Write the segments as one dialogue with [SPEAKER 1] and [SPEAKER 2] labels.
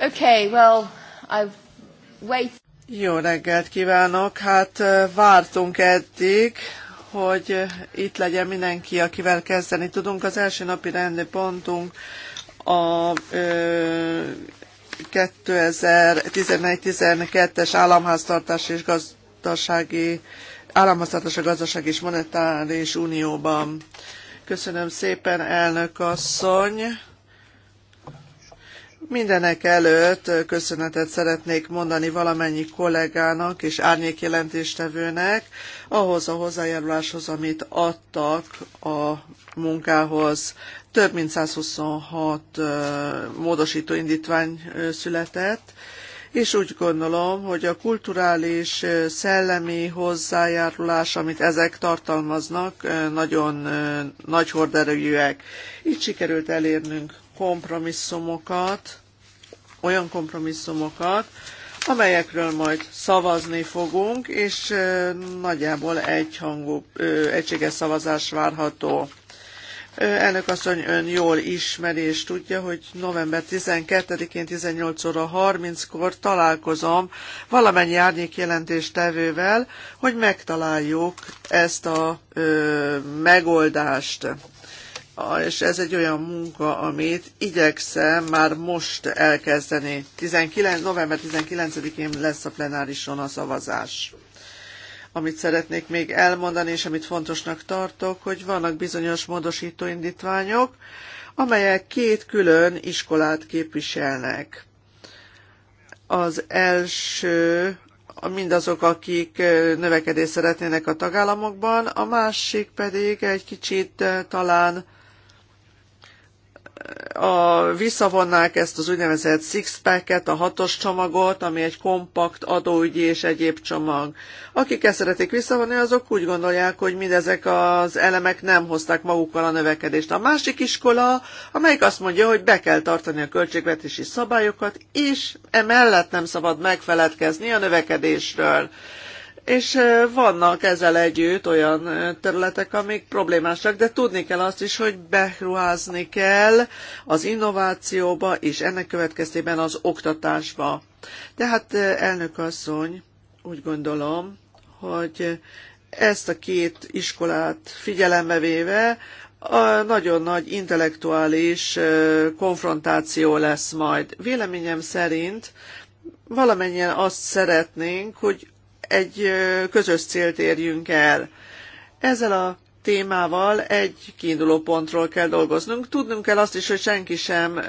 [SPEAKER 1] Okay, well, I've wait. Jó reggelt kívánok! Hát vártunk eddig, hogy itt legyen mindenki, akivel kezdeni tudunk. Az első napi rendi pontunk a ö, 2011-12-es államháztartás és gazdasági államháztartás a gazdaság és monetáris unióban. Köszönöm szépen, elnök asszony! Mindenek előtt köszönetet szeretnék mondani valamennyi kollégának és árnyékjelentéstevőnek ahhoz a hozzájáruláshoz, amit adtak a munkához. Több mint 126 módosító indítvány született, és úgy gondolom, hogy a kulturális, szellemi hozzájárulás, amit ezek tartalmaznak, nagyon nagy horderejűek. Így sikerült elérnünk kompromisszumokat, olyan kompromisszumokat, amelyekről majd szavazni fogunk, és nagyjából egyhangú, egységes szavazás várható. Elnök asszony ön jól ismeri és tudja, hogy november 12-én 18 óra 30-kor találkozom valamennyi árnyék jelentéstevővel, hogy megtaláljuk ezt a ö, megoldást és ez egy olyan munka, amit igyekszem már most elkezdeni. 19, november 19-én lesz a plenárison a szavazás. Amit szeretnék még elmondani, és amit fontosnak tartok, hogy vannak bizonyos módosító indítványok, amelyek két külön iskolát képviselnek. Az első mindazok, akik növekedést szeretnének a tagállamokban, a másik pedig egy kicsit talán a, visszavonnák ezt az úgynevezett six-packet, a hatos csomagot, ami egy kompakt adóügyi és egyéb csomag. Akik ezt szeretik visszavonni, azok úgy gondolják, hogy mindezek az elemek nem hozták magukkal a növekedést. A másik iskola, amelyik azt mondja, hogy be kell tartani a költségvetési szabályokat, és emellett nem szabad megfeledkezni a növekedésről és vannak ezzel együtt olyan területek, amik problémásak, de tudni kell azt is, hogy beruházni kell az innovációba, és ennek következtében az oktatásba. Tehát elnök asszony, úgy gondolom, hogy ezt a két iskolát figyelembe véve a nagyon nagy intellektuális konfrontáció lesz majd. Véleményem szerint valamennyien azt szeretnénk, hogy egy közös célt érjünk el. Ezzel a témával egy kiinduló pontról kell dolgoznunk. Tudnunk kell azt is, hogy senki sem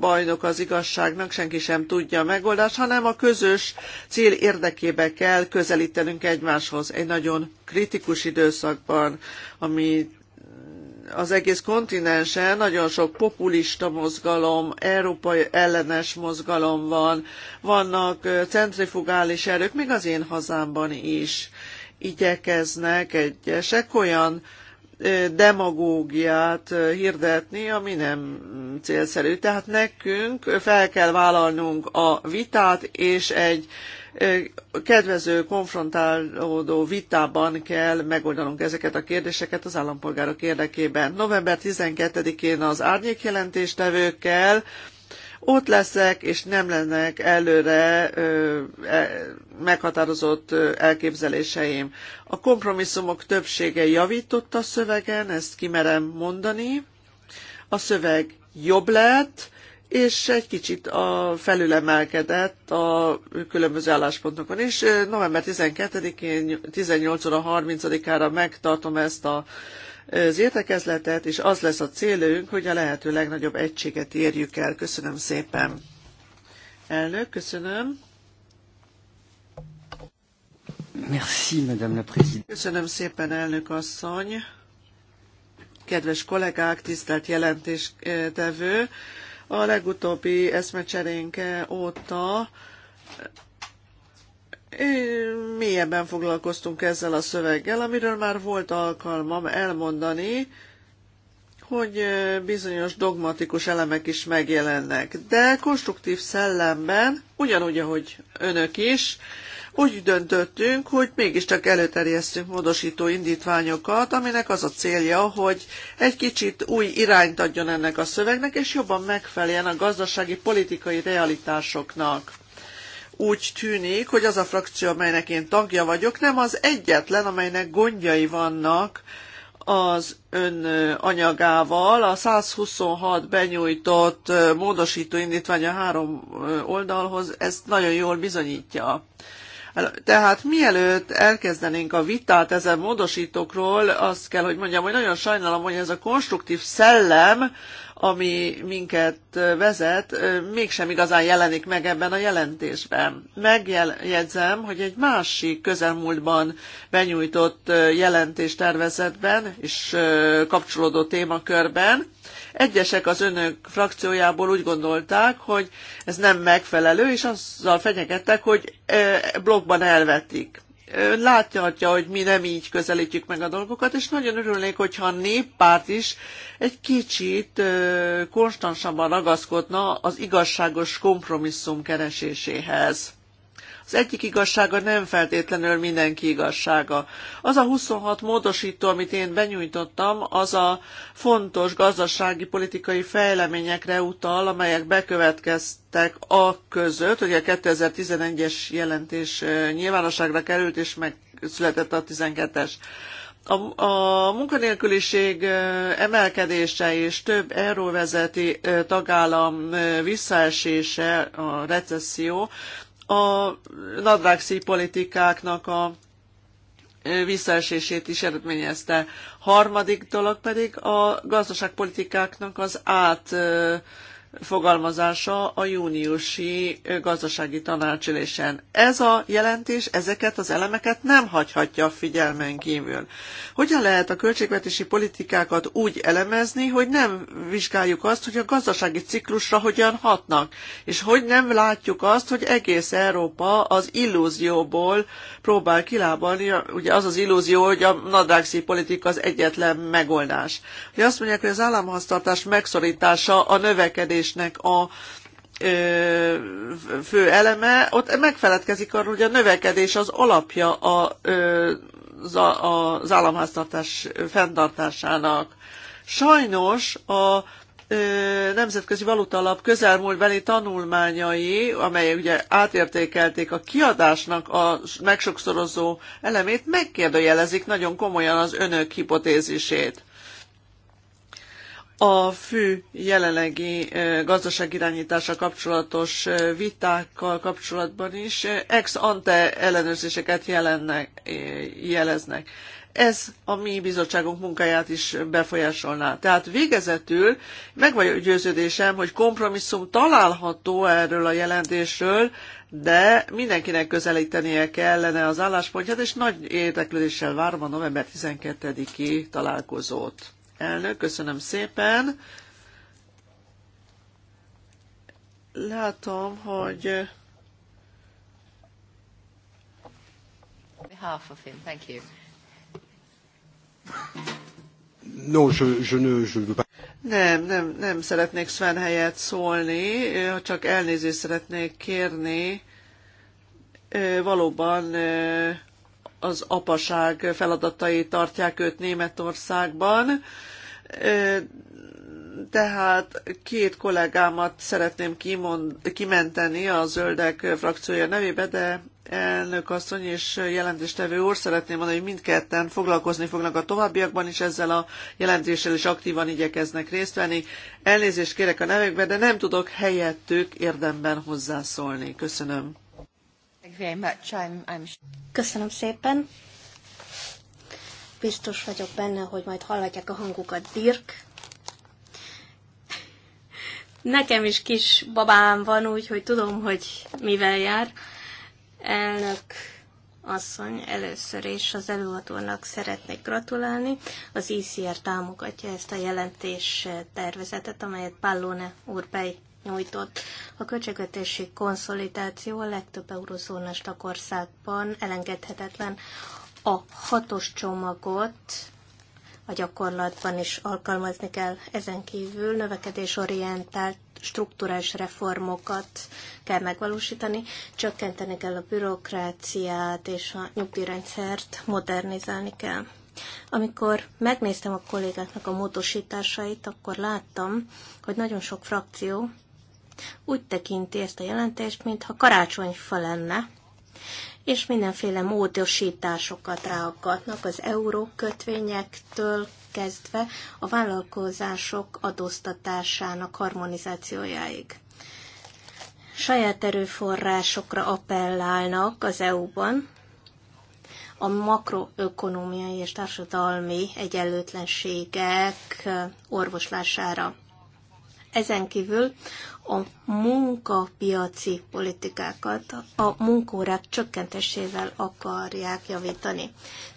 [SPEAKER 1] bajnok az igazságnak, senki sem tudja a megoldást, hanem a közös cél érdekébe kell közelítenünk egymáshoz egy nagyon kritikus időszakban, ami az egész kontinensen nagyon sok populista mozgalom, európai ellenes mozgalom van, vannak centrifugális erők, még az én hazámban is igyekeznek egyesek olyan demagógiát hirdetni, ami nem célszerű. Tehát nekünk fel kell vállalnunk a vitát, és egy kedvező, konfrontálódó vitában kell megoldanunk ezeket a kérdéseket az állampolgárok érdekében. November 12-én az árnyék jelentéstevőkkel ott leszek, és nem lennek előre ö, e, meghatározott elképzeléseim. A kompromisszumok többsége javított a szövegen, ezt kimerem mondani. A szöveg jobb lett, és egy kicsit a felülemelkedett a különböző álláspontokon. is, november 12-én 18 óra 30-ára megtartom ezt a, az értekezletet, és az lesz a célunk, hogy a lehető legnagyobb egységet érjük el. Köszönöm szépen. Elnök, köszönöm.
[SPEAKER 2] Merci, Madame la Présidente.
[SPEAKER 1] Köszönöm szépen, elnök asszony. Kedves kollégák, tisztelt jelentéstevő! A legutóbbi eszmecserénk óta mélyebben foglalkoztunk ezzel a szöveggel, amiről már volt alkalmam elmondani, hogy bizonyos dogmatikus elemek is megjelennek. De konstruktív szellemben, ugyanúgy, ahogy önök is, úgy döntöttünk, hogy mégiscsak előterjesztünk módosító indítványokat, aminek az a célja, hogy egy kicsit új irányt adjon ennek a szövegnek, és jobban megfeleljen a gazdasági politikai realitásoknak úgy tűnik, hogy az a frakció, amelynek én tagja vagyok, nem az egyetlen, amelynek gondjai vannak az ön anyagával. A 126 benyújtott módosító a három oldalhoz ezt nagyon jól bizonyítja. Tehát mielőtt elkezdenénk a vitát ezen módosítókról, azt kell, hogy mondjam, hogy nagyon sajnálom, hogy ez a konstruktív szellem, ami minket vezet, mégsem igazán jelenik meg ebben a jelentésben. Megjegyzem, hogy egy másik közelmúltban benyújtott jelentéstervezetben és kapcsolódó témakörben Egyesek az önök frakciójából úgy gondolták, hogy ez nem megfelelő, és azzal fenyegettek, hogy blogban elvetik ön látja, hogy mi nem így közelítjük meg a dolgokat, és nagyon örülnék, hogyha a néppárt is egy kicsit konstansabban ragaszkodna az igazságos kompromisszum kereséséhez. Az egyik igazsága nem feltétlenül mindenki igazsága. Az a 26 módosító, amit én benyújtottam, az a fontos gazdasági politikai fejleményekre utal, amelyek bekövetkeztek a között, hogy a 2011-es jelentés nyilvánosságra került, és megszületett a 12-es. A, a munkanélküliség emelkedése és több euróvezeti tagállam visszaesése, a recesszió a nadrágszi politikáknak a visszaesését is eredményezte. Harmadik dolog pedig a gazdaságpolitikáknak az át fogalmazása a júniusi gazdasági tanácsülésen. Ez a jelentés ezeket az elemeket nem hagyhatja figyelmen kívül. Hogyan lehet a költségvetési politikákat úgy elemezni, hogy nem vizsgáljuk azt, hogy a gazdasági ciklusra hogyan hatnak, és hogy nem látjuk azt, hogy egész Európa az illúzióból próbál kilábalni, ugye az az illúzió, hogy a nadrágszi politika az egyetlen megoldás. Ugye azt mondják, hogy az államhasztartás megszorítása a növekedés növekedésnek a fő eleme, ott megfeledkezik arról, hogy a növekedés az alapja a, az államháztartás fenntartásának. Sajnos a Nemzetközi Valutalap közelmúltbeli tanulmányai, amelyek ugye átértékelték a kiadásnak a megsokszorozó elemét, megkérdőjelezik nagyon komolyan az önök hipotézisét a fő jelenlegi gazdaságirányítása kapcsolatos vitákkal kapcsolatban is ex ante ellenőrzéseket jelennek, jeleznek. Ez a mi bizottságunk munkáját is befolyásolná. Tehát végezetül meg vagyok győződésem, hogy kompromisszum található erről a jelentésről, de mindenkinek közelítenie kellene az álláspontját, és nagy érdeklődéssel várom a november 12-i találkozót. Elnök, köszönöm szépen. Látom, hogy
[SPEAKER 2] behalf of him. Thank you.
[SPEAKER 1] No, je, je ne, je veux pas. Nem, nem, nem szeretnék Sven helyett szólni, csak elnézést szeretnék kérni. Valóban az apaság feladatai tartják őt Németországban. Tehát két kollégámat szeretném kimond, kimenteni a zöldek frakciója nevébe, de elnök asszony és jelentéstevő úr, szeretném mondani, hogy mindketten foglalkozni fognak a továbbiakban is ezzel a jelentéssel, és aktívan igyekeznek részt venni. Elnézést kérek a nevekbe, de nem tudok helyettük érdemben hozzászólni. Köszönöm
[SPEAKER 2] very much. I'm, I'm... Köszönöm szépen. Biztos vagyok benne, hogy majd hallhatják a hangukat, Dirk. Nekem is kis babám van, úgyhogy tudom, hogy mivel jár. Elnök asszony, először is az előadónak szeretnék gratulálni. Az ICR e támogatja ezt a jelentés tervezetet, amelyet Pallone úr nyújtott. A költségvetési konszolidáció a legtöbb eurozónás tagországban elengedhetetlen. A hatos csomagot a gyakorlatban is alkalmazni kell. Ezen kívül növekedésorientált strukturális reformokat kell megvalósítani, csökkenteni kell a bürokráciát és a nyugdíjrendszert modernizálni kell. Amikor megnéztem a kollégáknak a módosításait, akkor láttam, hogy nagyon sok frakció úgy tekinti ezt a jelentést, mintha karácsonyfa lenne, és mindenféle módosításokat ráakadnak az euró kötvényektől kezdve a vállalkozások adóztatásának harmonizációjáig. Saját erőforrásokra appellálnak az EU-ban, a makroökonomiai és társadalmi egyenlőtlenségek orvoslására. Ezen kívül a munkapiaci politikákat a munkórák csökkentésével akarják javítani.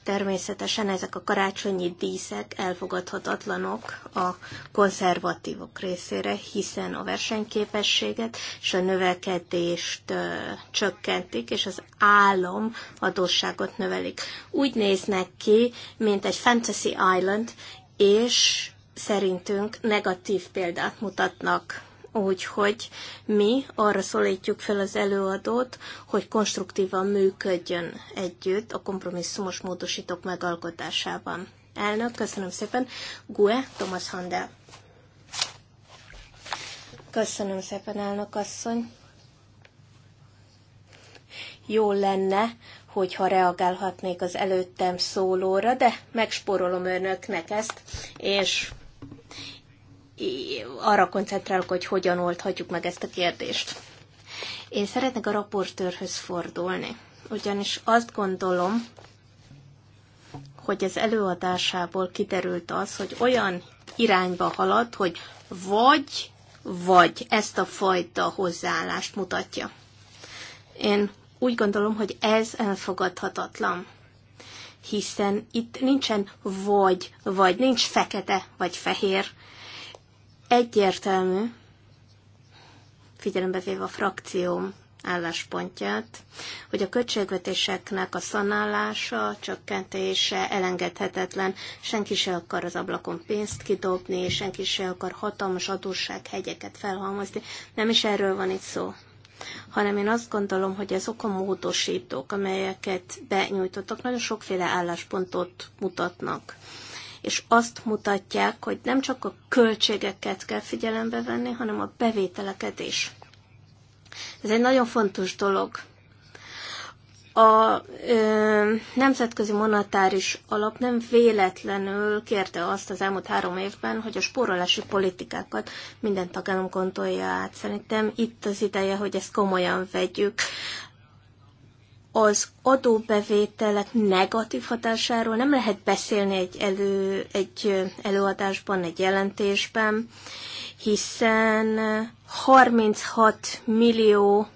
[SPEAKER 2] Természetesen ezek a karácsonyi díszek elfogadhatatlanok a konzervatívok részére, hiszen a versenyképességet és a növekedést csökkentik, és az állam adósságot növelik. Úgy néznek ki, mint egy Fantasy Island, és szerintünk negatív példát mutatnak. Úgyhogy mi arra szólítjuk fel az előadót, hogy konstruktívan működjön együtt a kompromisszumos módosítók megalkotásában. Elnök, köszönöm szépen. Gue, Thomas Handel. Köszönöm szépen, elnök asszony. Jó lenne, hogyha reagálhatnék az előttem szólóra, de megspórolom önöknek ezt, és arra koncentrálok, hogy hogyan oldhatjuk meg ezt a kérdést. Én szeretnék a raportőrhöz fordulni, ugyanis azt gondolom, hogy az előadásából kiderült az, hogy olyan irányba halad, hogy vagy, vagy ezt a fajta hozzáállást mutatja. Én úgy gondolom, hogy ez elfogadhatatlan hiszen itt nincsen vagy, vagy nincs fekete, vagy fehér, egyértelmű, figyelembe véve a frakcióm álláspontját, hogy a költségvetéseknek a szanálása, csökkentése elengedhetetlen. Senki se akar az ablakon pénzt kidobni, senki se akar hatalmas adóssághegyeket felhalmozni. Nem is erről van itt szó hanem én azt gondolom, hogy azok a módosítók, amelyeket benyújtottak, nagyon sokféle álláspontot mutatnak és azt mutatják, hogy nem csak a költségeket kell figyelembe venni, hanem a bevételeket is. Ez egy nagyon fontos dolog. A ö, Nemzetközi Monetáris Alap nem véletlenül kérte azt az elmúlt három évben, hogy a spórolási politikákat minden tagállam gondolja át. Szerintem itt az ideje, hogy ezt komolyan vegyük az adóbevételek negatív hatásáról nem lehet beszélni egy, elő, egy előadásban, egy jelentésben, hiszen 36 millió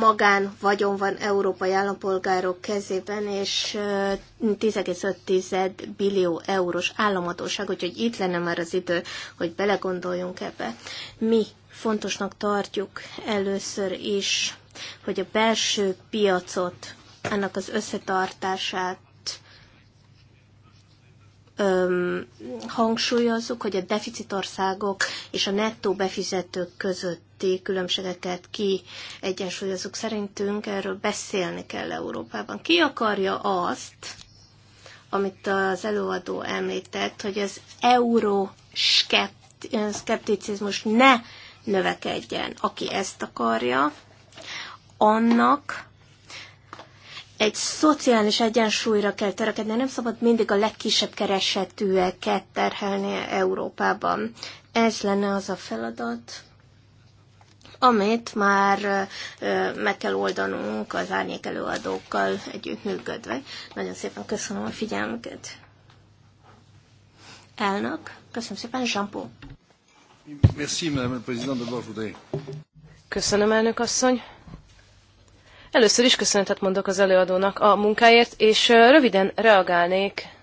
[SPEAKER 2] magán vagyon van európai állampolgárok kezében, és 10,5 billió eurós államadóság, úgyhogy itt lenne már az idő, hogy belegondoljunk ebbe. Mi fontosnak tartjuk először is hogy a belső piacot, ennek az összetartását öm, hangsúlyozzuk, hogy a deficitországok és a nettó befizetők közötti különbségeket egyensúlyozzuk Szerintünk erről beszélni kell Európában. Ki akarja azt, amit az előadó említett, hogy az euró szkepticizmus ne növekedjen. Aki ezt akarja, annak egy szociális egyensúlyra kell törekedni, nem szabad mindig a legkisebb keresetűeket terhelni Európában. Ez lenne az a feladat, amit már meg kell oldanunk az árnyék előadókkal együttműködve. Nagyon szépen köszönöm a figyelmüket. Elnök, köszönöm szépen, Jean-Paul. Köszönöm, elnök asszony.
[SPEAKER 3] Először is köszönetet mondok az előadónak a munkáért, és röviden reagálnék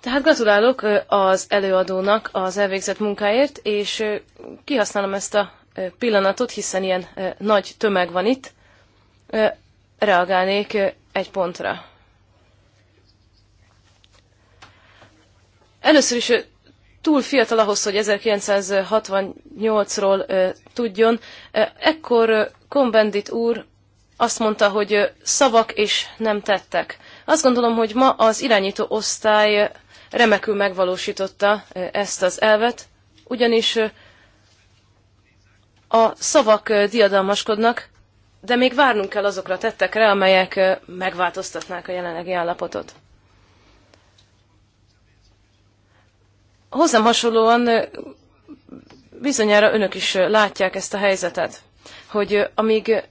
[SPEAKER 3] Tehát gratulálok az előadónak az elvégzett munkáért, és kihasználom ezt a pillanatot, hiszen ilyen nagy tömeg van itt. Reagálnék egy pontra. Először is túl fiatal ahhoz, hogy 1968-ról tudjon. Ekkor Kombendit úr azt mondta, hogy szavak és nem tettek. Azt gondolom, hogy ma az irányító osztály remekül megvalósította ezt az elvet, ugyanis a szavak diadalmaskodnak, de még várnunk kell azokra tettekre, amelyek megváltoztatnák a jelenlegi állapotot. Hozzám hasonlóan bizonyára önök is látják ezt a helyzetet, hogy amíg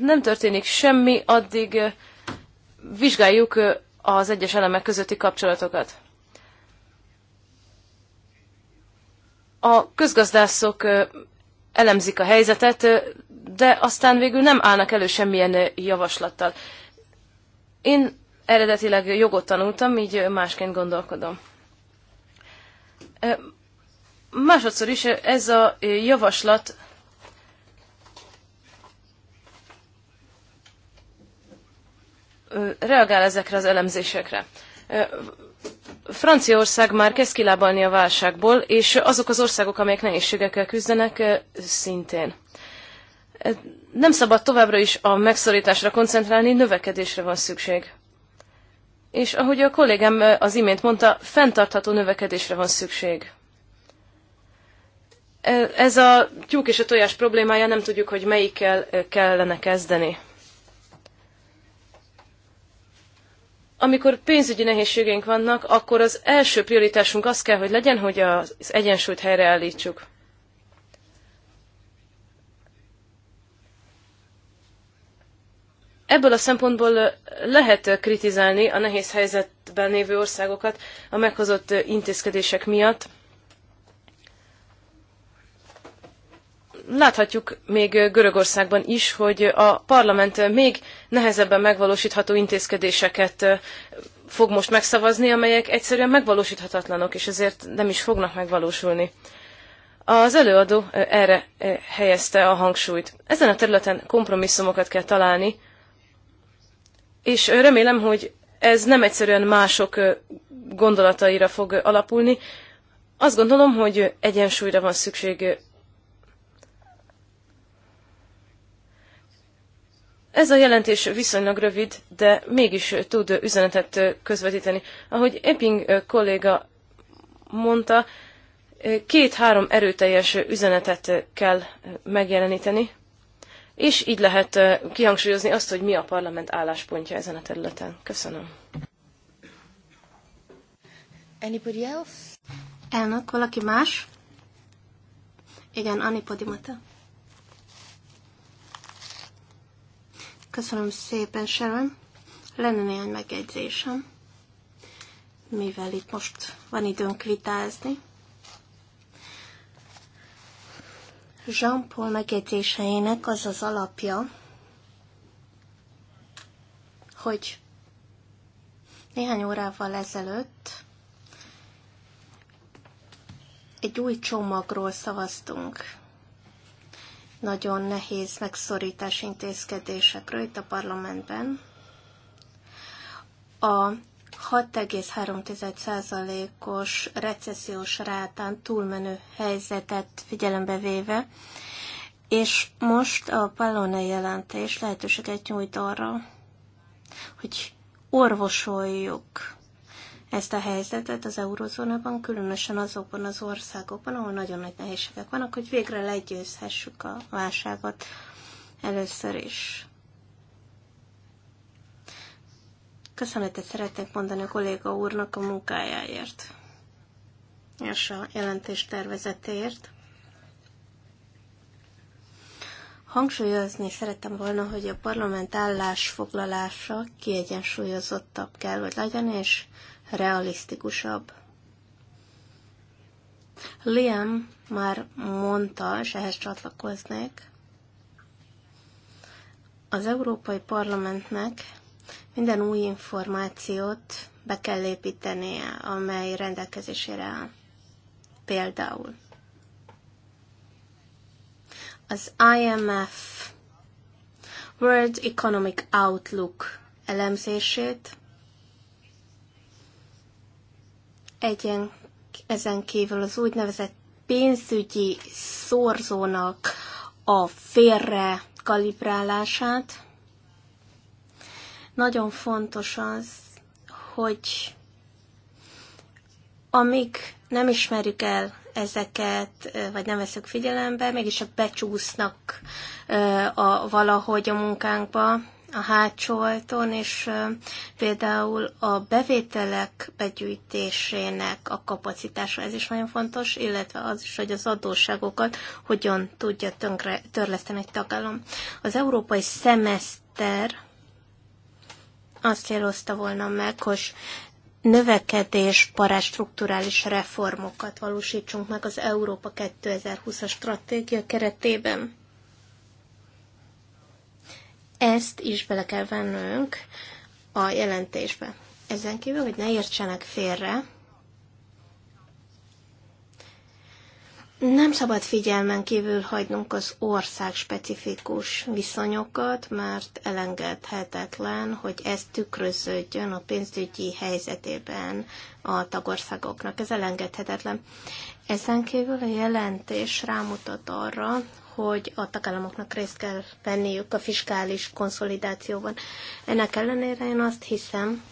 [SPEAKER 3] nem történik semmi, addig vizsgáljuk az egyes elemek közötti kapcsolatokat. A közgazdászok elemzik a helyzetet, de aztán végül nem állnak elő semmilyen javaslattal. Én eredetileg jogot tanultam, így másként gondolkodom. Másodszor is ez a javaslat reagál ezekre az elemzésekre. Franciaország már kezd kilábalni a válságból, és azok az országok, amelyek nehézségekkel küzdenek, szintén. Nem szabad továbbra is a megszorításra koncentrálni, növekedésre van szükség és ahogy a kollégám az imént mondta, fenntartható növekedésre van szükség. E, ez a tyúk és a tojás problémája, nem tudjuk, hogy melyikkel kellene kezdeni. Amikor pénzügyi nehézségeink vannak, akkor az első prioritásunk az kell, hogy legyen, hogy az egyensúlyt helyreállítsuk. Ebből a szempontból lehet kritizálni a nehéz helyzetben lévő országokat a meghozott intézkedések miatt. Láthatjuk még Görögországban is, hogy a parlament még nehezebben megvalósítható intézkedéseket fog most megszavazni, amelyek egyszerűen megvalósíthatatlanok, és ezért nem is fognak megvalósulni. Az előadó erre helyezte a hangsúlyt. Ezen a területen kompromisszumokat kell találni, és remélem, hogy ez nem egyszerűen mások gondolataira fog alapulni. Azt gondolom, hogy egyensúlyra van szükség. Ez a jelentés viszonylag rövid, de mégis tud üzenetet közvetíteni. Ahogy Epping kolléga mondta, két-három erőteljes üzenetet kell megjeleníteni és így lehet kihangsúlyozni azt, hogy mi a parlament álláspontja ezen a területen. Köszönöm.
[SPEAKER 2] Anybody else? Elnök, valaki más? Igen, Anni Podimata. Köszönöm szépen, Sharon. Lenne néhány megjegyzésem, mivel itt most van időnk vitázni. Jean-Paul megjegyzéseinek az az alapja, hogy néhány órával ezelőtt egy új csomagról szavaztunk. Nagyon nehéz megszorítás intézkedésekről itt a parlamentben. A 6,3%-os recessziós rátán túlmenő helyzetet figyelembe véve, és most a Pallone jelentés lehetőséget nyújt arra, hogy orvosoljuk ezt a helyzetet az eurozónában, különösen azokban az országokban, ahol nagyon nagy nehézségek vannak, hogy végre legyőzhessük a válságot először is. Köszönetet szeretnék mondani a kolléga úrnak a munkájáért és a jelentés tervezetéért. Hangsúlyozni szerettem volna, hogy a parlament állásfoglalása kiegyensúlyozottabb kell, hogy legyen, és realisztikusabb. Liam már mondta, és ehhez csatlakoznék, az Európai Parlamentnek minden új információt be kell építenie, amely rendelkezésére áll. Például az IMF World Economic Outlook elemzését, egyen, ezen kívül az úgynevezett pénzügyi szorzónak a félre kalibrálását, nagyon fontos az, hogy amíg nem ismerjük el ezeket, vagy nem veszük figyelembe, mégis a becsúsznak a, valahogy a munkánkba, a hátsó ajtón, és például a bevételek begyűjtésének a kapacitása, ez is nagyon fontos, illetve az is, hogy az adósságokat hogyan tudja tönkre, törleszteni egy tagállam. Az európai szemeszter azt célozta volna meg, hogy növekedés parás reformokat valósítsunk meg az Európa 2020-as stratégia keretében. Ezt is bele kell vennünk a jelentésbe. Ezen kívül, hogy ne értsenek félre, Nem szabad figyelmen kívül hagynunk az ország specifikus viszonyokat, mert elengedhetetlen, hogy ez tükröződjön a pénzügyi helyzetében a tagországoknak. Ez elengedhetetlen. Ezen kívül a jelentés rámutat arra, hogy a tagállamoknak részt kell venniük a fiskális konszolidációban. Ennek ellenére én azt hiszem,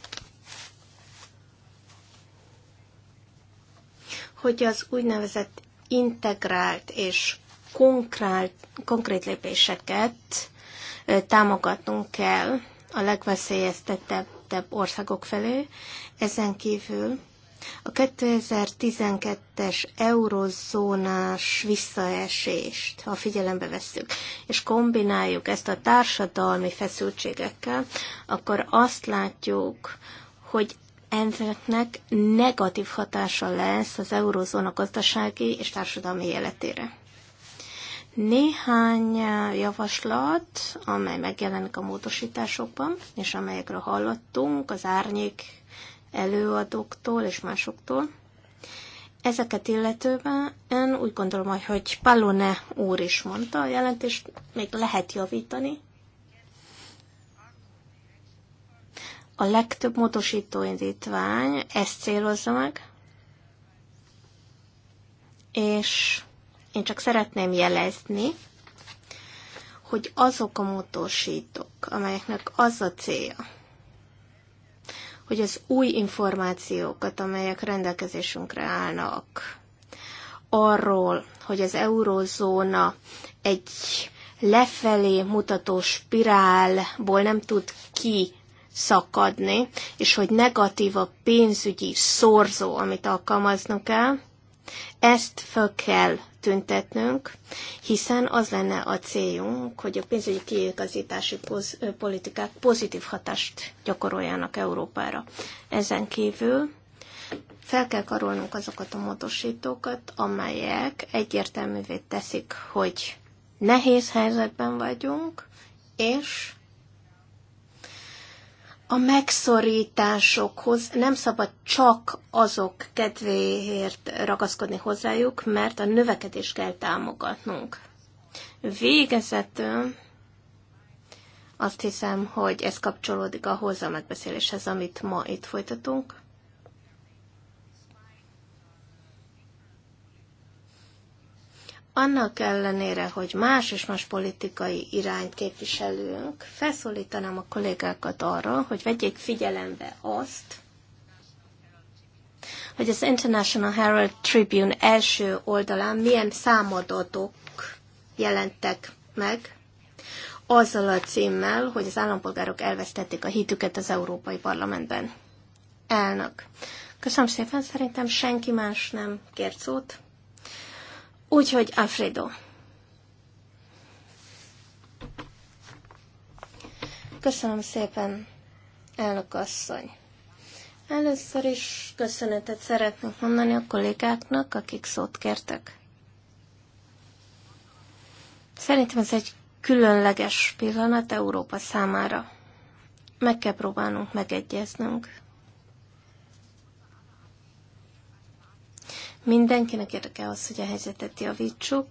[SPEAKER 2] hogy az úgynevezett integrált és konkrét, konkrét lépéseket támogatnunk kell a legveszélyeztetettebb országok felé. Ezen kívül a 2012-es eurozónás visszaesést, ha figyelembe vesszük, és kombináljuk ezt a társadalmi feszültségekkel, akkor azt látjuk, hogy ezeknek negatív hatása lesz az eurózóna gazdasági és társadalmi életére. Néhány javaslat, amely megjelenik a módosításokban, és amelyekről hallottunk az árnyék előadóktól és másoktól. Ezeket illetően úgy gondolom, hogy Pallone úr is mondta, a jelentést még lehet javítani, A legtöbb módosítóindítvány ezt célozza meg, és én csak szeretném jelezni, hogy azok a módosítók, amelyeknek az a célja, hogy az új információkat, amelyek rendelkezésünkre állnak, arról, hogy az eurózóna egy lefelé mutató spirálból nem tud ki szakadni, és hogy negatív a pénzügyi szorzó, amit alkalmaznunk kell, ezt fel kell tüntetnünk, hiszen az lenne a céljunk, hogy a pénzügyi kiigazítási poz, politikák pozitív hatást gyakoroljanak Európára. Ezen kívül fel kell karolnunk azokat a módosítókat, amelyek egyértelművé teszik, hogy nehéz helyzetben vagyunk, és a megszorításokhoz nem szabad csak azok kedvéért ragaszkodni hozzájuk, mert a növekedést kell támogatnunk. Végezetül azt hiszem, hogy ez kapcsolódik ahhoz a megbeszéléshez, amit ma itt folytatunk. annak ellenére, hogy más és más politikai irányt képviselünk, felszólítanám a kollégákat arra, hogy vegyék figyelembe azt, hogy az International Herald Tribune első oldalán milyen számadatok jelentek meg, azzal a címmel, hogy az állampolgárok elvesztették a hitüket az Európai Parlamentben. Elnök. Köszönöm szépen, szerintem senki más nem kért szót. Úgyhogy Alfredo. Köszönöm szépen, elnök asszony. Először is köszönetet szeretnék mondani a kollégáknak, akik szót kértek. Szerintem ez egy különleges pillanat Európa számára. Meg kell próbálnunk megegyeznünk. Mindenkinek érdeke az, hogy a helyzetet javítsuk,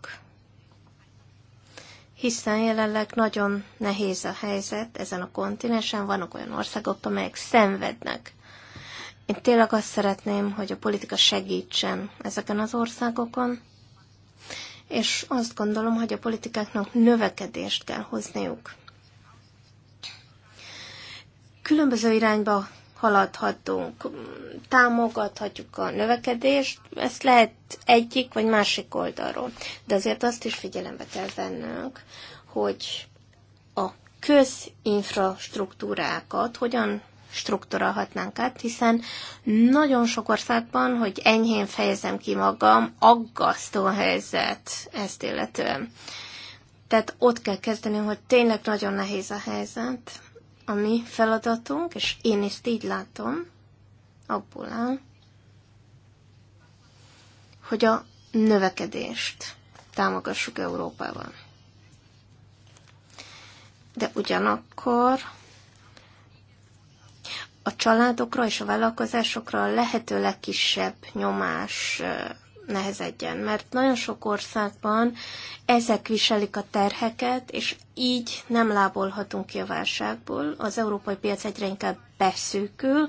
[SPEAKER 2] hiszen jelenleg nagyon nehéz a helyzet ezen a kontinensen, vannak olyan országok, amelyek szenvednek. Én tényleg azt szeretném, hogy a politika segítsen ezeken az országokon, és azt gondolom, hogy a politikáknak növekedést kell hozniuk. Különböző irányba haladhatunk, támogathatjuk a növekedést, ezt lehet egyik vagy másik oldalról. De azért azt is figyelembe kell vennünk, hogy a közinfrastruktúrákat hogyan strukturálhatnánk át, hiszen nagyon sok országban, hogy enyhén fejezem ki magam, aggasztó a helyzet ezt illetően. Tehát ott kell kezdeni, hogy tényleg nagyon nehéz a helyzet, a mi feladatunk, és én ezt így látom, abból áll, hogy a növekedést támogassuk Európában. De ugyanakkor a családokra és a vállalkozásokra a lehető legkisebb nyomás nehezedjen, mert nagyon sok országban ezek viselik a terheket, és így nem lábolhatunk ki a válságból. Az európai piac egyre inkább beszűkül.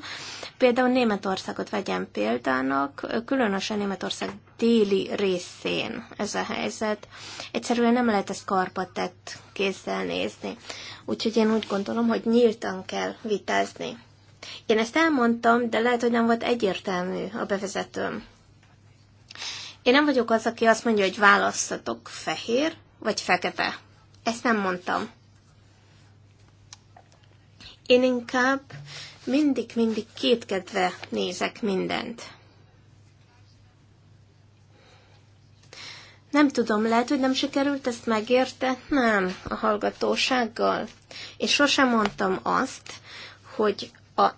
[SPEAKER 2] Például Németországot vegyem példának, különösen Németország déli részén ez a helyzet. Egyszerűen nem lehet ezt karpatett kézzel nézni. Úgyhogy én úgy gondolom, hogy nyíltan kell vitázni. Én ezt elmondtam, de lehet, hogy nem volt egyértelmű a bevezetőm. Én nem vagyok az, aki azt mondja, hogy választatok fehér vagy fekete. Ezt nem mondtam. Én inkább mindig-mindig kétkedve nézek mindent. Nem tudom, lehet, hogy nem sikerült ezt megértetnem a hallgatósággal. És sosem mondtam azt, hogy a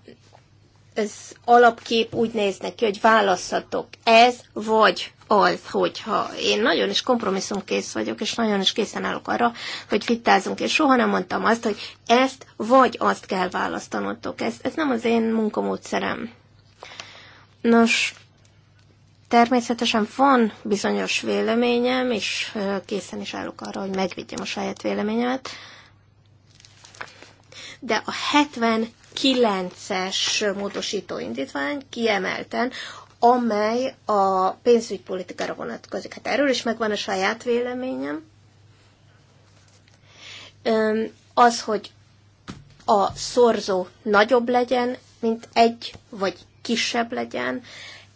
[SPEAKER 2] az alapkép úgy néznek neki, hogy választhatok ez vagy az, hogyha én nagyon is kompromisszumkész vagyok, és nagyon is készen állok arra, hogy vitázunk, és soha nem mondtam azt, hogy ezt vagy azt kell választanotok. Ez, ez nem az én munkamódszerem. Nos, természetesen van bizonyos véleményem, és készen is állok arra, hogy megvédjem a saját véleményemet, de a 9-es módosító indítvány kiemelten, amely a pénzügypolitikára vonatkozik. Hát erről is megvan a saját véleményem. Az, hogy a szorzó nagyobb legyen, mint egy, vagy kisebb legyen,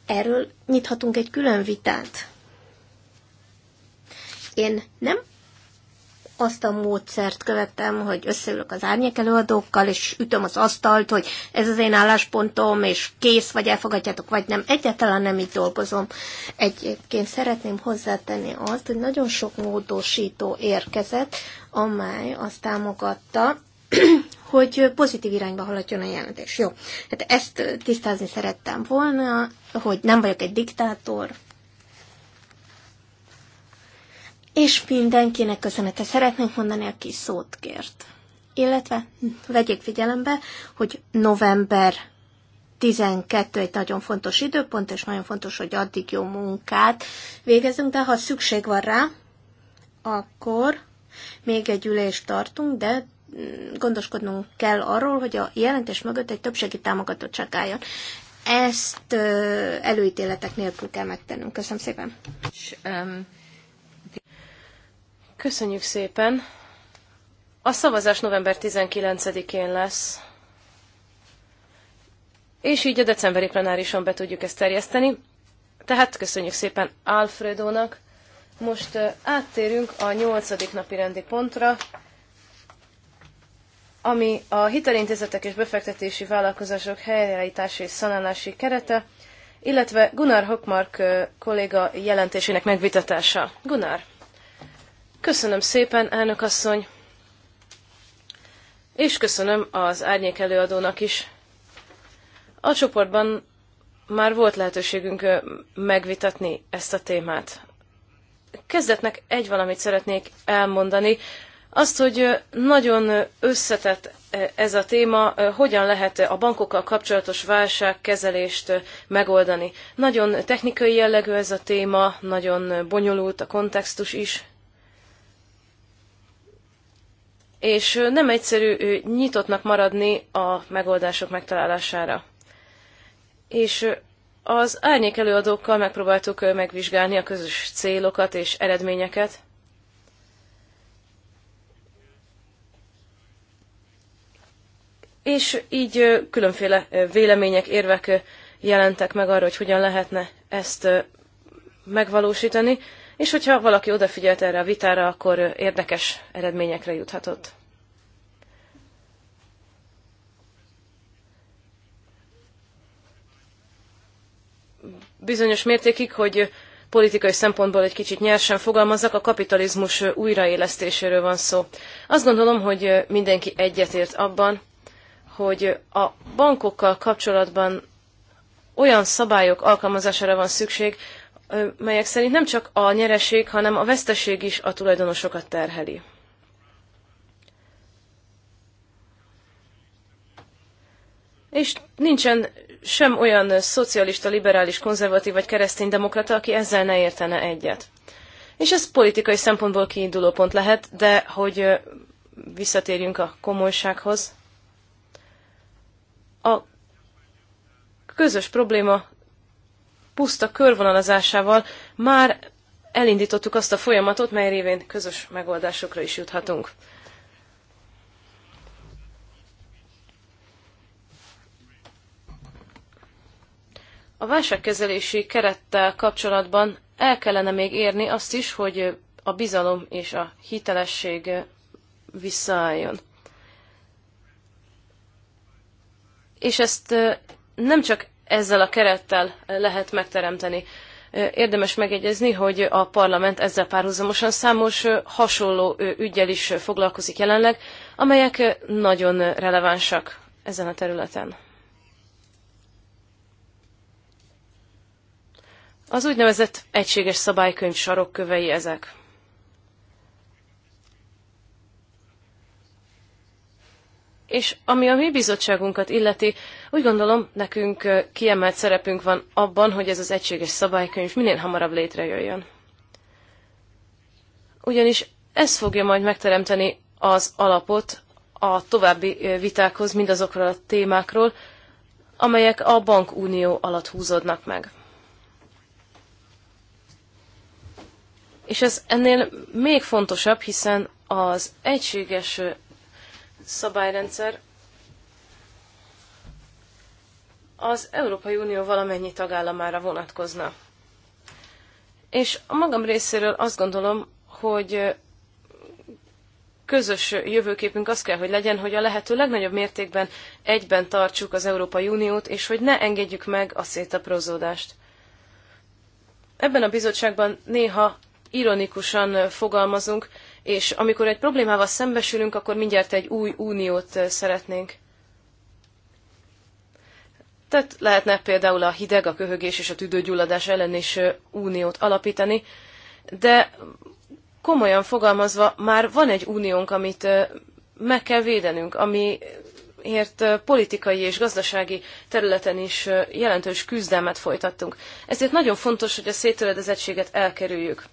[SPEAKER 2] erről nyithatunk egy külön vitát. Én nem azt a módszert követem, hogy összeülök az árnyék előadókkal, és ütöm az asztalt, hogy ez az én álláspontom, és kész, vagy elfogadjátok, vagy nem. Egyáltalán nem így dolgozom. Egyébként szeretném hozzátenni azt, hogy nagyon sok módosító érkezett, amely azt támogatta, hogy pozitív irányba haladjon a jelentés. Jó, hát ezt tisztázni szerettem volna, hogy nem vagyok egy diktátor, és mindenkinek köszönete szeretnénk mondani, aki szót kért. Illetve vegyék figyelembe, hogy november 12 egy nagyon fontos időpont, és nagyon fontos, hogy addig jó munkát végezünk, de ha szükség van rá, akkor még egy ülést tartunk, de gondoskodnunk kell arról, hogy a jelentés mögött egy többségi támogatottság álljon. Ezt előítéletek nélkül kell megtennünk. Köszönöm szépen. um... Köszönjük szépen. A szavazás
[SPEAKER 3] november 19-én lesz. És így a decemberi plenárison be tudjuk ezt terjeszteni. Tehát köszönjük szépen Alfredónak. Most áttérünk a nyolcadik napi rendi pontra, ami a hitelintézetek és befektetési vállalkozások helyreállítási és szanálási kerete, illetve Gunnar Hockmark kolléga jelentésének megvitatása. Gunnar! Köszönöm szépen, elnök asszony, és köszönöm az árnyék előadónak is. A csoportban már volt lehetőségünk megvitatni ezt a témát. Kezdetnek egy valamit szeretnék elmondani, azt, hogy nagyon összetett ez a téma, hogyan lehet a bankokkal kapcsolatos válságkezelést megoldani. Nagyon technikai jellegű ez a téma, nagyon bonyolult a kontextus is és nem egyszerű nyitottnak maradni a megoldások megtalálására. És az árnyék előadókkal megpróbáltuk megvizsgálni a közös célokat és eredményeket. És így különféle vélemények, érvek jelentek meg arra, hogy hogyan lehetne ezt megvalósítani és hogyha valaki odafigyelt erre a vitára, akkor érdekes eredményekre juthatott. Bizonyos mértékig, hogy politikai szempontból egy kicsit nyersen fogalmazzak, a kapitalizmus újraélesztéséről van szó. Azt gondolom, hogy mindenki egyetért abban, hogy a bankokkal kapcsolatban olyan szabályok alkalmazására van szükség, melyek szerint nem csak a nyereség, hanem a veszteség is a tulajdonosokat terheli. És nincsen sem olyan szocialista, liberális, konzervatív vagy keresztény demokrata, aki ezzel ne értene egyet. És ez politikai szempontból kiinduló pont lehet, de hogy visszatérjünk a komolysághoz. A közös probléma puszta körvonalazásával már elindítottuk azt a folyamatot, mely révén közös megoldásokra is juthatunk. A válságkezelési kerettel kapcsolatban el kellene még érni azt is, hogy a bizalom és a hitelesség visszaálljon. És ezt nem csak ezzel a kerettel lehet megteremteni. Érdemes megjegyezni, hogy a parlament ezzel párhuzamosan számos hasonló ügyel is foglalkozik jelenleg, amelyek nagyon relevánsak ezen a területen. Az úgynevezett egységes szabálykönyv sarokkövei ezek. És ami a mi bizottságunkat illeti, úgy gondolom, nekünk kiemelt szerepünk van abban, hogy ez az egységes szabálykönyv minél hamarabb létrejöjjön. Ugyanis ez fogja majd megteremteni az alapot a további vitákhoz mindazokról a témákról, amelyek a bankunió alatt húzódnak meg. És ez ennél még fontosabb, hiszen az egységes szabályrendszer az Európai Unió valamennyi tagállamára vonatkozna. És a magam részéről azt gondolom, hogy közös jövőképünk az kell, hogy legyen, hogy a lehető legnagyobb mértékben egyben tartsuk az Európai Uniót, és hogy ne engedjük meg a szétaprózódást. Ebben a bizottságban néha ironikusan fogalmazunk, és amikor egy problémával szembesülünk, akkor mindjárt egy új uniót szeretnénk. Tehát lehetne például a hideg, a köhögés és a tüdőgyulladás ellen is uniót alapítani, de komolyan fogalmazva már van egy uniónk, amit meg kell védenünk, amiért politikai és gazdasági területen is jelentős küzdelmet folytattunk. Ezért nagyon fontos, hogy a széttöredezettséget elkerüljük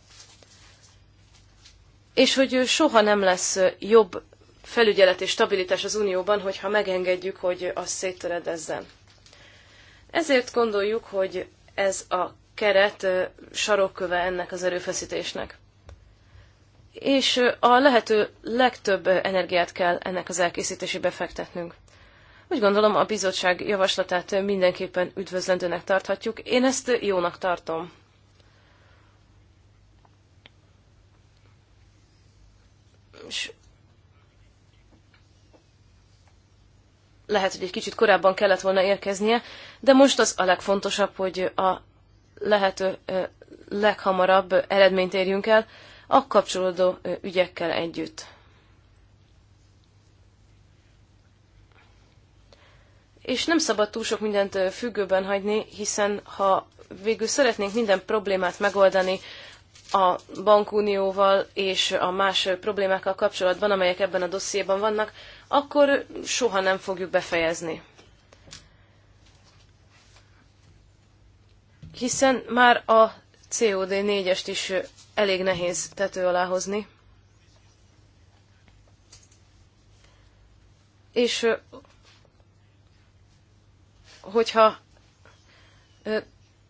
[SPEAKER 3] és hogy soha nem lesz jobb felügyelet és stabilitás az Unióban, hogyha megengedjük, hogy az széttöredezzen. Ezért gondoljuk, hogy ez a keret sarokköve ennek az erőfeszítésnek. És a lehető legtöbb energiát kell ennek az elkészítésébe fektetnünk. Úgy gondolom, a bizottság javaslatát mindenképpen üdvözlendőnek tarthatjuk. Én ezt jónak tartom. lehet, hogy egy kicsit korábban kellett volna érkeznie, de most az a legfontosabb, hogy a lehető leghamarabb eredményt érjünk el a kapcsolódó ügyekkel együtt. És nem szabad túl sok mindent függőben hagyni, hiszen ha végül szeretnénk minden problémát megoldani a bankunióval és a más problémákkal kapcsolatban, amelyek ebben a dossziéban vannak, akkor soha nem fogjuk befejezni. Hiszen már a COD4-est is elég nehéz tető alá hozni. És hogyha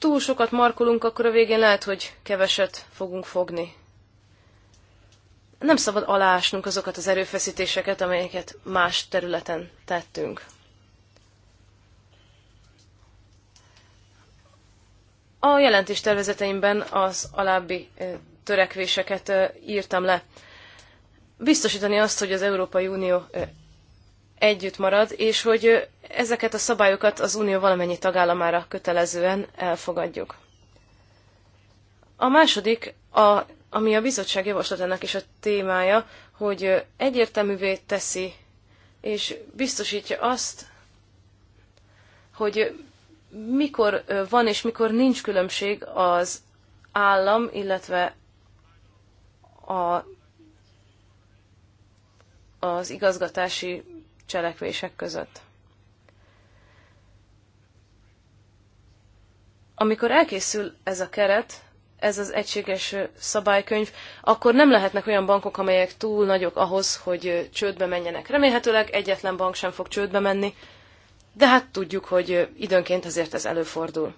[SPEAKER 3] túl sokat markolunk, akkor a végén lehet, hogy keveset fogunk fogni. Nem szabad alásnunk azokat az erőfeszítéseket, amelyeket más területen tettünk. A jelentés tervezeteimben az alábbi eh, törekvéseket eh, írtam le. Biztosítani azt, hogy az Európai Unió eh, együtt marad, és hogy ezeket a szabályokat az Unió valamennyi tagállamára kötelezően elfogadjuk. A második, a, ami a bizottság javaslatának is a témája, hogy egyértelművé teszi és biztosítja azt, hogy mikor van és mikor nincs különbség az állam, illetve a, az igazgatási cselekvések között. Amikor elkészül ez a keret, ez az egységes szabálykönyv, akkor nem lehetnek olyan bankok, amelyek túl nagyok ahhoz, hogy csődbe menjenek. Remélhetőleg egyetlen bank sem fog csődbe menni, de hát tudjuk, hogy időnként azért ez előfordul.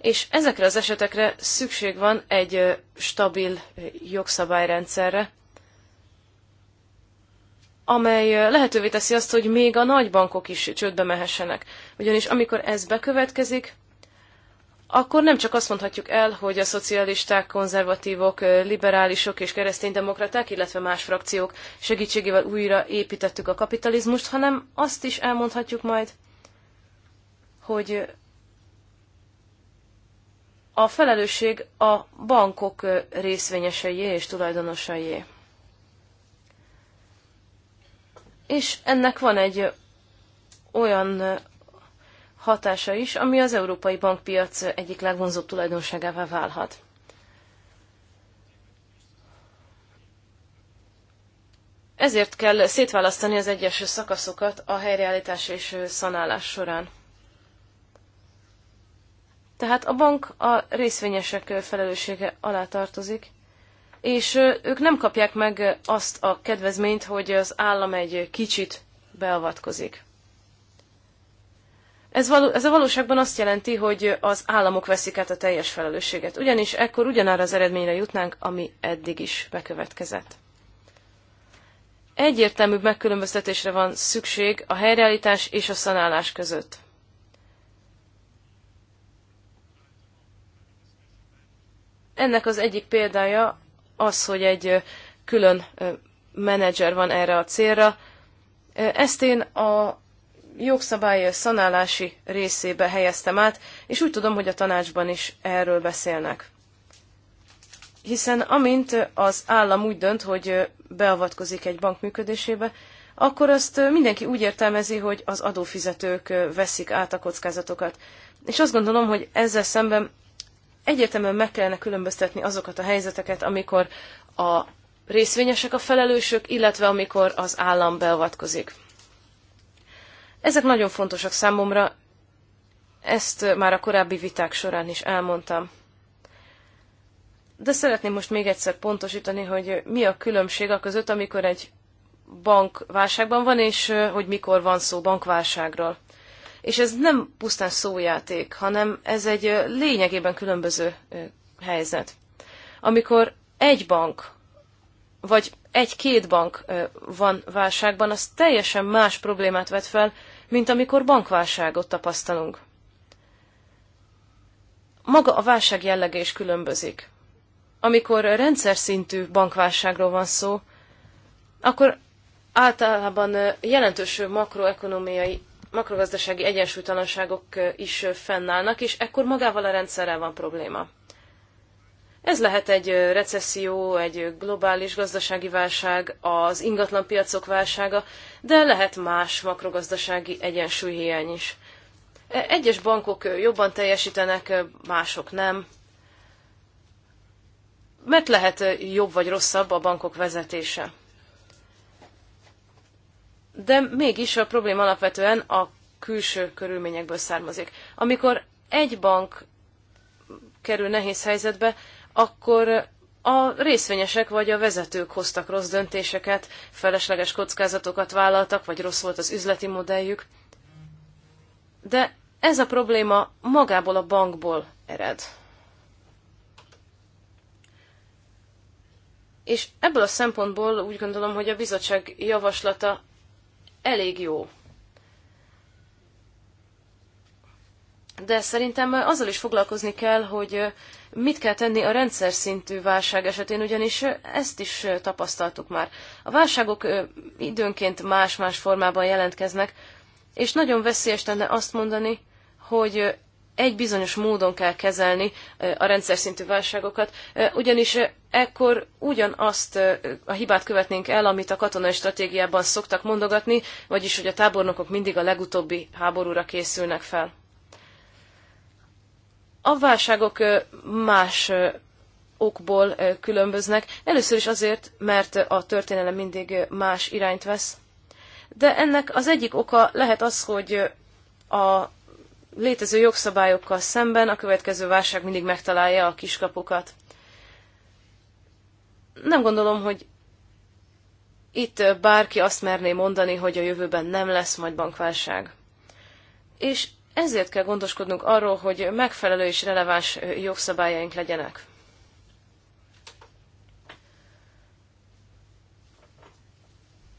[SPEAKER 3] És ezekre az esetekre szükség van egy stabil jogszabályrendszerre, amely lehetővé teszi azt, hogy még a nagybankok is csődbe mehessenek. Ugyanis amikor ez bekövetkezik, akkor nem csak azt mondhatjuk el, hogy a szocialisták, konzervatívok, liberálisok és kereszténydemokraták, illetve más frakciók segítségével újra építettük a kapitalizmust, hanem azt is elmondhatjuk majd, hogy a felelősség a bankok részvényeseié és tulajdonosaié. és ennek van egy olyan hatása is, ami az európai bankpiac egyik legvonzóbb tulajdonságává válhat. Ezért kell szétválasztani az egyes szakaszokat a helyreállítás és szanálás során. Tehát a bank a részvényesek felelőssége alá tartozik, és ők nem kapják meg azt a kedvezményt, hogy az állam egy kicsit beavatkozik. Ez, való, ez a valóságban azt jelenti, hogy az államok veszik át a teljes felelősséget, ugyanis ekkor ugyanarra az eredményre jutnánk, ami eddig is bekövetkezett. Egyértelműbb megkülönböztetésre van szükség a helyreállítás és a szanálás között. Ennek az egyik példája az, hogy egy külön menedzser van erre a célra. Ezt én a jogszabály szanálási részébe helyeztem át, és úgy tudom, hogy a tanácsban is erről beszélnek. Hiszen amint az állam úgy dönt, hogy beavatkozik egy bank működésébe, akkor azt mindenki úgy értelmezi, hogy az adófizetők veszik át a kockázatokat. És azt gondolom, hogy ezzel szemben egyértelműen meg kellene különböztetni azokat a helyzeteket, amikor a részvényesek a felelősök, illetve amikor az állam beavatkozik. Ezek nagyon fontosak számomra, ezt már a korábbi viták során is elmondtam. De szeretném most még egyszer pontosítani, hogy mi a különbség a között, amikor egy bank válságban van, és hogy mikor van szó bankválságról és ez nem pusztán szójáték, hanem ez egy lényegében különböző helyzet. Amikor egy bank, vagy egy-két bank van válságban, az teljesen más problémát vet fel, mint amikor bankválságot tapasztalunk. Maga a válság jellege is különbözik. Amikor rendszer szintű bankválságról van szó, akkor általában jelentős makroekonomiai makrogazdasági egyensúlytalanságok is fennállnak, és ekkor magával a rendszerrel van probléma. Ez lehet egy recesszió, egy globális gazdasági válság, az ingatlanpiacok válsága, de lehet más makrogazdasági egyensúlyhiány is. E, egyes bankok jobban teljesítenek, mások nem. Mert lehet jobb vagy rosszabb a bankok vezetése de mégis a probléma alapvetően a külső körülményekből származik. Amikor egy bank kerül nehéz helyzetbe, akkor a részvényesek vagy a vezetők hoztak rossz döntéseket, felesleges kockázatokat vállaltak, vagy rossz volt az üzleti modelljük. De ez a probléma magából a bankból ered. És ebből a szempontból úgy gondolom, hogy a bizottság javaslata elég jó. De szerintem azzal is foglalkozni kell, hogy mit kell tenni a rendszer szintű válság esetén, ugyanis ezt is tapasztaltuk már. A válságok időnként más-más formában jelentkeznek, és nagyon veszélyes lenne azt mondani, hogy egy bizonyos módon kell kezelni a rendszer szintű válságokat, ugyanis ekkor ugyanazt a hibát követnénk el, amit a katonai stratégiában szoktak mondogatni, vagyis hogy a tábornokok mindig a legutóbbi háborúra készülnek fel. A válságok más okból különböznek. Először is azért, mert a történelem mindig más irányt vesz. De ennek az egyik oka lehet az, hogy a létező jogszabályokkal szemben a következő válság mindig megtalálja a kiskapukat. Nem gondolom, hogy itt bárki azt merné mondani, hogy a jövőben nem lesz majd bankválság. És ezért kell gondoskodnunk arról, hogy megfelelő és releváns jogszabályaink legyenek.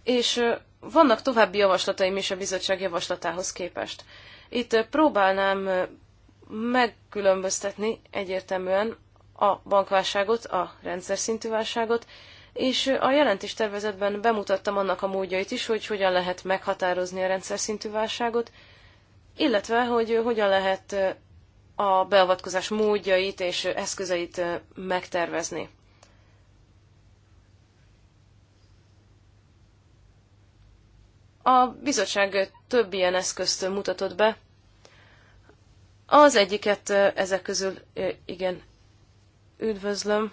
[SPEAKER 3] És vannak további javaslataim is a bizottság javaslatához képest. Itt próbálnám megkülönböztetni egyértelműen a bankválságot, a rendszer szintű válságot, és a jelentés tervezetben bemutattam annak a módjait is, hogy hogyan lehet meghatározni a rendszer szintű válságot, illetve hogy hogyan lehet a beavatkozás módjait és eszközeit megtervezni. A bizottság több ilyen eszközt mutatott be. Az egyiket ezek közül igen üdvözlöm.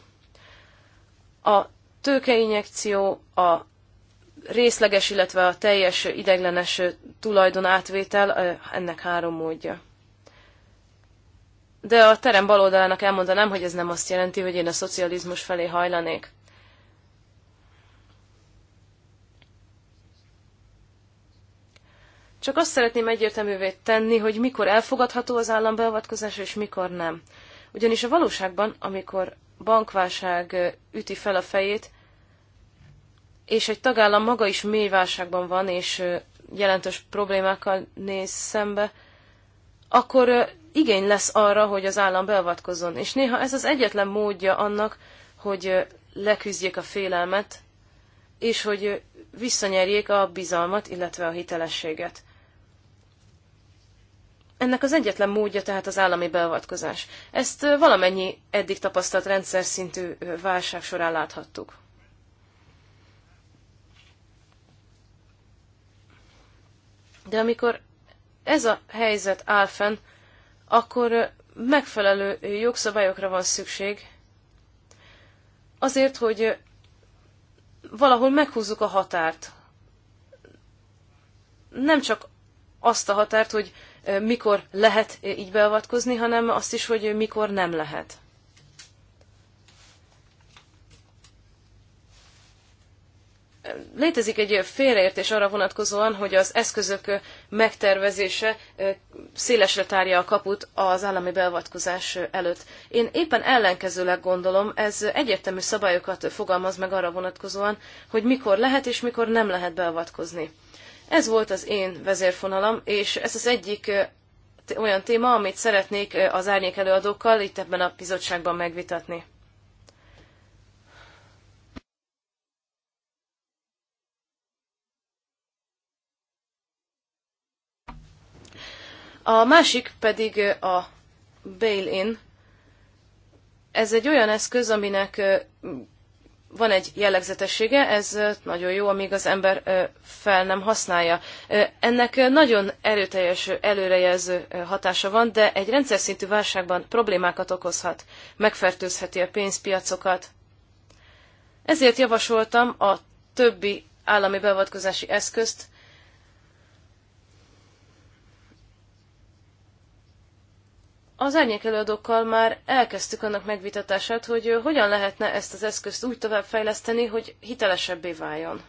[SPEAKER 3] A tőkeinjekció, a részleges, illetve a teljes ideglenes tulajdon átvétel, ennek három módja. De a terem baloldalának elmondanám, hogy ez nem azt jelenti, hogy én a szocializmus felé hajlanék. Csak azt szeretném egyértelművé tenni, hogy mikor elfogadható az állambeavatkozása, és mikor nem. Ugyanis a valóságban, amikor bankválság üti fel a fejét, és egy tagállam maga is mély válságban van, és jelentős problémákkal néz szembe, akkor igény lesz arra, hogy az állam beavatkozzon. És néha ez az egyetlen módja annak, hogy leküzdjék a félelmet, és hogy visszanyerjék a bizalmat, illetve a hitelességet. Ennek az egyetlen módja tehát az állami beavatkozás. Ezt valamennyi eddig tapasztalt rendszer szintű válság során láthattuk. De amikor ez a helyzet áll fenn, akkor megfelelő jogszabályokra van szükség, azért, hogy valahol meghúzzuk a határt. Nem csak azt a határt, hogy mikor lehet így beavatkozni, hanem azt is, hogy mikor nem lehet. Létezik egy félreértés arra vonatkozóan, hogy az eszközök megtervezése szélesre tárja a kaput az állami beavatkozás előtt. Én éppen ellenkezőleg gondolom, ez egyértelmű szabályokat fogalmaz meg arra vonatkozóan, hogy mikor lehet és mikor nem lehet beavatkozni. Ez volt az én vezérfonalam, és ez az egyik olyan téma, amit szeretnék az árnyék előadókkal itt ebben a bizottságban megvitatni. A másik pedig a bail-in. Ez egy olyan eszköz, aminek van egy jellegzetessége, ez nagyon jó, amíg az ember fel nem használja. Ennek nagyon erőteljes előrejelző hatása van, de egy rendszer szintű válságban problémákat okozhat, megfertőzheti a pénzpiacokat. Ezért javasoltam a többi állami beavatkozási eszközt, Az árnyékelőadókkal már elkezdtük annak megvitatását, hogy hogyan lehetne ezt az eszközt úgy továbbfejleszteni, hogy hitelesebbé váljon.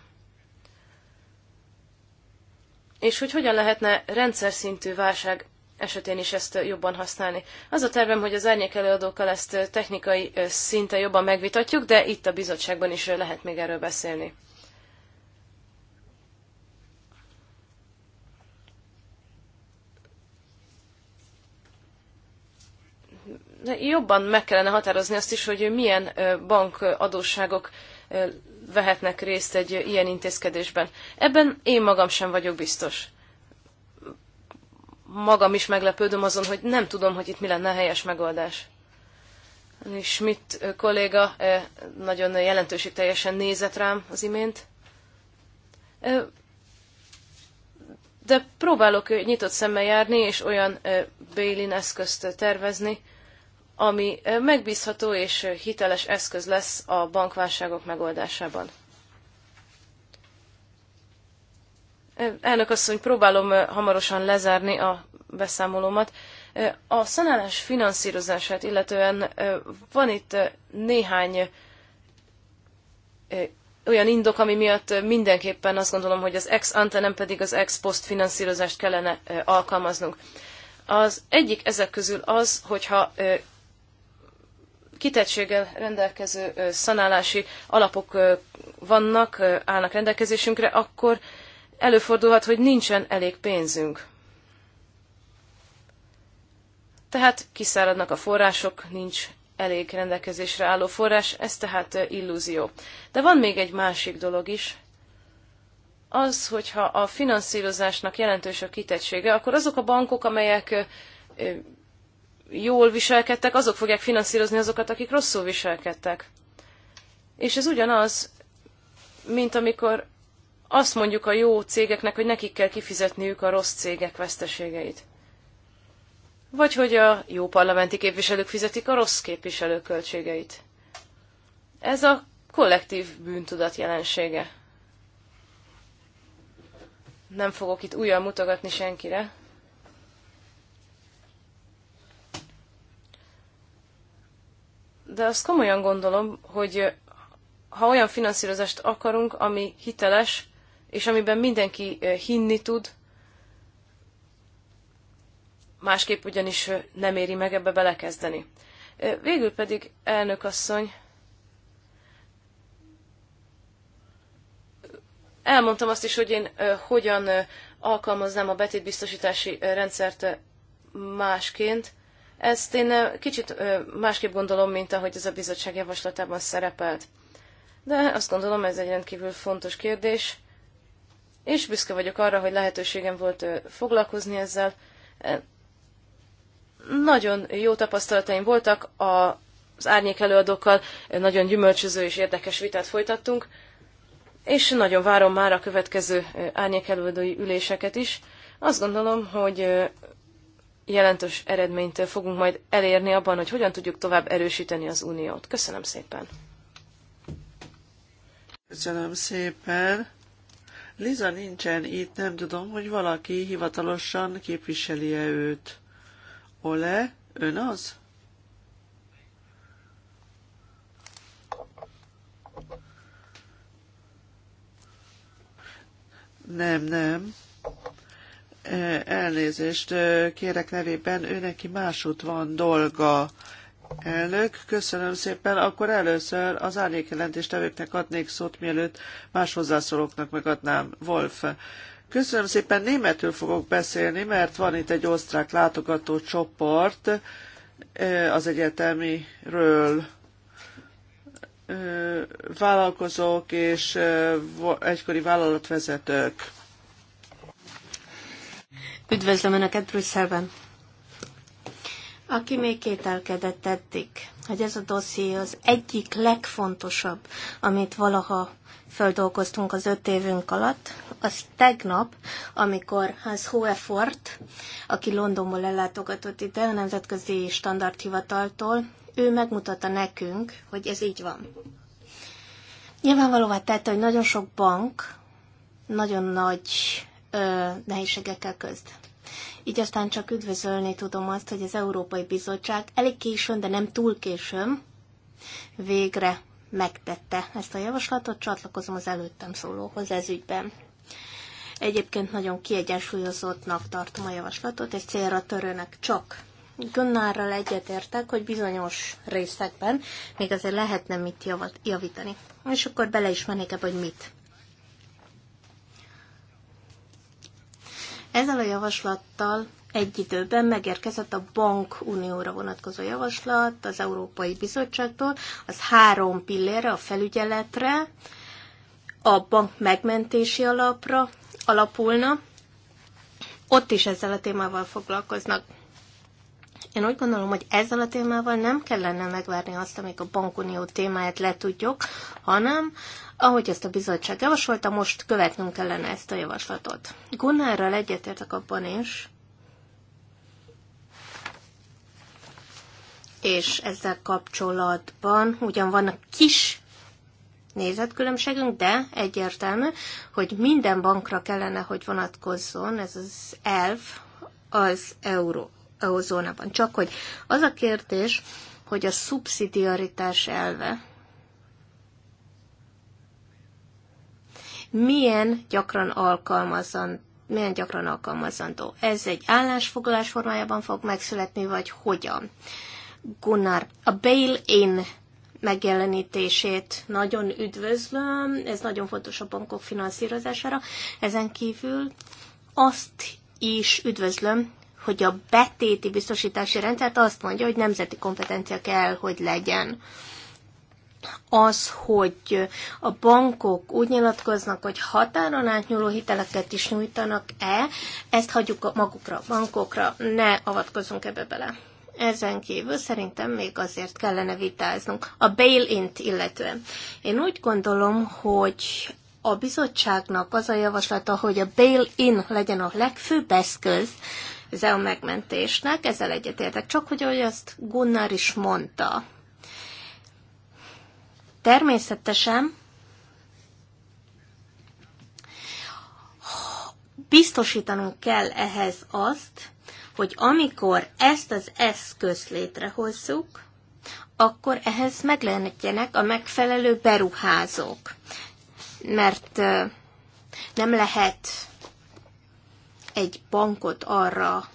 [SPEAKER 3] És hogy hogyan lehetne rendszer szintű válság esetén is ezt jobban használni. Az a tervem, hogy az árnyékelőadókkal ezt technikai szinten jobban megvitatjuk, de itt a bizottságban is lehet még erről beszélni. jobban meg kellene határozni azt is, hogy milyen bankadósságok vehetnek részt egy ilyen intézkedésben. Ebben én magam sem vagyok biztos. Magam is meglepődöm azon, hogy nem tudom, hogy itt mi lenne a helyes megoldás. És Schmidt kolléga nagyon jelentőségteljesen nézett rám az imént. De próbálok nyitott szemmel járni, és olyan Bélin eszközt tervezni, ami megbízható és hiteles eszköz lesz a bankválságok megoldásában. Elnök asszony, próbálom hamarosan lezárni a beszámolómat. A szanálás finanszírozását illetően van itt néhány olyan indok, ami miatt mindenképpen azt gondolom, hogy az ex ante, nem pedig az ex post finanszírozást kellene alkalmaznunk. Az egyik ezek közül az, hogyha kitettséggel rendelkező szanálási alapok vannak, állnak rendelkezésünkre, akkor előfordulhat, hogy nincsen elég pénzünk. Tehát kiszáradnak a források, nincs elég rendelkezésre álló forrás, ez tehát illúzió. De van még egy másik dolog is. Az, hogyha a finanszírozásnak jelentős a kitettsége, akkor azok a bankok, amelyek jól viselkedtek, azok fogják finanszírozni azokat, akik rosszul viselkedtek. És ez ugyanaz, mint amikor azt mondjuk a jó cégeknek, hogy nekik kell kifizetniük a rossz cégek veszteségeit. Vagy hogy a jó parlamenti képviselők fizetik a rossz képviselők költségeit. Ez a kollektív bűntudat jelensége. Nem fogok itt újra mutogatni senkire. de azt komolyan gondolom, hogy ha olyan finanszírozást akarunk, ami hiteles, és amiben mindenki hinni tud, másképp ugyanis nem éri meg ebbe belekezdeni. Végül pedig, elnök asszony, elmondtam azt is, hogy én hogyan alkalmaznám a betétbiztosítási rendszert másként, ezt én kicsit másképp gondolom, mint ahogy ez a bizottság javaslatában szerepelt. De azt gondolom, ez egy rendkívül fontos kérdés, és büszke vagyok arra, hogy lehetőségem volt foglalkozni ezzel. Nagyon jó tapasztalataim voltak az árnyék előadókkal, nagyon gyümölcsöző és érdekes vitát folytattunk, és nagyon várom már a következő árnyék előadói üléseket is. Azt gondolom, hogy jelentős eredményt fogunk majd elérni abban, hogy hogyan tudjuk tovább erősíteni az uniót. Köszönöm szépen!
[SPEAKER 1] Köszönöm szépen! Liza nincsen itt, nem tudom, hogy valaki hivatalosan képviseli-e őt. Ole, ön az? Nem, nem. Elnézést kérek nevében, ő neki másút van dolga. Elnök, köszönöm szépen. Akkor először az árnyékjelentéstevőknek adnék szót, mielőtt más hozzászólóknak megadnám. Wolf. Köszönöm szépen, németül fogok beszélni, mert van itt egy osztrák látogató csoport az egyetemiről vállalkozók és egykori vállalatvezetők
[SPEAKER 2] Üdvözlöm Önöket Brüsszelben! Aki még kételkedett eddig, hogy ez a dosszié az egyik legfontosabb, amit valaha földolgoztunk az öt évünk alatt, az tegnap, amikor Hans Hoefort, aki Londonból ellátogatott ide a Nemzetközi Standardhivataltól, ő megmutatta nekünk, hogy ez így van. Nyilvánvalóvá tette, hogy nagyon sok bank nagyon nagy ö, nehézségekkel közd. Így aztán csak üdvözölni tudom azt, hogy az Európai Bizottság elég későn, de nem túl későn végre megtette ezt a javaslatot, csatlakozom az előttem szólóhoz ez ügyben. Egyébként nagyon kiegyensúlyozottnak tartom a javaslatot, és célra törőnek csak. Gunnárral egyetértek, hogy bizonyos részekben még azért lehetne mit javítani. És akkor bele is mennék ebbe, hogy mit. Ezzel a javaslattal egy időben megérkezett a bankunióra vonatkozó javaslat az Európai Bizottságtól, az három pillére, a felügyeletre, a bank megmentési alapra alapulna. Ott is ezzel a témával foglalkoznak. Én úgy gondolom, hogy ezzel a témával nem kellene megvárni azt, amíg a bankunió témáját letudjuk, hanem ahogy ezt a bizottság javasolta, most követnünk kellene ezt a javaslatot. Gunnárral egyetértek abban is, és ezzel kapcsolatban ugyan vannak kis nézetkülönbségünk, de egyértelmű, hogy minden bankra kellene, hogy vonatkozzon ez az elv az euró, eurozónában. Csak hogy az a kérdés, hogy a szubszidiaritás elve, milyen gyakran alkalmazandó milyen gyakran alkalmazandó. Ez egy állásfoglalás formájában fog megszületni, vagy hogyan? Gunnar, a bail-in megjelenítését nagyon üdvözlöm, ez nagyon fontos a bankok finanszírozására. Ezen kívül azt is üdvözlöm, hogy a betéti biztosítási rendszert azt mondja, hogy nemzeti kompetencia kell, hogy legyen az, hogy a bankok úgy nyilatkoznak, hogy határon átnyúló hiteleket is nyújtanak-e, ezt hagyjuk magukra, a bankokra, ne avatkozunk ebbe bele. Ezen kívül szerintem még azért kellene vitáznunk a bail-int illetően. Én úgy gondolom, hogy a bizottságnak az a javaslata, hogy a bail-in legyen a legfőbb eszköz, ez a megmentésnek, ezzel egyetértek. Csak hogy, ahogy azt Gunnar is mondta, Természetesen biztosítanunk kell ehhez azt, hogy amikor ezt az eszközt létrehozzuk, akkor ehhez meglenjenek a megfelelő beruházók. Mert nem lehet egy bankot arra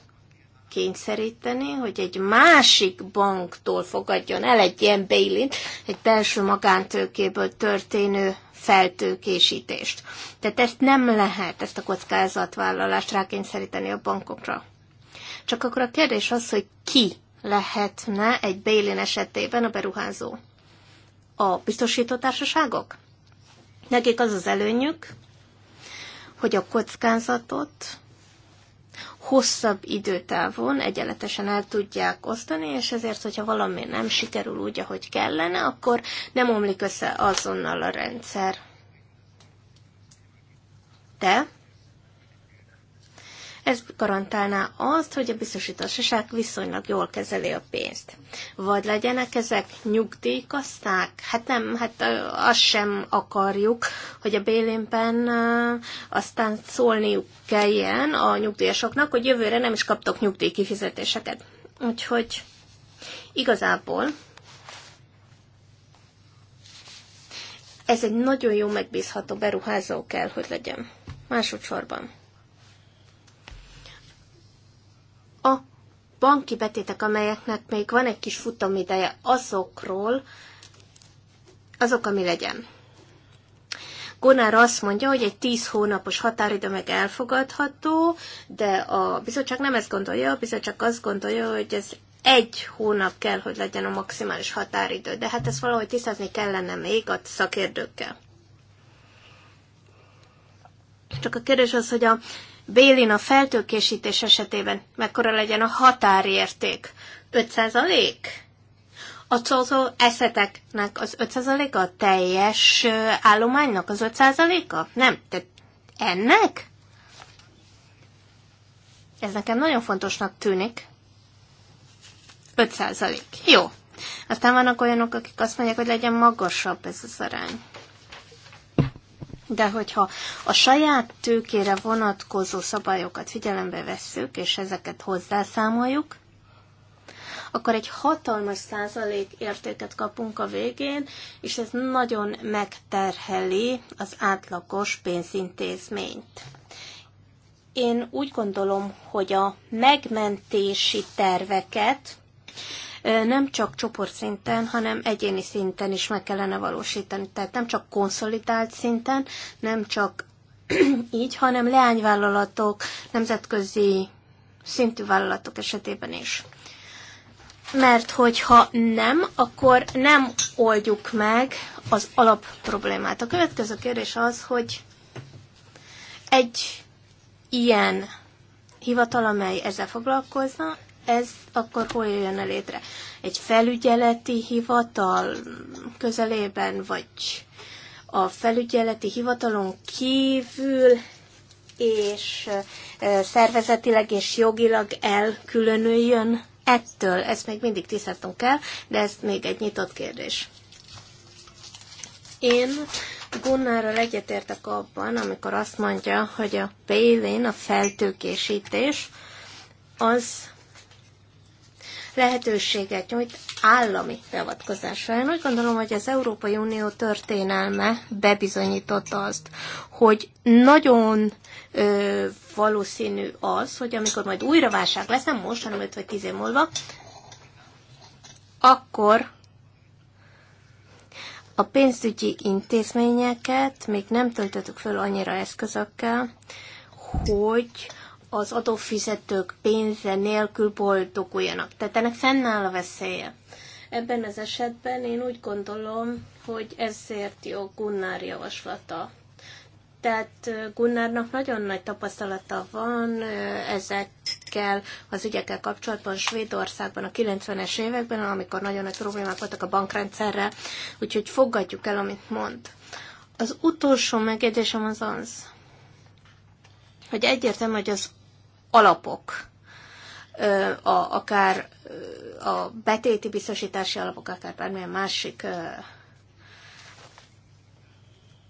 [SPEAKER 2] kényszeríteni, hogy egy másik banktól fogadjon el egy ilyen bailint, egy belső magántőkéből történő feltőkésítést. Tehát ezt nem lehet, ezt a kockázatvállalást rákényszeríteni a bankokra. Csak akkor a kérdés az, hogy ki lehetne egy bailin esetében a beruházó? A biztosító Nekik az az előnyük, hogy a kockázatot hosszabb időtávon egyenletesen el tudják osztani, és ezért, hogyha valami nem sikerül úgy, ahogy kellene, akkor nem omlik össze azonnal a rendszer. De ez garantálná azt, hogy a biztosítósaság viszonylag jól kezeli a pénzt. Vagy legyenek ezek nyugdíjkaszták? Hát nem, hát azt sem akarjuk, hogy a bélénben aztán szólniuk kelljen a nyugdíjasoknak, hogy jövőre nem is kaptok nyugdíjkifizetéseket. Úgyhogy igazából ez egy nagyon jó megbízható beruházó kell, hogy legyen. Másodszorban. a banki betétek, amelyeknek még van egy kis futamideje, azokról, azok, ami legyen. Gonár azt mondja, hogy egy 10 hónapos határidő meg elfogadható, de a bizottság nem ezt gondolja, a bizottság azt gondolja, hogy ez egy hónap kell, hogy legyen a maximális határidő, de hát ezt valahogy tisztázni kellene még a szakértőkkel. Csak a kérdés az, hogy a Bélin a feltőkésítés esetében mekkora legyen a határérték? 5%? A szózó eszeteknek az 5%-a a teljes állománynak az 5%-a? Nem, tehát ennek? Ez nekem nagyon fontosnak tűnik. 5%. Jó. Aztán vannak olyanok, akik azt mondják, hogy legyen magasabb ez az arány. De hogyha a saját tőkére vonatkozó szabályokat figyelembe vesszük, és ezeket hozzászámoljuk, akkor egy hatalmas százalék értéket kapunk a végén, és ez nagyon megterheli az átlagos pénzintézményt. Én úgy gondolom, hogy a megmentési terveket nem csak csoportszinten, hanem egyéni szinten is meg kellene valósítani. Tehát nem csak konszolidált szinten, nem csak így, hanem leányvállalatok, nemzetközi szintű vállalatok esetében is. Mert hogyha nem, akkor nem oldjuk meg az alapproblémát. A következő kérdés az, hogy egy ilyen hivatal, amely ezzel foglalkozna, ez akkor hol jön létre? Egy felügyeleti hivatal közelében, vagy a felügyeleti hivatalon kívül és szervezetileg és jogilag elkülönüljön ettől. Ezt még mindig tisztáztunk el, de ez még egy nyitott kérdés. Én Gunnárral egyetértek abban, amikor azt mondja, hogy a bail a feltőkésítés, az lehetőséget nyújt állami beavatkozásra. Én úgy gondolom, hogy az Európai Unió történelme bebizonyította azt, hogy nagyon ö, valószínű az, hogy amikor majd újra válság lesz, nem most, hanem 5 vagy 10 év múlva, akkor a pénzügyi intézményeket még nem töltöttük föl annyira eszközökkel, hogy az adófizetők pénze nélkül boldoguljanak. Tehát ennek fennáll a veszélye. Ebben az esetben én úgy gondolom, hogy ezért jó Gunnár javaslata. Tehát Gunnárnak nagyon nagy tapasztalata van ezekkel az ügyekkel kapcsolatban Svédországban a 90-es években, amikor nagyon nagy problémák voltak a bankrendszerrel, úgyhogy fogadjuk el, amit mond. Az utolsó megjegyzésem az az, hogy egyértelmű, hogy az alapok, a, akár a betéti biztosítási alapok, akár bármilyen másik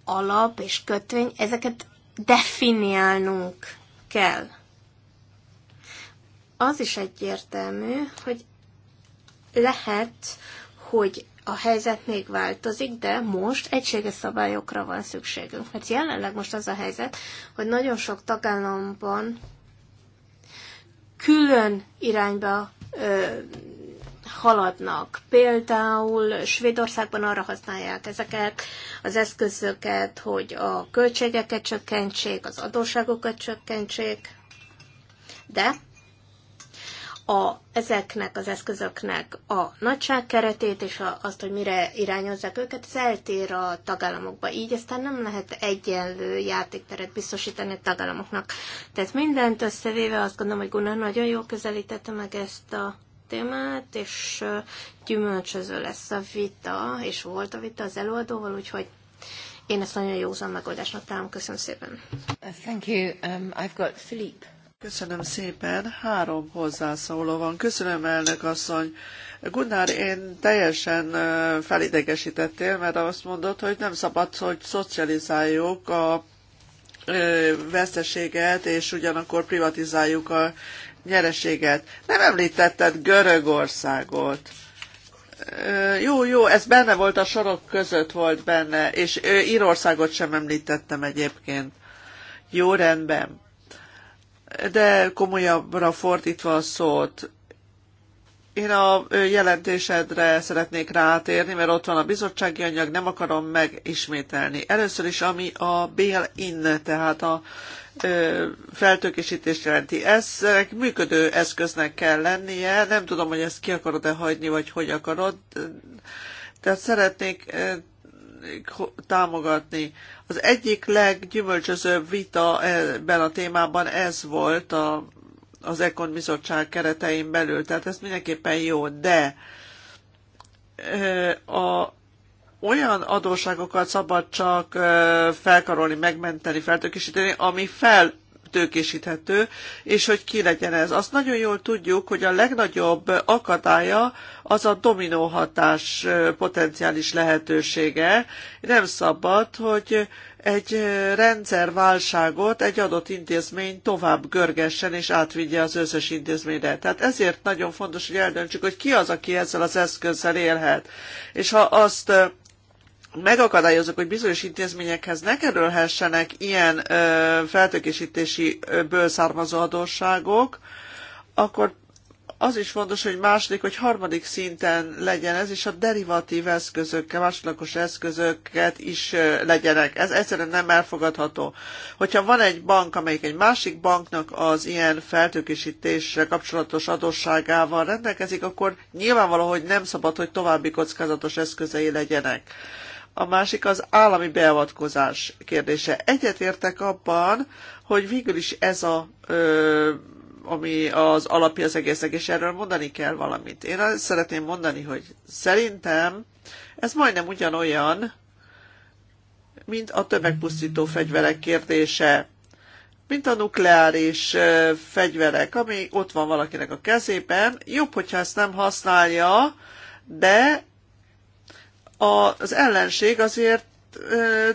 [SPEAKER 2] alap és kötvény, ezeket definiálnunk kell. Az is egyértelmű, hogy lehet, hogy a helyzet még változik, de most egységes szabályokra van szükségünk. Mert jelenleg most az a helyzet, hogy nagyon sok tagállamban külön irányba ö, haladnak. Például Svédországban arra használják ezeket az eszközöket, hogy a költségeket csökkentsék, az adósságokat csökkentsék, de a, ezeknek az eszközöknek a nagyságkeretét és a, azt, hogy mire irányozzák őket, ez eltér a tagállamokba. Így aztán nem lehet egyenlő játékteret biztosítani a tagállamoknak. Tehát mindent összevéve azt gondolom, hogy Gunnar nagyon jól közelítette meg ezt a témát, és gyümölcsöző lesz a vita, és volt a vita az előadóval, úgyhogy én ezt nagyon józan megoldásnak találom. Köszönöm szépen.
[SPEAKER 1] Thank you. Um, I've got Philippe. Köszönöm szépen. Három hozzászóló van. Köszönöm, elnök asszony. Gunnar, én teljesen felidegesítettél, mert azt mondod, hogy nem szabad, hogy szocializáljuk a veszteséget, és ugyanakkor privatizáljuk a nyereséget. Nem említetted Görögországot. Jó, jó, ez benne volt, a sorok között volt benne, és Írországot sem említettem egyébként. Jó, rendben de komolyabbra fordítva a szót, én a jelentésedre szeretnék rátérni, mert ott van a bizottsági anyag, nem akarom megismételni. Először is, ami a bail-in, tehát a feltőkésítést jelenti. Ezek működő eszköznek kell lennie, nem tudom, hogy ezt ki akarod-e hagyni, vagy hogy akarod, tehát szeretnék támogatni. Az egyik leggyümölcsözőbb vita ebben a témában ez volt a, az Ekon Bizottság keretein belül, tehát ez mindenképpen jó, de a, olyan adósságokat szabad csak felkarolni, megmenteni, feltökésíteni, ami fel tőkésíthető, és hogy ki legyen ez. Azt nagyon jól tudjuk, hogy a legnagyobb akadálya az a dominó hatás potenciális lehetősége. Nem szabad, hogy egy rendszerválságot egy adott intézmény tovább görgessen és átvigye az összes intézményre. Tehát ezért nagyon fontos, hogy eldöntsük, hogy ki az, aki ezzel az eszközzel élhet. És ha azt megakadályozok, hogy bizonyos intézményekhez ne kerülhessenek ilyen ö, feltökésítési ből származó adósságok, akkor az is fontos, hogy második, hogy harmadik szinten legyen ez, és a derivatív eszközökkel, másodlagos eszközöket is legyenek. Ez egyszerűen nem elfogadható. Hogyha van egy bank, amelyik egy másik banknak az ilyen feltőkésítésre kapcsolatos adósságával rendelkezik, akkor nyilvánvaló, hogy nem szabad, hogy további kockázatos eszközei legyenek a másik az állami beavatkozás kérdése. Egyetértek abban, hogy végül is ez a ö, ami az alapja az egésznek, és erről mondani kell valamit. Én azt szeretném mondani, hogy szerintem ez majdnem ugyanolyan, mint a tömegpusztító fegyverek kérdése, mint a nukleáris fegyverek, ami ott van valakinek a kezében. Jobb, hogyha ezt nem használja, de az ellenség azért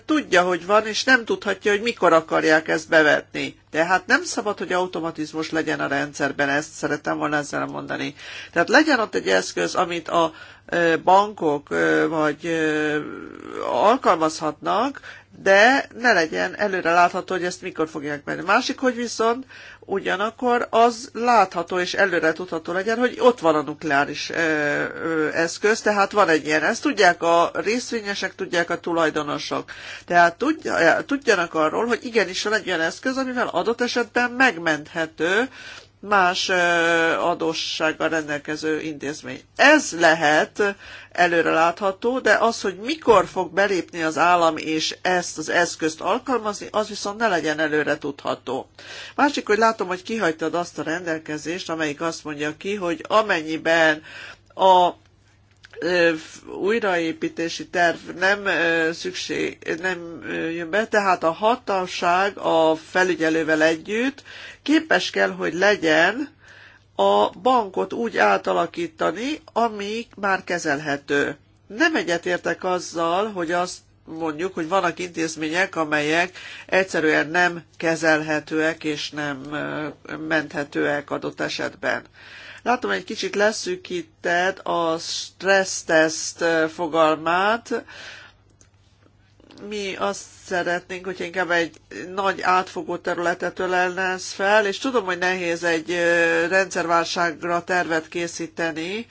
[SPEAKER 1] tudja, hogy van, és nem tudhatja, hogy mikor akarják ezt bevetni. Tehát nem szabad, hogy automatizmus legyen a rendszerben, ezt szeretem volna ezzel mondani. Tehát legyen ott egy eszköz, amit a bankok vagy alkalmazhatnak, de ne legyen előre látható, hogy ezt mikor fogják menni. Másik, hogy viszont ugyanakkor az látható és előre tudható legyen, hogy ott van a nukleáris ö, ö, eszköz, tehát van egy ilyen, ezt tudják a részvényesek, tudják a tulajdonosok. Tehát tudja, tudjanak arról, hogy igenis van egy olyan eszköz, amivel adott esetben megmenthető más adóssággal rendelkező intézmény. Ez lehet előre látható, de az, hogy mikor fog belépni az állam és ezt az eszközt alkalmazni, az viszont ne legyen előre tudható. Másik, hogy látom, hogy kihagytad azt a rendelkezést, amelyik azt mondja ki, hogy amennyiben a újraépítési terv nem szükség, nem jön be, tehát a hatóság a felügyelővel együtt képes kell, hogy legyen a bankot úgy átalakítani, ami már kezelhető. Nem egyetértek azzal, hogy azt mondjuk, hogy vannak intézmények, amelyek egyszerűen nem kezelhetőek és nem menthetőek adott esetben. Látom, egy kicsit leszűkíted a stresszteszt fogalmát, mi azt szeretnénk, hogy inkább egy nagy átfogó területet ölelne fel, és tudom, hogy nehéz egy rendszerválságra tervet készíteni,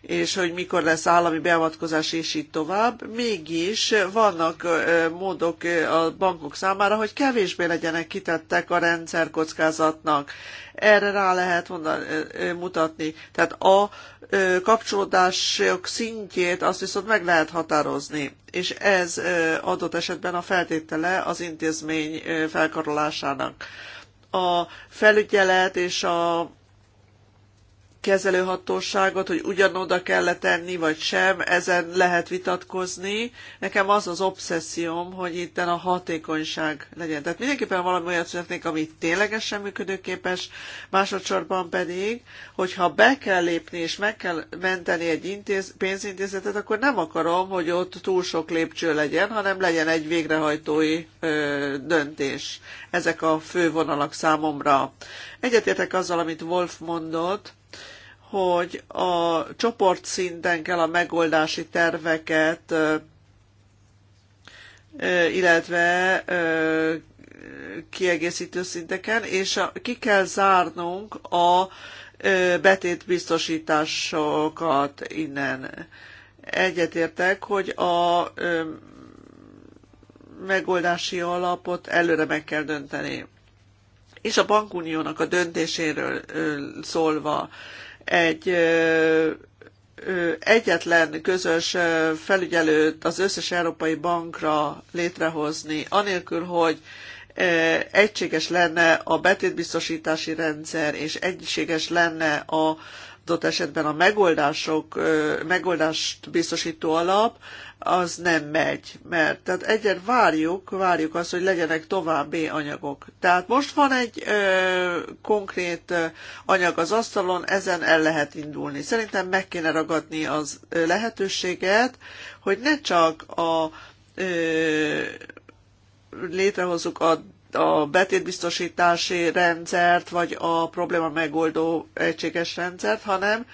[SPEAKER 1] és hogy mikor lesz állami beavatkozás, és így tovább. Mégis vannak módok a bankok számára, hogy kevésbé legyenek kitettek a rendszer kockázatnak. Erre rá lehet mondani, mutatni. Tehát a kapcsolódások szintjét azt viszont meg lehet határozni, és ez adott esetben a feltétele az intézmény felkarolásának. A felügyelet és a kezelőhatóságot, hogy ugyanoda kell tenni, vagy sem, ezen lehet vitatkozni. Nekem az az obszesszióm, hogy itt a hatékonyság legyen. Tehát mindenképpen valami olyat szeretnék, ami ténylegesen működőképes, másodszorban pedig, hogyha be kell lépni és meg kell menteni egy intéz, pénzintézetet, akkor nem akarom, hogy ott túl sok lépcső legyen, hanem legyen egy végrehajtói ö, döntés. Ezek a fő vonalak számomra. Egyetértek azzal, amit Wolf mondott, hogy a csoportszinten kell a megoldási terveket, illetve kiegészítő szinteken, és ki kell zárnunk a betétbiztosításokat innen. Egyetértek, hogy a megoldási alapot előre meg kell dönteni. És a bankuniónak a döntéséről szólva, egy egyetlen közös felügyelőt az összes európai bankra létrehozni, anélkül, hogy egységes lenne a betétbiztosítási rendszer, és egységes lenne a adott esetben a megoldások, megoldást biztosító alap, az nem megy, mert tehát egyet várjuk, várjuk azt, hogy legyenek további anyagok. Tehát most van egy ö, konkrét ö, anyag az asztalon, ezen el lehet indulni. Szerintem meg kéne ragadni az ö, lehetőséget, hogy ne csak a ö, létrehozzuk a a betétbiztosítási rendszert, vagy a probléma megoldó egységes rendszert, hanem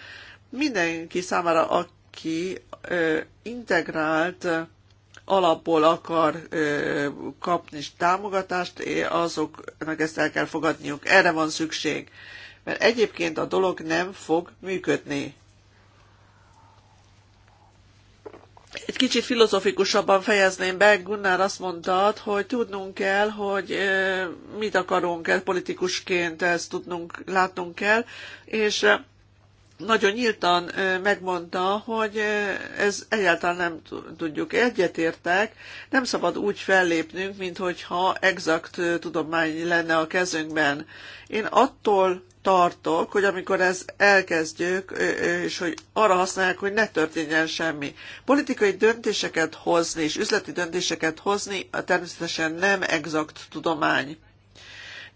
[SPEAKER 1] mindenki számára, a valaki integrált alapból akar ö, kapni támogatást, azoknak ezt el kell fogadniuk. Erre van szükség. Mert egyébként a dolog nem fog működni. Egy kicsit filozofikusabban fejezném be, Gunnar azt mondta, hogy tudnunk kell, hogy mit akarunk el politikusként, ezt tudnunk, látnunk kell, és nagyon nyíltan megmondta, hogy ez egyáltalán nem tudjuk. Egyetértek, nem szabad úgy fellépnünk, mint exakt tudomány lenne a kezünkben. Én attól tartok, hogy amikor ez elkezdjük, és hogy arra használják, hogy ne történjen semmi. Politikai döntéseket hozni és üzleti döntéseket hozni természetesen nem exakt tudomány.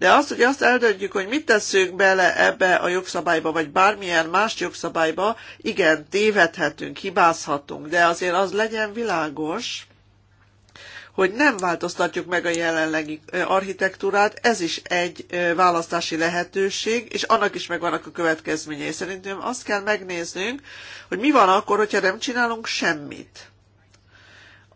[SPEAKER 1] De az, hogy azt eldöntjük, hogy mit tesszünk bele ebbe a jogszabályba, vagy bármilyen más jogszabályba, igen, tévedhetünk, hibázhatunk, de azért az legyen világos, hogy nem változtatjuk meg a jelenlegi architektúrát, ez is egy választási lehetőség, és annak is megvannak a következményei. Szerintem azt kell megnéznünk, hogy mi van akkor, hogyha nem csinálunk semmit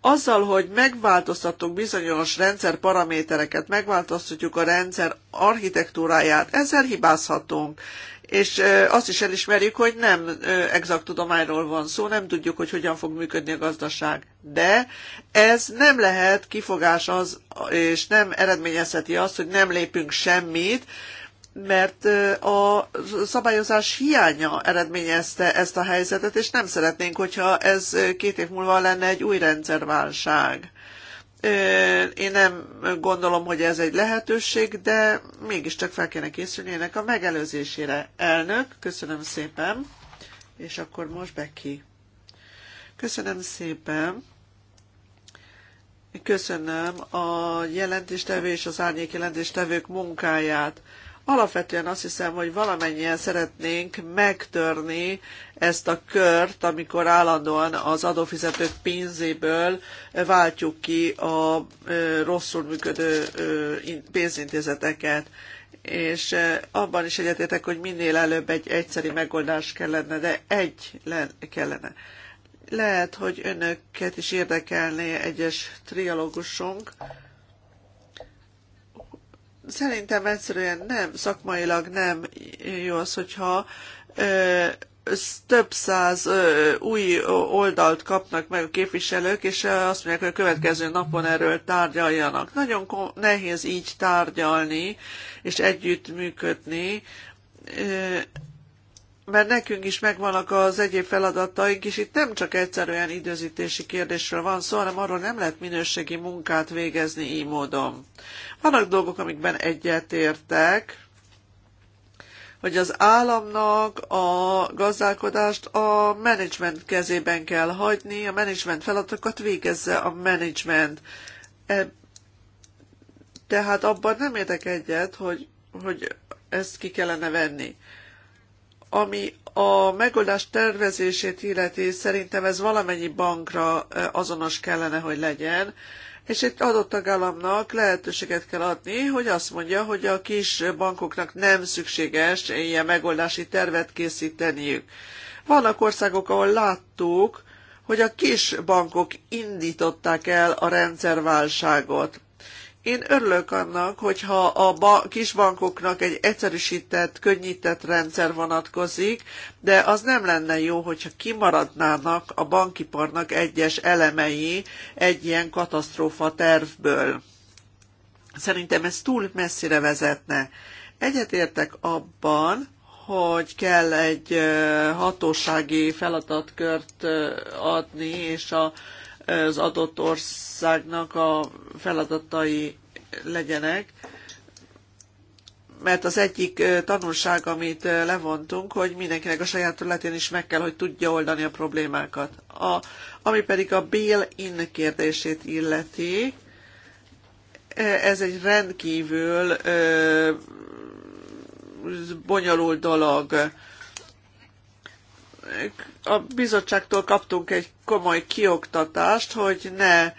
[SPEAKER 1] azzal, hogy megváltoztatunk bizonyos rendszer paramétereket, megváltoztatjuk a rendszer architektúráját, ezzel hibázhatunk. És azt is elismerjük, hogy nem exakt tudományról van szó, nem tudjuk, hogy hogyan fog működni a gazdaság. De ez nem lehet kifogás az, és nem eredményezheti azt, hogy nem lépünk semmit, mert a szabályozás hiánya eredményezte ezt a helyzetet, és nem szeretnénk, hogyha ez két év múlva lenne egy új rendszerválság. Én nem gondolom, hogy ez egy lehetőség, de mégiscsak fel kéne készülni ennek a megelőzésére. Elnök, köszönöm szépen, és akkor most Becky. Köszönöm szépen. Köszönöm a jelentéstevő és az árnyék jelentéstevők munkáját. Alapvetően azt hiszem, hogy valamennyien szeretnénk megtörni ezt a kört, amikor állandóan az adófizetők pénzéből váltjuk ki a rosszul működő pénzintézeteket és abban is egyetértek, hogy minél előbb egy egyszeri megoldás kellene, de egy kellene. Lehet, hogy önöket is érdekelné egyes trialógusunk, Szerintem egyszerűen nem, szakmailag nem jó az, hogyha ö, több száz ö, új oldalt kapnak meg a képviselők, és azt mondják, hogy a következő napon erről tárgyaljanak. Nagyon nehéz így tárgyalni és együttműködni. Ö, mert nekünk is megvannak az egyéb feladataink, és itt nem csak egyszerűen időzítési kérdésről van szó, hanem arról nem lehet minőségi munkát végezni így módon. Vannak dolgok, amikben egyetértek, hogy az államnak a gazdálkodást a menedzsment kezében kell hagyni, a menedzsment feladatokat végezze a menedzsment. E, tehát abban nem értek egyet, hogy, hogy ezt ki kellene venni ami a megoldás tervezését illeti, szerintem ez valamennyi bankra azonos kellene, hogy legyen, és egy adott tagállamnak lehetőséget kell adni, hogy azt mondja, hogy a kis bankoknak nem szükséges ilyen megoldási tervet készíteniük. Vannak országok, ahol láttuk, hogy a kis bankok indították el a rendszerválságot. Én örülök annak, hogyha a ba- kisbankoknak egy egyszerűsített, könnyített rendszer vonatkozik, de az nem lenne jó, hogyha kimaradnának a bankiparnak egyes elemei egy ilyen katasztrófa tervből. Szerintem ez túl messzire vezetne. Egyetértek abban, hogy kell egy hatósági feladatkört adni, és a az adott országnak a feladatai legyenek, mert az egyik tanulság, amit levontunk, hogy mindenkinek a saját területén is meg kell, hogy tudja oldani a problémákat. A, ami pedig a bail-in kérdését illeti, ez egy rendkívül ö, bonyolult dolog a bizottságtól kaptunk egy komoly kioktatást, hogy ne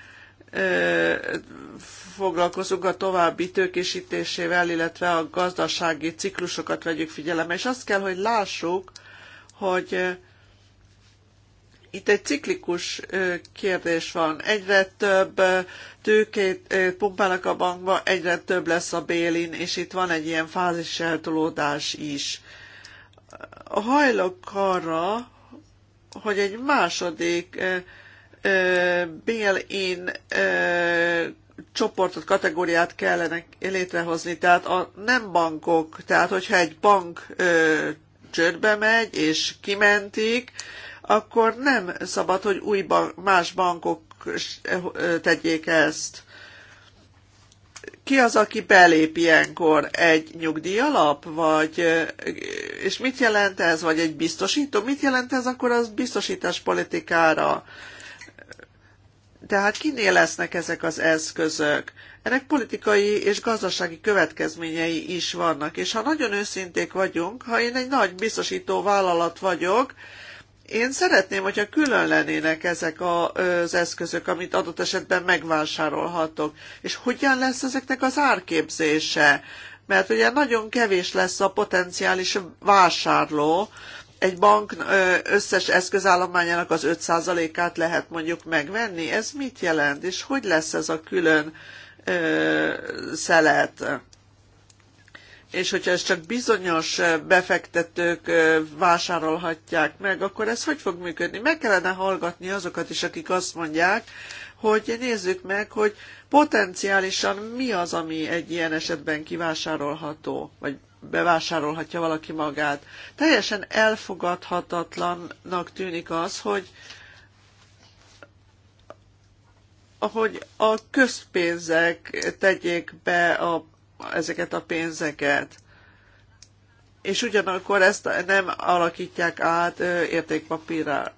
[SPEAKER 1] foglalkozunk a további tőkésítésével, illetve a gazdasági ciklusokat vegyük figyelembe. És azt kell, hogy lássuk, hogy itt egy ciklikus kérdés van. Egyre több tőkét pumpálnak a bankba, egyre több lesz a bélin, és itt van egy ilyen eltolódás is hajlok arra, hogy egy második bail-in csoportot, kategóriát kellene létrehozni, tehát a nem bankok, tehát hogyha egy bank ö, csődbe megy és kimentik, akkor nem szabad, hogy új bank, más bankok tegyék ezt ki az, aki belép ilyenkor? Egy nyugdíjalap? Vagy, és mit jelent ez? Vagy egy biztosító? Mit jelent ez akkor az biztosítás politikára? Tehát kinél lesznek ezek az eszközök? Ennek politikai és gazdasági következményei is vannak, és ha nagyon őszinték vagyunk, ha én egy nagy biztosító vállalat vagyok, én szeretném, hogyha külön lennének ezek az eszközök, amit adott esetben megvásárolhatok. És hogyan lesz ezeknek az árképzése? Mert ugye nagyon kevés lesz a potenciális vásárló, egy bank összes eszközállományának az 5%-át lehet mondjuk megvenni. Ez mit jelent, és hogy lesz ez a külön szelet? és hogyha ezt csak bizonyos eh, befektetők eh, vásárolhatják meg, akkor ez hogy fog működni? Meg kellene hallgatni azokat is, akik azt mondják, hogy nézzük meg, hogy potenciálisan mi az, ami egy ilyen esetben kivásárolható, vagy bevásárolhatja valaki magát. Teljesen elfogadhatatlannak tűnik az, hogy hogy a közpénzek tegyék be a ezeket a pénzeket. És ugyanakkor ezt nem alakítják át értékpapírra.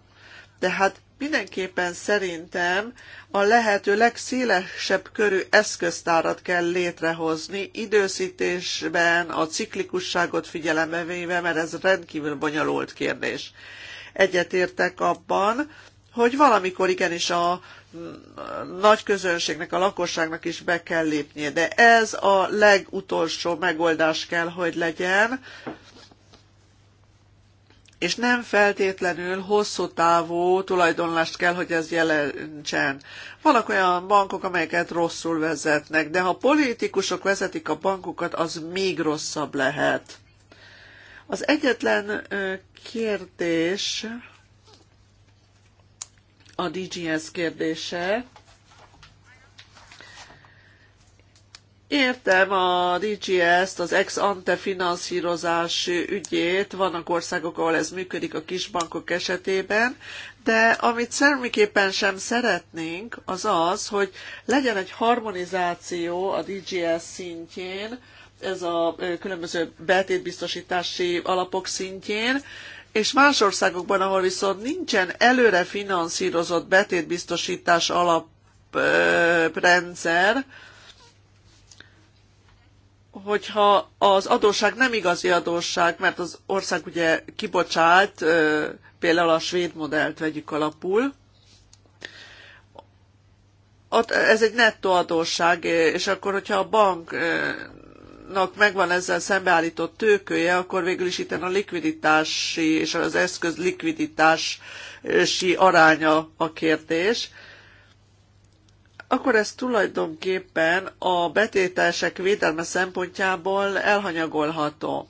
[SPEAKER 1] Tehát mindenképpen szerintem a lehető legszélesebb körű eszköztárat kell létrehozni, időszítésben a ciklikusságot figyelembe véve, mert ez rendkívül bonyolult kérdés. Egyetértek abban, hogy valamikor igenis a nagy közönségnek, a lakosságnak is be kell lépnie. De ez a legutolsó megoldás kell, hogy legyen, és nem feltétlenül hosszú távú tulajdonlást kell, hogy ez jelentsen. Vannak olyan bankok, amelyeket rosszul vezetnek, de ha politikusok vezetik a bankokat, az még rosszabb lehet. Az egyetlen kérdés, a DGS kérdése. Értem a DGS-t, az ex-ante finanszírozás ügyét, vannak országok, ahol ez működik a kisbankok esetében, de amit semmiképpen sem szeretnénk, az az, hogy legyen egy harmonizáció a DGS szintjén, ez a különböző betétbiztosítási alapok szintjén, és más országokban, ahol viszont nincsen előre finanszírozott betétbiztosítás alaprendszer, hogyha az adósság nem igazi adósság, mert az ország ugye kibocsát, például a svéd modellt vegyük alapul, ott ez egy nettó adósság, és akkor, hogyha a bank banknak megvan ezzel szembeállított tőkője, akkor végül is itt a likviditási és az eszköz likviditási aránya a kérdés akkor ez tulajdonképpen a betétesek védelme szempontjából elhanyagolható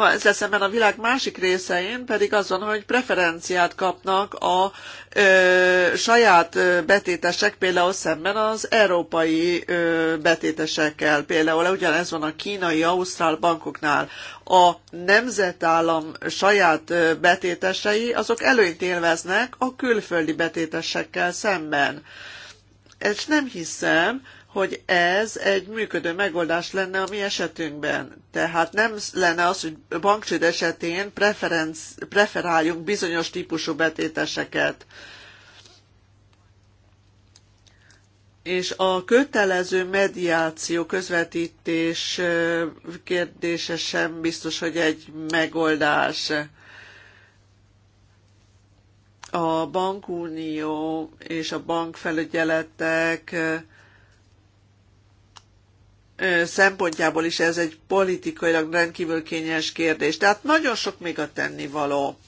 [SPEAKER 1] ez szemben a világ másik részein pedig az van, hogy preferenciát kapnak a ö, saját betétesek, például szemben az európai ö, betétesekkel. Például ugyanez van a kínai, ausztrál bankoknál. A nemzetállam saját betétesei azok előnyt élveznek a külföldi betétesekkel szemben. És nem hiszem, hogy ez egy működő megoldás lenne a mi esetünkben. Tehát nem lenne az, hogy bankcsőd esetén preferáljunk bizonyos típusú betéteseket. És a kötelező mediáció közvetítés kérdése sem biztos, hogy egy megoldás. A bankunió és a bankfelügyeletek szempontjából is ez egy politikailag rendkívül kényes kérdés. Tehát nagyon sok még a tennivaló.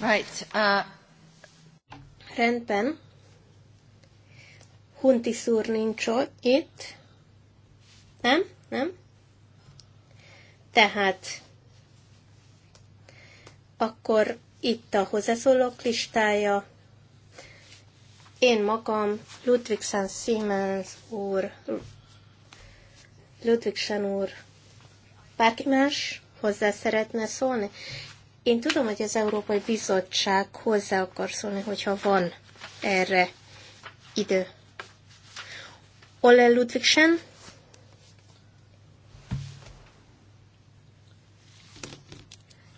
[SPEAKER 2] Right. Uh... Rendben. Hunti szúr nincs itt. Nem? Nem? Tehát akkor itt a hozzászólók listája én magam, Ludwigsen Siemens úr, Ludwigsen úr, bárki más hozzá szeretne szólni? Én tudom, hogy az Európai Bizottság hozzá akar szólni, hogyha van erre idő. Olle Ludwigsen?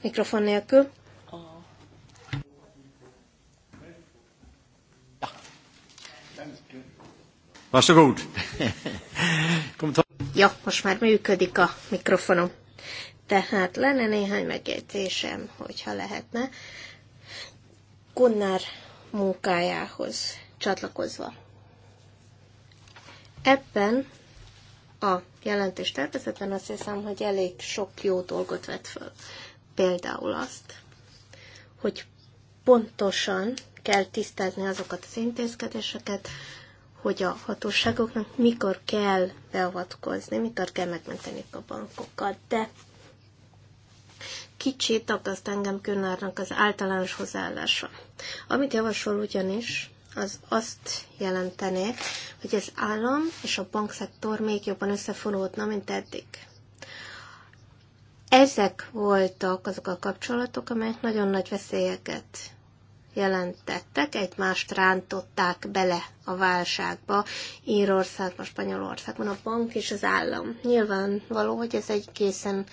[SPEAKER 2] Mikrofon nélkül. Varsågod. ja, most már működik a mikrofonom. Tehát lenne néhány megjegyzésem, hogyha lehetne. Gunnar munkájához csatlakozva. Ebben a jelentés tervezetben azt hiszem, hogy elég sok jó dolgot vett föl. Például azt, hogy pontosan kell tisztázni azokat az intézkedéseket, hogy a hatóságoknak mikor kell beavatkozni, mikor kell megmenteni a bankokat, de kicsit akaszt engem Könárnak az általános hozzáállása. Amit javasol ugyanis, az azt jelentené, hogy az állam és a bankszektor még jobban összefonódna, mint eddig. Ezek voltak azok a kapcsolatok, amelyek nagyon nagy veszélyeket jelentettek, egymást rántották bele a válságba Írországban, Spanyolországban, a bank és az állam. Nyilvánvaló, hogy ez egy készen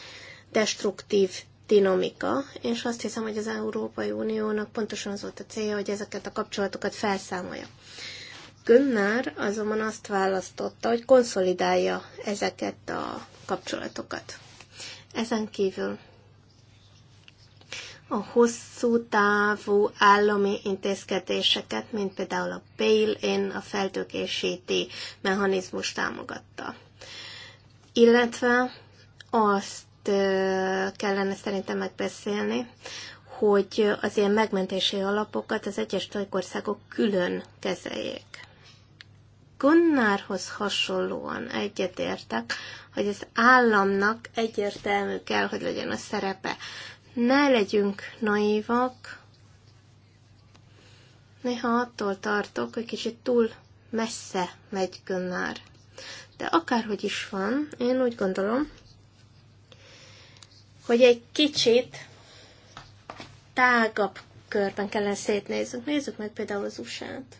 [SPEAKER 2] destruktív dinamika, és azt hiszem, hogy az Európai Uniónak pontosan az volt a célja, hogy ezeket a kapcsolatokat felszámolja. Gönnár azonban azt választotta, hogy konszolidálja ezeket a kapcsolatokat. Ezen kívül a hosszú távú állami intézkedéseket, mint például a bail-in, a feltökésíti mechanizmus támogatta. Illetve azt kellene szerintem megbeszélni, hogy az ilyen megmentési alapokat az egyes tagországok külön kezeljék. Gunnárhoz hasonlóan egyetértek, hogy az államnak egyértelmű kell, hogy legyen a szerepe. Ne legyünk naívak. Néha attól tartok, hogy kicsit túl messze megy Gönnár. De akárhogy is van, én úgy gondolom, hogy egy kicsit tágabb körben kellene szétnézzünk. Nézzük meg például az USA-t.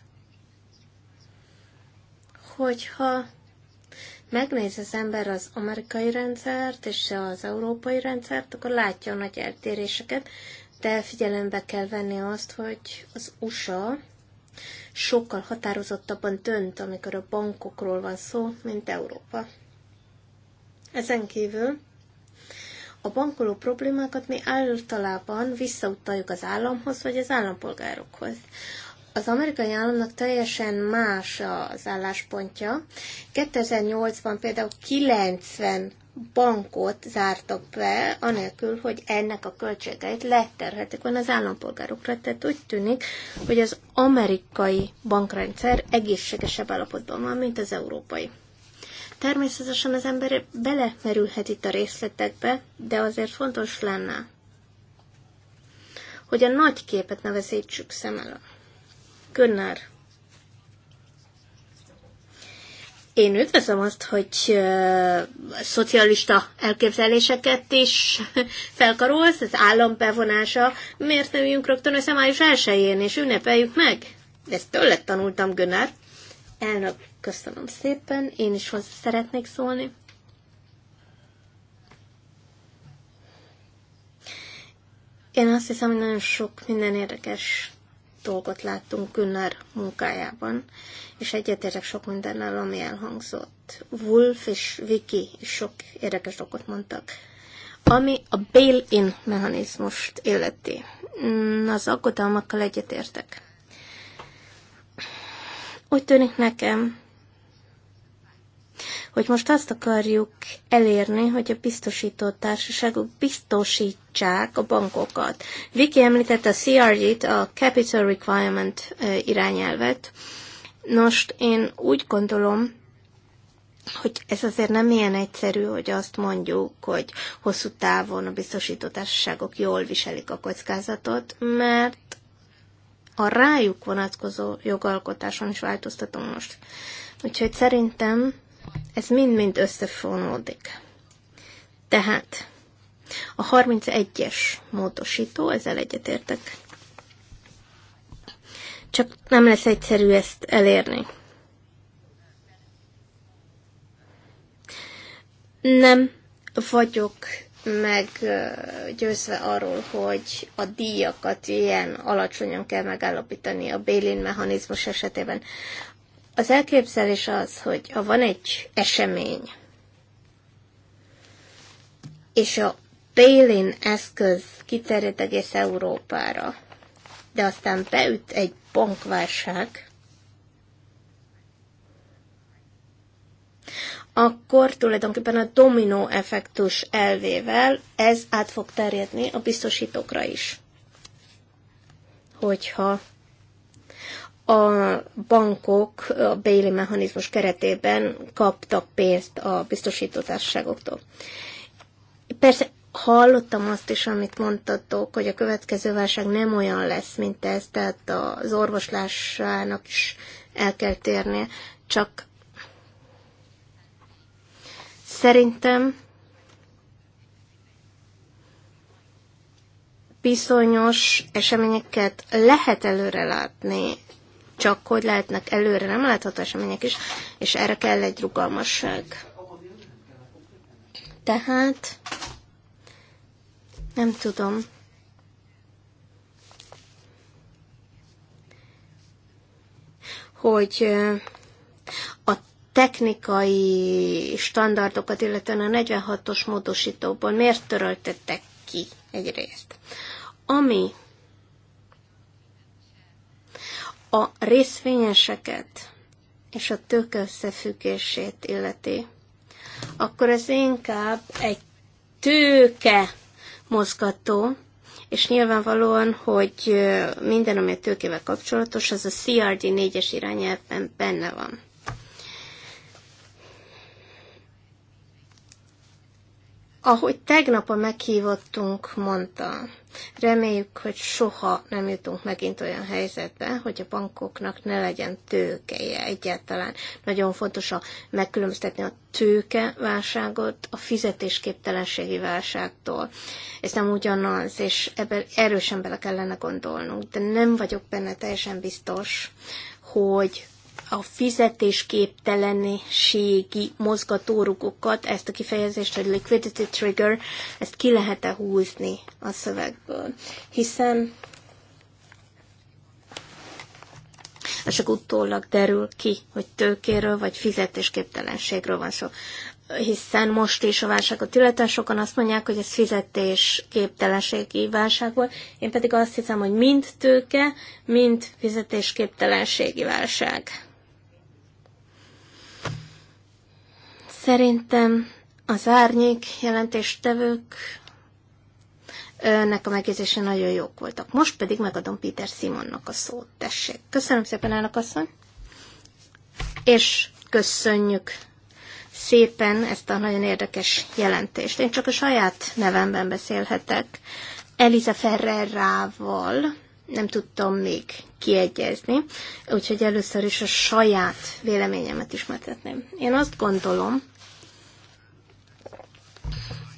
[SPEAKER 2] Hogyha megnéz az ember az amerikai rendszert és az európai rendszert, akkor látja a nagy eltéréseket, de figyelembe kell venni azt, hogy az USA sokkal határozottabban dönt, amikor a bankokról van szó, mint Európa. Ezen kívül a bankoló problémákat mi általában visszautaljuk az államhoz, vagy az állampolgárokhoz az amerikai államnak teljesen más az álláspontja. 2008-ban például 90 bankot zártak be, anélkül, hogy ennek a költségeit leterhetik volna az állampolgárokra. Tehát úgy tűnik, hogy az amerikai bankrendszer egészségesebb állapotban van, mint az európai. Természetesen az ember belemerülhet itt a részletekbe, de azért fontos lenne, hogy a nagy képet ne veszítsük szem előtt. Gunnar. Én üdvözlöm azt, hogy uh, szocialista elképzeléseket is felkarolsz, az állam bevonása. Miért nem jövünk rögtön össze május 1-én, és ünnepeljük meg? Ezt tőled tanultam, Gönnár. Elnök, köszönöm szépen, én is hozzá szeretnék szólni. Én azt hiszem, hogy nagyon sok minden érdekes dolgot láttunk Günner munkájában, és egyetértek sok mindennel, ami elhangzott. Wolf és Vicky is sok érdekes dolgot mondtak. Ami a bail-in mechanizmust illeti. Mm, az aggodalmakkal egyetértek. Úgy tűnik nekem, hogy most azt akarjuk elérni, hogy a biztosító társaságok biztosítsák a bankokat. Viki említette a CRG-t, a Capital Requirement irányelvet. Nos, én úgy gondolom, hogy ez azért nem ilyen egyszerű, hogy azt mondjuk, hogy hosszú távon a biztosító társaságok jól viselik a kockázatot, mert a rájuk vonatkozó jogalkotáson is változtatom most. Úgyhogy szerintem ez mind-mind összefonódik. Tehát a 31-es módosító, ezzel egyetértek. Csak nem lesz egyszerű ezt elérni. Nem vagyok meggyőzve arról, hogy a díjakat ilyen alacsonyan kell megállapítani a Bélin mechanizmus esetében. Az elképzelés az, hogy ha van egy esemény, és a Bélin eszköz kiterjed egész Európára, de aztán beüt egy bankválság, akkor tulajdonképpen a dominó effektus elvével ez át fog terjedni a biztosítókra is. Hogyha a bankok a béli mechanizmus keretében kaptak pénzt a biztosítótársaságoktól. Persze hallottam azt is, amit mondtatok, hogy a következő válság nem olyan lesz, mint ez, tehát az orvoslásának is el kell térnie, csak szerintem bizonyos eseményeket lehet előre látni, csak hogy lehetnek előre nem látható események is, és erre kell egy rugalmasság. Tehát nem tudom. Hogy a technikai standardokat, illetően a 46-os módosítóból miért töröltettek ki egyrészt. Ami a részvényeseket és a tőke összefüggését illeti, akkor ez inkább egy tőke mozgató, és nyilvánvalóan, hogy minden, ami a tőkével kapcsolatos, az a CRD 4-es irányelvben benne van. ahogy tegnap a meghívottunk mondta, reméljük, hogy soha nem jutunk megint olyan helyzetbe, hogy a bankoknak ne legyen tőkeje egyáltalán. Nagyon fontos a megkülönböztetni a tőkeválságot a fizetésképtelenségi válságtól. Ez nem ugyanaz, és ebben erősen bele kellene gondolnunk, de nem vagyok benne teljesen biztos, hogy a fizetésképtelenségi mozgatórugókat, ezt a kifejezést, hogy liquidity trigger, ezt ki lehet-e húzni a szövegből. Hiszen és csak utólag derül ki, hogy tőkéről vagy fizetésképtelenségről van szó. Hiszen most is a válságot illetően sokan azt mondják, hogy ez fizetésképtelenségi válság volt. Én pedig azt hiszem, hogy mind tőke, mind fizetésképtelenségi válság. Szerintem az árnyék jelentéstevők nek a megjegyzése nagyon jók voltak. Most pedig megadom Péter Simonnak a szót. Tessék. Köszönöm szépen, elnök asszony. És köszönjük szépen ezt a nagyon érdekes jelentést. Én csak a saját nevemben beszélhetek. Eliza Ferrerával nem tudtam még kiegyezni, úgyhogy először is a saját véleményemet ismertetném. Én azt gondolom,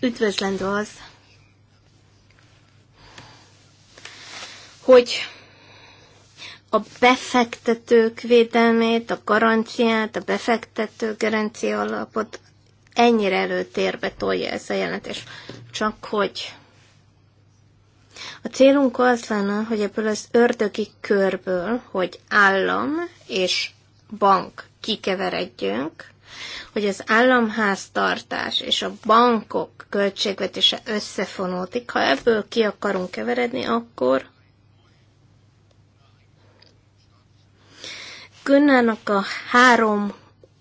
[SPEAKER 2] Üdvözlendő az, hogy a befektetők védelmét, a garanciát, a befektető garancia alapot ennyire előtérbe tolja ez a jelentés. Csak hogy a célunk az lenne, hogy ebből az ördögi körből, hogy állam és bank kikeveredjünk, hogy az államháztartás és a bankok költségvetése összefonódik. Ha ebből ki akarunk keveredni, akkor Günnárnak a három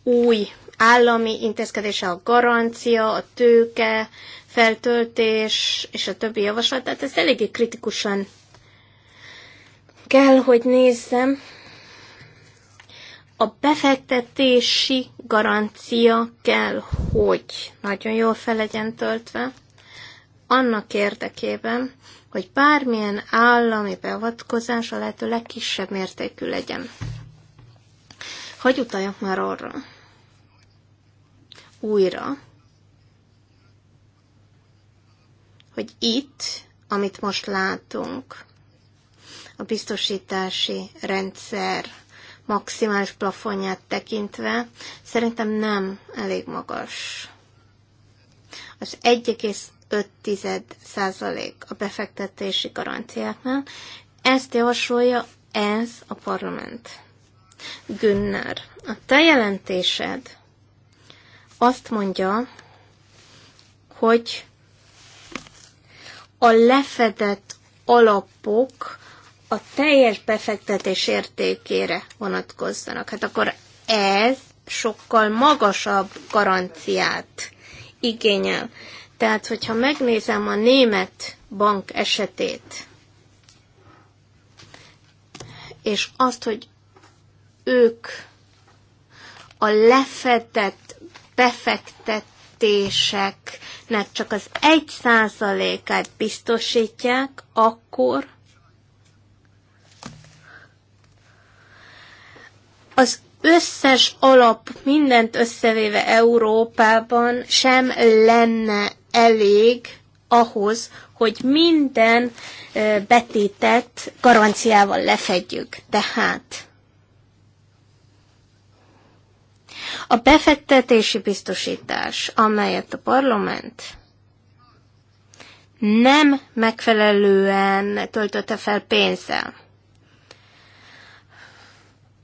[SPEAKER 2] új állami intézkedése, a garancia, a tőke, feltöltés és a többi javaslat, tehát ezt eléggé kritikusan kell, hogy nézzem, a befektetési garancia kell, hogy nagyon jól fel legyen töltve, annak érdekében, hogy bármilyen állami beavatkozás a lehető legkisebb mértékű legyen. Hogy utaljak már arra? Újra, hogy itt, amit most látunk, a biztosítási rendszer maximális plafonját tekintve szerintem nem elég magas. Az 1,5 százalék a befektetési garanciáknál, ezt javasolja ez a parlament. Günner, a te jelentésed azt mondja, hogy a lefedett alapok a teljes befektetés értékére vonatkozzanak. Hát akkor ez sokkal magasabb garanciát igényel. Tehát, hogyha megnézem a német bank esetét, és azt, hogy ők a lefedett befektetéseknek csak az egy százalékát biztosítják, akkor Az összes alap mindent összevéve Európában sem lenne elég ahhoz, hogy minden betétet garanciával lefedjük. Tehát a befektetési biztosítás, amelyet a parlament nem megfelelően töltötte fel pénzzel,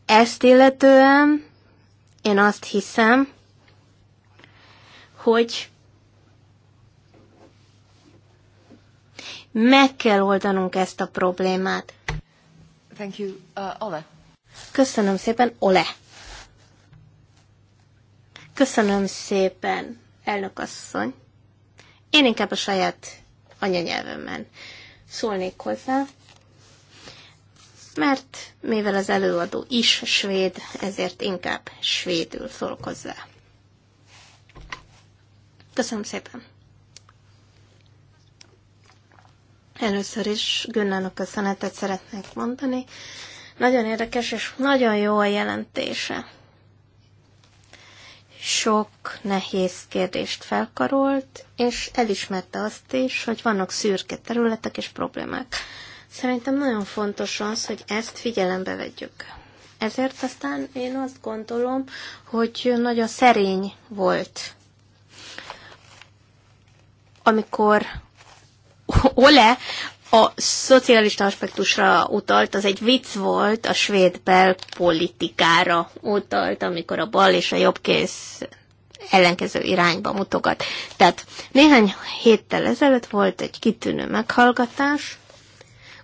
[SPEAKER 2] ezt illetően én azt hiszem, hogy meg kell oldanunk ezt a problémát.
[SPEAKER 1] Thank you, uh, Ole.
[SPEAKER 2] Köszönöm szépen, Ole. Köszönöm szépen, elnök asszony. Én inkább a saját anyanyelvemen szólnék hozzá mert mivel az előadó is svéd, ezért inkább svédül szólok hozzá. Köszönöm szépen! Először is a köszönetet szeretnék mondani. Nagyon érdekes és nagyon jó a jelentése. Sok nehéz kérdést felkarolt, és elismerte azt is, hogy vannak szürke területek és problémák. Szerintem nagyon fontos az, hogy ezt figyelembe vegyük. Ezért aztán én azt gondolom, hogy nagyon szerény volt, amikor Ole a szocialista aspektusra utalt, az egy vicc volt, a svéd belpolitikára utalt, amikor a bal és a jobb kész ellenkező irányba mutogat. Tehát néhány héttel ezelőtt volt egy kitűnő meghallgatás,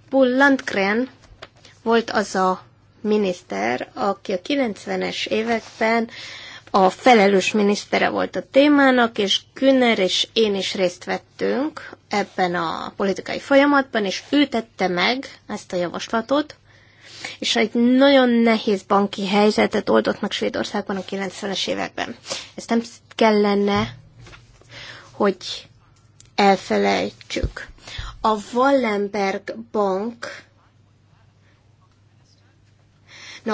[SPEAKER 2] Bull Landgren volt az a miniszter, aki a 90-es években a felelős minisztere volt a témának, és Günner és én is részt vettünk ebben a politikai folyamatban, és ő tette meg ezt a javaslatot, és egy nagyon nehéz banki helyzetet oldott meg Svédországban a 90-es években. Ezt nem kellene, hogy elfelejtsük. A Wallenberg Bank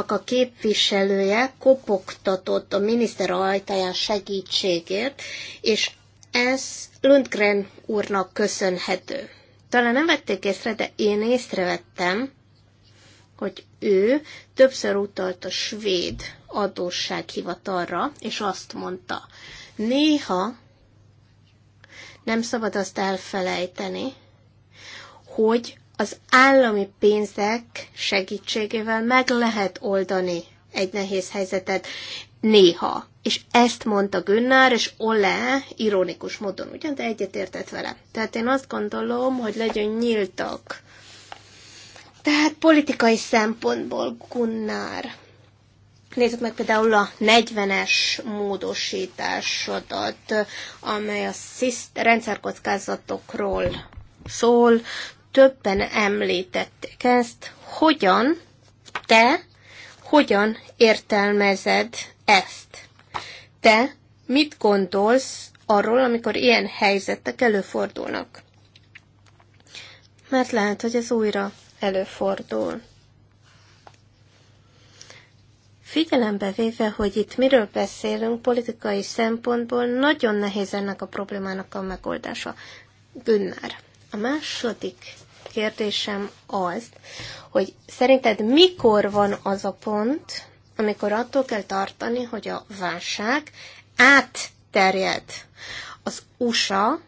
[SPEAKER 2] a képviselője kopogtatott a miniszter ajtaján segítségért, és ez Lundgren úrnak köszönhető. Talán nem vették észre, de én észrevettem, hogy ő többször utalt a svéd adóssághivatalra, és azt mondta, néha nem szabad azt elfelejteni, hogy az állami pénzek segítségével meg lehet oldani egy nehéz helyzetet néha. És ezt mondta Günnár, és Ole ironikus módon ugyan, de egyetértett vele. Tehát én azt gondolom, hogy legyen nyíltak. Tehát politikai szempontból Gunnár. Nézzük meg például a 40-es módosításodat, amely a rendszerkockázatokról szól, többen említették ezt, hogyan te, hogyan értelmezed ezt? Te mit gondolsz arról, amikor ilyen helyzetek előfordulnak? Mert lehet, hogy ez újra előfordul. Figyelembe véve, hogy itt miről beszélünk, politikai szempontból nagyon nehéz ennek a problémának a megoldása. Günnár. A második kérdésem az, hogy szerinted mikor van az a pont, amikor attól kell tartani, hogy a válság átterjed. Az USA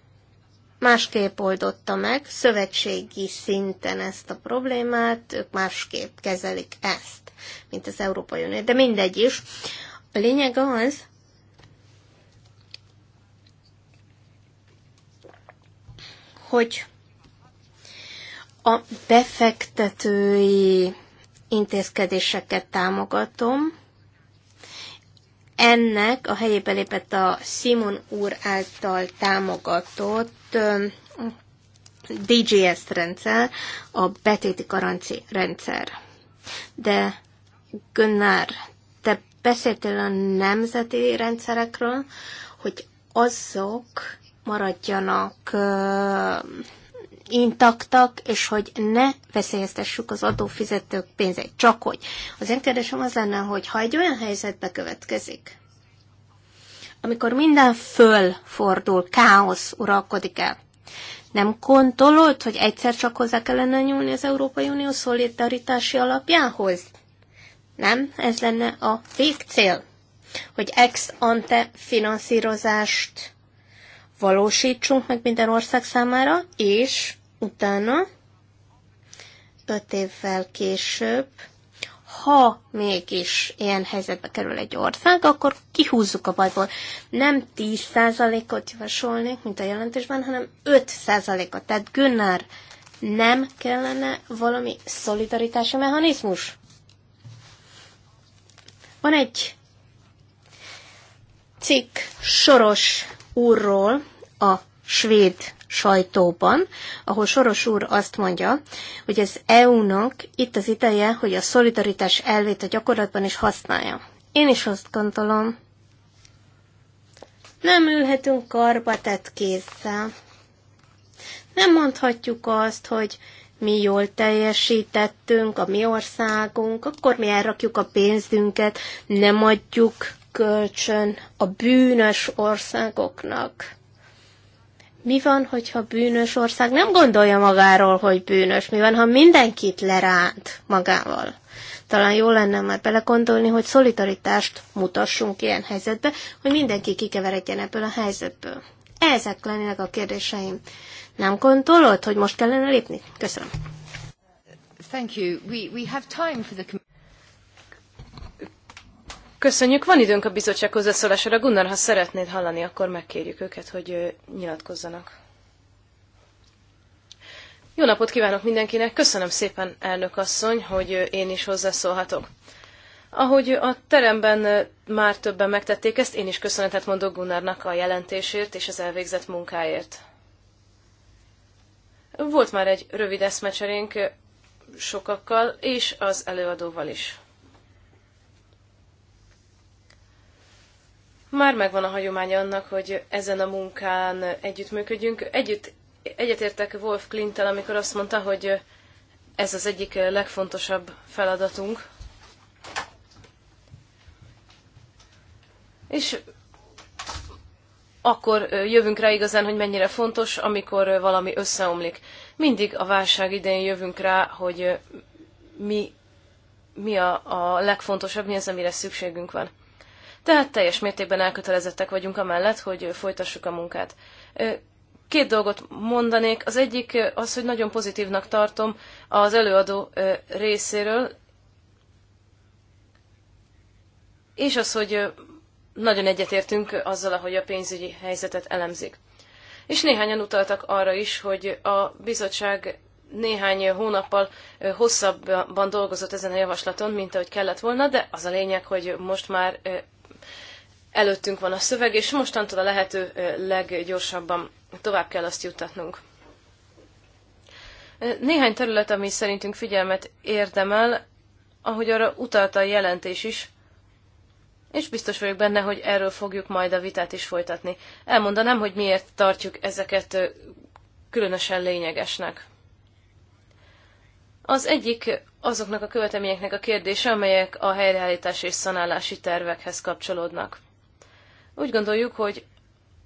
[SPEAKER 2] másképp oldotta meg, szövetségi szinten ezt a problémát, ők másképp kezelik ezt, mint az Európai Unió, de mindegy is. A lényeg az, hogy a befektetői intézkedéseket támogatom. Ennek a helyébe lépett a Simon úr által támogatott DGS rendszer, a betéti garanci rendszer. De Gönnár, te beszéltél a nemzeti rendszerekről, hogy azok maradjanak intaktak, és hogy ne veszélyeztessük az adófizetők pénzét. Csak hogy. Az én kérdésem az lenne, hogy ha egy olyan helyzetbe következik, amikor minden fölfordul, káosz uralkodik el, nem gondolod, hogy egyszer csak hozzá kellene nyúlni az Európai Unió szolidaritási alapjához? Nem, ez lenne a végcél, hogy ex ante finanszírozást valósítsunk meg minden ország számára, és utána öt évvel később, ha mégis ilyen helyzetbe kerül egy ország, akkor kihúzzuk a bajból. Nem 10%-ot javasolnék, mint a jelentésben, hanem 5%-ot. Tehát Günnár, nem kellene valami szolidaritási mechanizmus? Van egy cikk, soros úrról a svéd sajtóban, ahol Soros úr azt mondja, hogy az EU-nak itt az ideje, hogy a szolidaritás elvét a gyakorlatban is használja. Én is azt gondolom, nem ülhetünk karba tett kézzel. Nem mondhatjuk azt, hogy mi jól teljesítettünk, a mi országunk, akkor mi elrakjuk a pénzünket, nem adjuk kölcsön a bűnös országoknak. Mi van, hogyha bűnös ország nem gondolja magáról, hogy bűnös? Mi van, ha mindenkit leránt magával? Talán jó lenne már belegondolni, hogy szolidaritást mutassunk ilyen helyzetbe, hogy mindenki kikeveredjen ebből a helyzetből. Ezek lennének a kérdéseim. Nem gondolod, hogy most kellene lépni? Köszönöm. Thank you. We, we have time for the...
[SPEAKER 3] Köszönjük, van időnk a bizottság hozzászólására. Gunnar, ha szeretnéd hallani, akkor megkérjük őket, hogy nyilatkozzanak. Jó napot kívánok mindenkinek, köszönöm szépen, elnök asszony, hogy én is hozzászólhatok. Ahogy a teremben már többen megtették ezt, én is köszönetet mondok Gunnarnak a jelentésért és az elvégzett munkáért. Volt már egy rövid eszmecserénk sokakkal, és az előadóval is. Már megvan a hagyomány annak, hogy ezen a munkán együttműködjünk. Együtt, egyetértek Wolf Klinttel, amikor azt mondta, hogy ez az egyik legfontosabb feladatunk. És akkor jövünk rá igazán, hogy mennyire fontos, amikor valami összeomlik. Mindig a válság idején jövünk rá, hogy mi, mi a, a legfontosabb, mi az, amire szükségünk van. Tehát teljes mértékben elkötelezettek vagyunk amellett, hogy folytassuk a munkát. Két dolgot mondanék. Az egyik az, hogy nagyon pozitívnak tartom az előadó részéről, és az, hogy nagyon egyetértünk azzal, ahogy a pénzügyi helyzetet elemzik. És néhányan utaltak arra is, hogy a bizottság néhány hónappal hosszabban dolgozott ezen a javaslaton, mint ahogy kellett volna, de az a lényeg, hogy most már előttünk van a szöveg, és mostantól a lehető leggyorsabban tovább kell azt juttatnunk. Néhány terület, ami szerintünk figyelmet érdemel, ahogy arra utalta a jelentés is, és biztos vagyok benne, hogy erről fogjuk majd a vitát is folytatni. Elmondanám, hogy miért tartjuk ezeket különösen lényegesnek. Az egyik azoknak a követelményeknek a kérdése, amelyek a helyreállítás és szanálási tervekhez kapcsolódnak. Úgy gondoljuk, hogy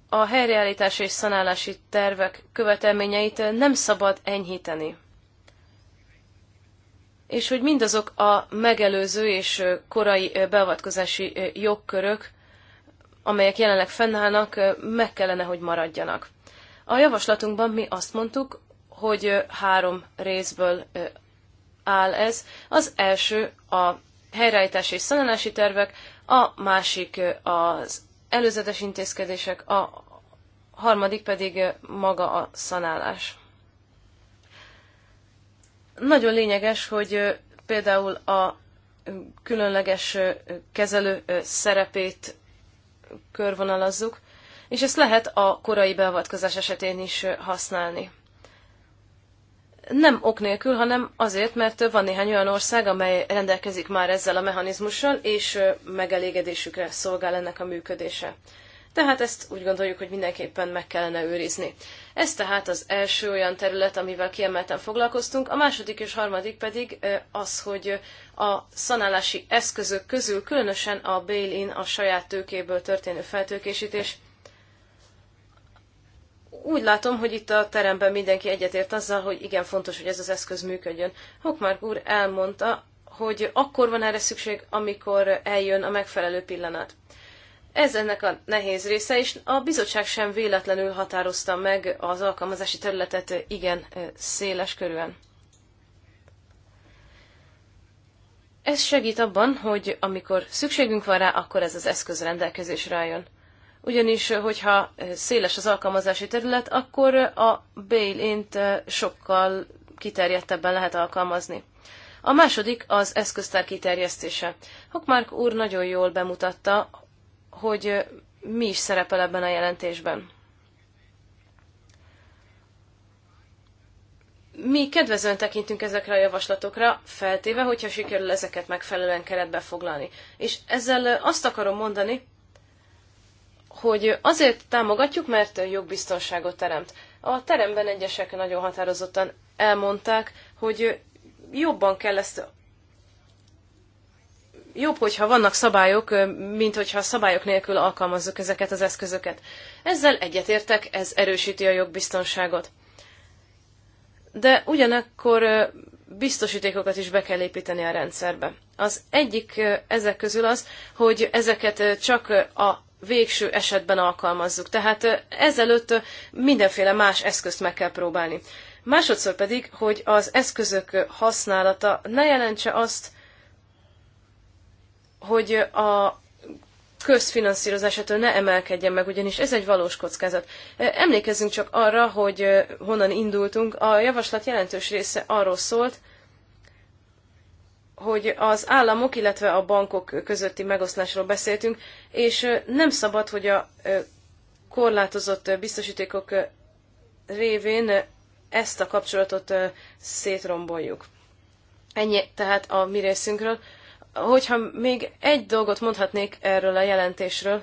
[SPEAKER 3] a helyreállítás és szanálási tervek követelményeit nem szabad enyhíteni. És hogy mindazok a megelőző és korai beavatkozási jogkörök, amelyek jelenleg fennállnak, meg kellene, hogy maradjanak. A javaslatunkban mi azt mondtuk, hogy három részből áll ez. Az első a helyreállítás és szanálási tervek, a másik az előzetes intézkedések, a harmadik pedig maga a szanálás. Nagyon lényeges, hogy például a különleges kezelő szerepét körvonalazzuk, és ezt lehet a korai beavatkozás esetén is használni. Nem ok nélkül, hanem azért, mert van néhány olyan ország, amely rendelkezik már ezzel a mechanizmussal, és megelégedésükre szolgál ennek a működése. Tehát ezt úgy gondoljuk, hogy mindenképpen meg kellene őrizni. Ez tehát az első olyan terület, amivel kiemelten foglalkoztunk. A második és harmadik pedig az, hogy a szanálási eszközök közül különösen a bail-in, a saját tőkéből történő feltőkésítés úgy látom, hogy itt a teremben mindenki egyetért azzal, hogy igen fontos, hogy ez az eszköz működjön. Hokmark úr elmondta, hogy akkor van erre szükség, amikor eljön a megfelelő pillanat. Ez ennek a nehéz része, és a bizottság sem véletlenül határozta meg az alkalmazási területet igen széles körülön. Ez segít abban, hogy amikor szükségünk van rá, akkor ez az eszköz rendelkezésre álljon ugyanis eh, hogyha eh, széles az alkalmazási terület, akkor eh, a bail-int sokkal kiterjedtebben lehet alkalmazni. A második az eszköztár kiterjesztése. Hokmark úr nagyon jól bemutatta, hogy mi is szerepel ebben a jelentésben. Mi kedvezően tekintünk ezekre a javaslatokra, feltéve, hogyha sikerül ezeket megfelelően keretbe foglalni. És ezzel azt akarom mondani, hogy azért támogatjuk, mert jogbiztonságot teremt. A teremben egyesek nagyon határozottan elmondták, hogy jobban kell ezt jobb, hogyha vannak szabályok, mint hogyha szabályok nélkül alkalmazzuk ezeket az eszközöket. Ezzel egyetértek, ez erősíti a jogbiztonságot. De ugyanakkor biztosítékokat is be kell építeni a rendszerbe. Az egyik ezek közül az, hogy ezeket csak a végső esetben alkalmazzuk. Tehát eh, ezelőtt eh, mindenféle más eszközt meg kell próbálni. Másodszor pedig, hogy az eszközök eh, használata ne jelentse azt, hogy a közfinanszírozásától ne emelkedjen meg, ugyanis ez egy valós kockázat. Emlékezzünk csak arra, hogy honnan indultunk. A javaslat jelentős része arról szólt, hogy az államok, illetve a bankok közötti megoszlásról beszéltünk, és nem szabad, hogy a korlátozott biztosítékok révén ezt a kapcsolatot szétromboljuk. Ennyi tehát a mi részünkről. Hogyha még egy dolgot mondhatnék erről a jelentésről,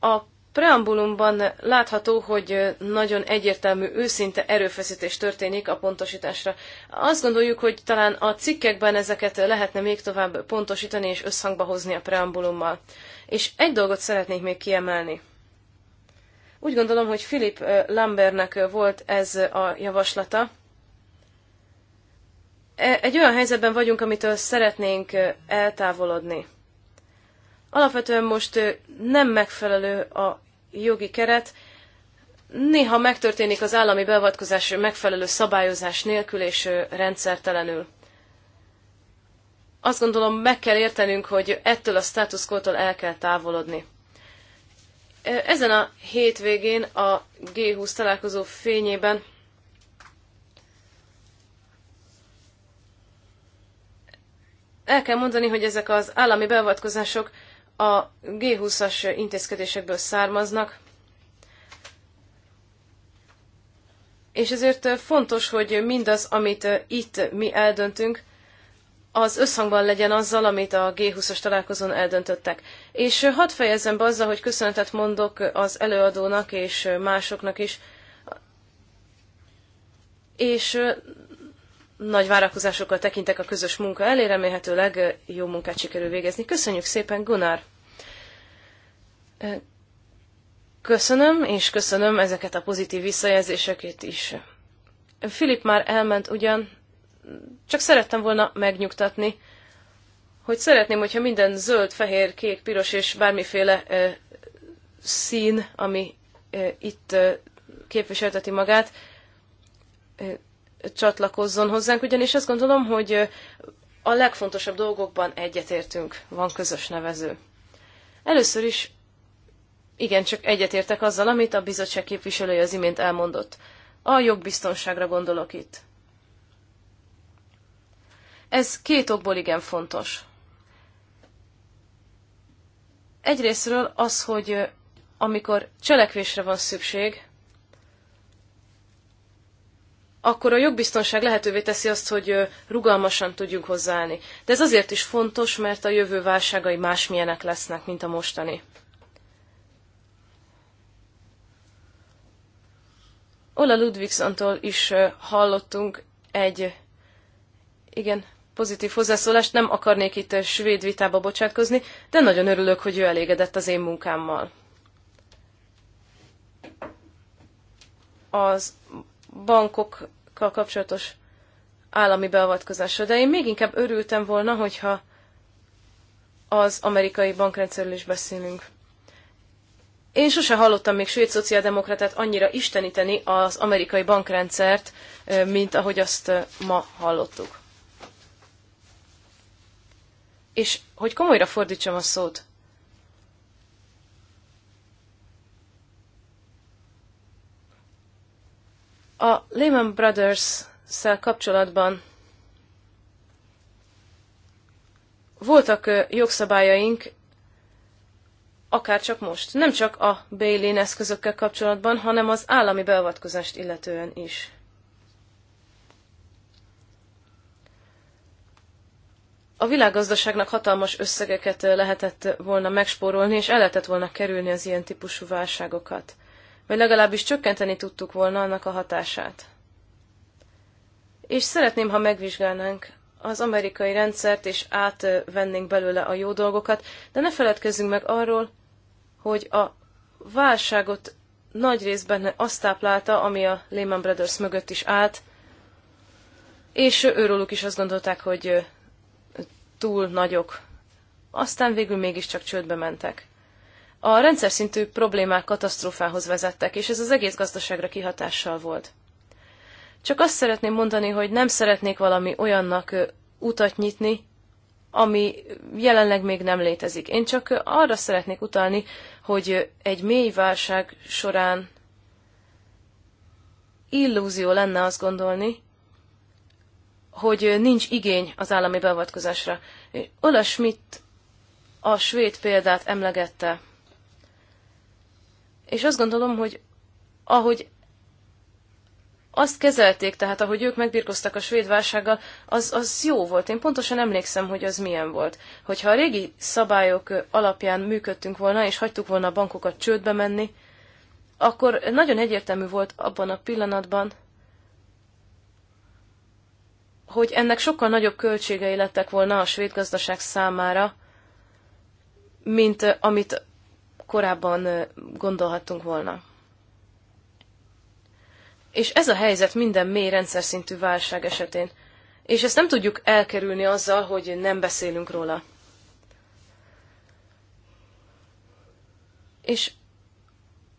[SPEAKER 3] a preambulumban látható, hogy nagyon egyértelmű, őszinte erőfeszítés történik a pontosításra. Azt gondoljuk, hogy talán a cikkekben ezeket lehetne még tovább pontosítani és összhangba hozni a preambulummal. És egy dolgot szeretnék még kiemelni. Úgy gondolom, hogy Philip Lambernek volt ez a javaslata. E, egy olyan helyzetben vagyunk, amitől szeretnénk eltávolodni alapvetően most nem megfelelő a jogi keret néha megtörténik az állami beavatkozás megfelelő szabályozás nélkül és rendszertelenül. Azt gondolom, meg kell értenünk, hogy ettől a státuszkótól el kell távolodni. Ezen a hétvégén a G20 találkozó fényében el kell mondani, hogy ezek az állami beavatkozások a G20-as intézkedésekből származnak, és ezért fontos, hogy mindaz, amit itt mi eldöntünk, az összhangban legyen azzal, amit a G20-as találkozón eldöntöttek. És hadd fejezem be azzal, hogy köszönetet mondok az előadónak és másoknak is. És nagy várakozásokkal tekintek a közös munka elé, remélhetőleg jó munkát sikerül végezni. Köszönjük szépen, Gunnar! Köszönöm, és köszönöm ezeket a pozitív visszajelzéseket is. Filip már elment ugyan, csak szerettem volna megnyugtatni, hogy szeretném, hogyha minden zöld, fehér, kék, piros és bármiféle ö, szín, ami ö, itt ö, képviselteti magát, ö, csatlakozzon hozzánk, ugyanis azt gondolom, hogy a legfontosabb dolgokban egyetértünk, van közös nevező. Először is igen, csak egyetértek azzal, amit a bizottság képviselője az imént elmondott. A jogbiztonságra gondolok itt. Ez két okból igen fontos. Egyrésztről az, hogy amikor cselekvésre van szükség, akkor a jogbiztonság lehetővé teszi azt, hogy rugalmasan tudjunk hozzáállni. De ez azért is fontos, mert a jövő válságai másmilyenek lesznek, mint a mostani. Ola Ludvigsontól is hallottunk egy igen, pozitív hozzászólást, nem akarnék itt svéd vitába bocsátkozni, de nagyon örülök, hogy ő elégedett az én munkámmal. Az bankokkal kapcsolatos állami beavatkozásra, de én még inkább örültem volna, hogyha az amerikai bankrendszerről is beszélünk. Én sose hallottam még svéd szociáldemokratát annyira isteníteni az amerikai bankrendszert, mint ahogy azt ma hallottuk. És hogy komolyra fordítsam a szót, A Lehman Brothers-szel kapcsolatban voltak jogszabályaink, akár csak most. Nem csak a bail eszközökkel kapcsolatban, hanem az állami beavatkozást illetően is. A világgazdaságnak hatalmas összegeket lehetett volna megspórolni, és el lehetett volna kerülni az ilyen típusú válságokat vagy legalábbis csökkenteni tudtuk volna annak a hatását. És szeretném, ha megvizsgálnánk az amerikai rendszert, és átvennénk belőle a jó dolgokat, de ne feledkezzünk meg arról, hogy a válságot nagy részben azt táplálta, ami a Lehman Brothers mögött is állt, és őróluk is azt gondolták, hogy túl nagyok. Aztán végül mégiscsak csődbe mentek a rendszer szintű problémák katasztrófához vezettek, és ez az egész gazdaságra kihatással volt. Csak azt szeretném mondani, hogy nem szeretnék valami olyannak utat nyitni, ami jelenleg még nem létezik. Én csak arra szeretnék utalni, hogy egy mély válság során illúzió lenne azt gondolni, hogy nincs igény az állami beavatkozásra. Ola Schmidt a svéd példát emlegette és azt gondolom, hogy ahogy azt kezelték, tehát ahogy ők megbirkoztak a svéd válsággal, az, az jó volt. Én pontosan emlékszem, hogy az milyen volt. Hogyha a régi szabályok alapján működtünk volna, és hagytuk volna a bankokat csődbe menni, akkor nagyon egyértelmű volt abban a pillanatban, hogy ennek sokkal nagyobb költségei lettek volna a svéd gazdaság számára, mint amit korábban gondolhattunk volna. És ez a helyzet minden mély rendszer szintű válság esetén. És ezt nem tudjuk elkerülni azzal, hogy nem beszélünk róla. És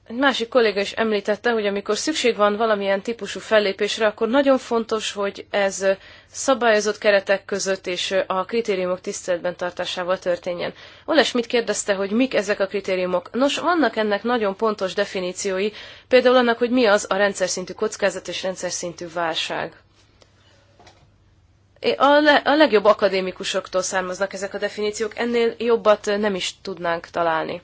[SPEAKER 3] egy másik kolléga is említette, hogy amikor szükség van valamilyen típusú fellépésre, akkor nagyon fontos, hogy ez szabályozott keretek között és a kritériumok tiszteletben tartásával történjen. Oles mit kérdezte, hogy mik ezek a kritériumok? Nos, vannak ennek nagyon pontos definíciói, például annak, hogy mi az a rendszer szintű kockázat és rendszer szintű válság. A, le, a legjobb akadémikusoktól származnak ezek a definíciók, ennél jobbat nem is tudnánk találni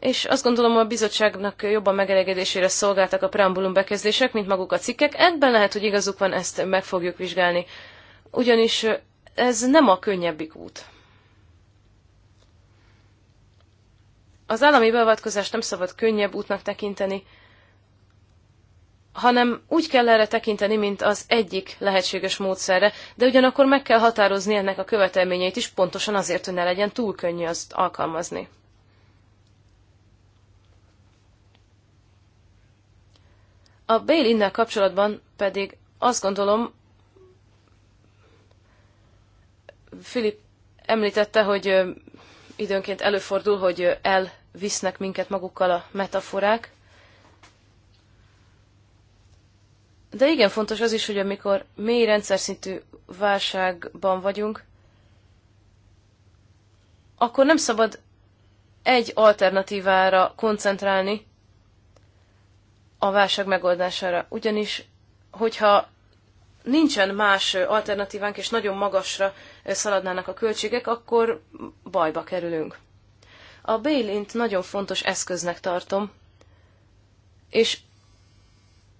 [SPEAKER 3] és azt gondolom, a bizottságnak jobban megelégedésére szolgáltak a preambulum bekezdések, mint maguk a cikkek. Ebben lehet, hogy igazuk van, ezt meg fogjuk vizsgálni. Ugyanis ez nem a könnyebbik út. Az állami beavatkozást nem szabad könnyebb útnak tekinteni, hanem úgy kell erre tekinteni, mint az egyik lehetséges módszerre, de ugyanakkor meg kell határozni ennek a követelményeit is, pontosan azért, hogy ne legyen túl könnyű azt alkalmazni. A bail in kapcsolatban pedig azt gondolom, Filip említette, hogy időnként előfordul, hogy elvisznek minket magukkal a metaforák. De igen fontos az is, hogy amikor mély rendszer szintű válságban vagyunk, akkor nem szabad egy alternatívára koncentrálni, a válság megoldására. Ugyanis, hogyha nincsen más alternatívánk, és nagyon magasra szaladnának a költségek, akkor bajba kerülünk. A bail-int nagyon fontos eszköznek tartom, és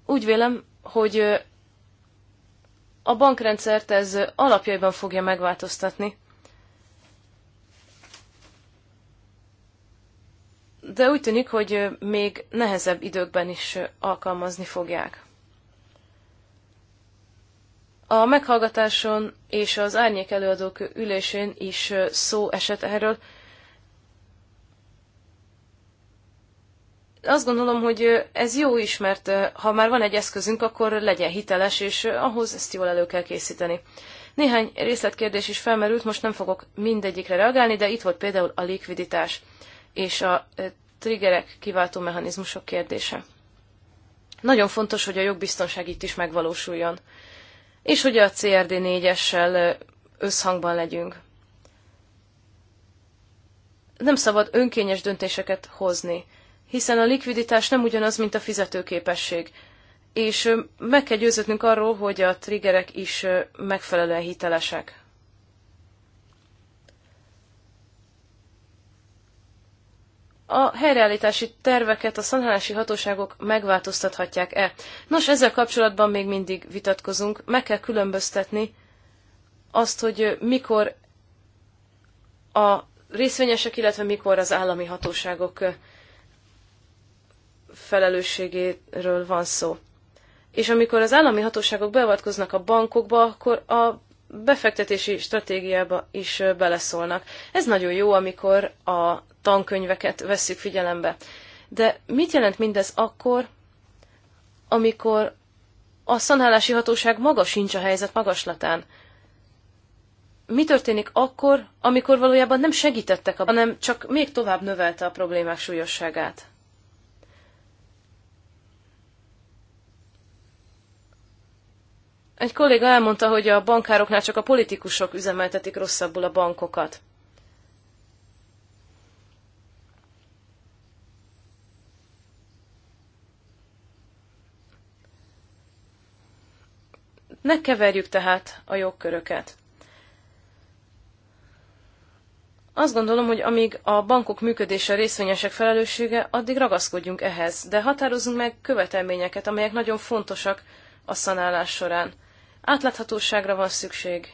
[SPEAKER 3] úgy vélem, hogy a bankrendszert ez alapjaiban fogja megváltoztatni, de úgy tűnik, hogy még nehezebb időkben is alkalmazni fogják. A meghallgatáson és az árnyék előadók ülésén is szó esett erről. Azt gondolom, hogy ez jó is, mert ha már van egy eszközünk, akkor legyen hiteles, és ahhoz ezt jól elő kell készíteni. Néhány részletkérdés is felmerült, most nem fogok mindegyikre reagálni, de itt volt például a likviditás és a triggerek, kiváltó mechanizmusok kérdése. Nagyon fontos, hogy a jogbiztonság itt is megvalósuljon, és hogy a CRD 4-essel összhangban legyünk. Nem szabad önkényes döntéseket hozni, hiszen a likviditás nem ugyanaz, mint a fizetőképesség, és meg kell győződnünk arról, hogy a triggerek is megfelelően hitelesek. a helyreállítási terveket a szanálási hatóságok megváltoztathatják-e? Nos, ezzel kapcsolatban még mindig vitatkozunk. Meg kell különböztetni azt, hogy mikor a részvényesek, illetve mikor az állami hatóságok felelősségéről van szó. És amikor az állami hatóságok beavatkoznak a bankokba, akkor a befektetési stratégiába is beleszólnak. Ez nagyon jó, amikor a tankönyveket vesszük figyelembe. De mit jelent mindez akkor, amikor a szanálási hatóság maga sincs a helyzet magaslatán? Mi történik akkor, amikor valójában nem segítettek, hanem csak még tovább növelte a problémák súlyosságát? Egy kolléga elmondta, hogy a bankároknál csak a politikusok üzemeltetik rosszabbul a bankokat. Ne keverjük tehát a jogköröket. Azt gondolom, hogy amíg a bankok működése részvényesek felelőssége, addig ragaszkodjunk ehhez, de határozzunk meg követelményeket, amelyek nagyon fontosak a szanálás során. Átláthatóságra van szükség.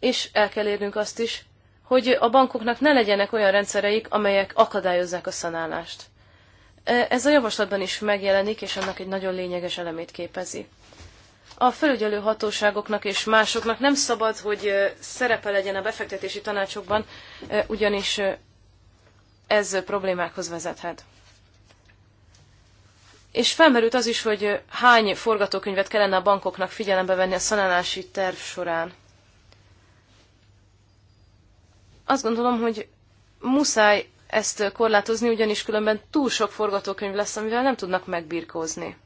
[SPEAKER 3] És el kell érnünk azt is, hogy a bankoknak ne legyenek olyan rendszereik, amelyek akadályozzák a szanálást. E, ez a javaslatban is megjelenik, és annak egy nagyon lényeges elemét képezi. A felügyelő hatóságoknak és másoknak nem szabad, hogy e, szerepe legyen a befektetési tanácsokban, e, ugyanis ez problémákhoz vezethet. És felmerült az is, hogy hány forgatókönyvet kellene a bankoknak figyelembe venni a szanálási terv során. Azt gondolom, hogy muszáj ezt korlátozni, ugyanis különben túl sok forgatókönyv lesz, amivel nem tudnak megbirkózni.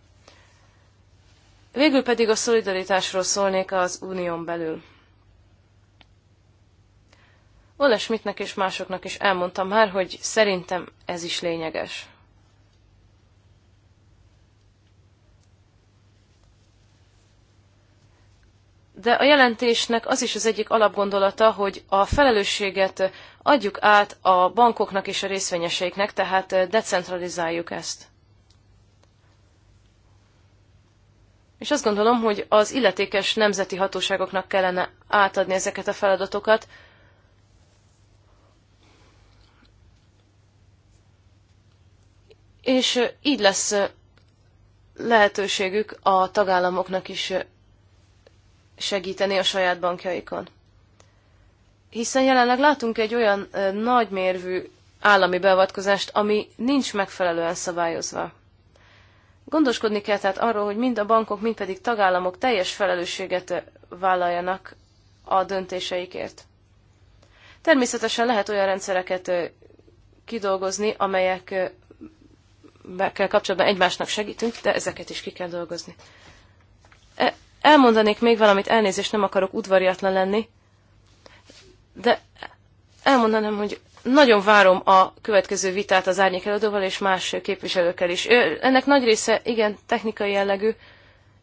[SPEAKER 3] Végül pedig a szolidaritásról szólnék az unión belül. Olle Schmidtnek és másoknak is elmondtam már, hogy szerintem ez is lényeges. De a jelentésnek az is az egyik alapgondolata, hogy a felelősséget adjuk át a bankoknak és a részvényeseiknek, tehát eh, decentralizáljuk ezt. És azt gondolom, hogy az illetékes nemzeti hatóságoknak kellene átadni ezeket a feladatokat, és eh, így lesz eh, lehetőségük a tagállamoknak is segíteni a saját bankjaikon. Hiszen jelenleg látunk egy olyan nagymérvű állami beavatkozást, ami nincs megfelelően szabályozva. Gondoskodni kell tehát arról, hogy mind a bankok, mind pedig tagállamok teljes felelősséget vállaljanak a döntéseikért. Természetesen lehet olyan rendszereket kidolgozni, amelyek kell kapcsolatban egymásnak segítünk, de ezeket is ki kell dolgozni. E, Elmondanék még valamit, elnézést, nem akarok udvariatlan lenni, de elmondanám, hogy nagyon várom a következő vitát az árnyék előadóval és más képviselőkkel is. Ennek nagy része igen technikai jellegű,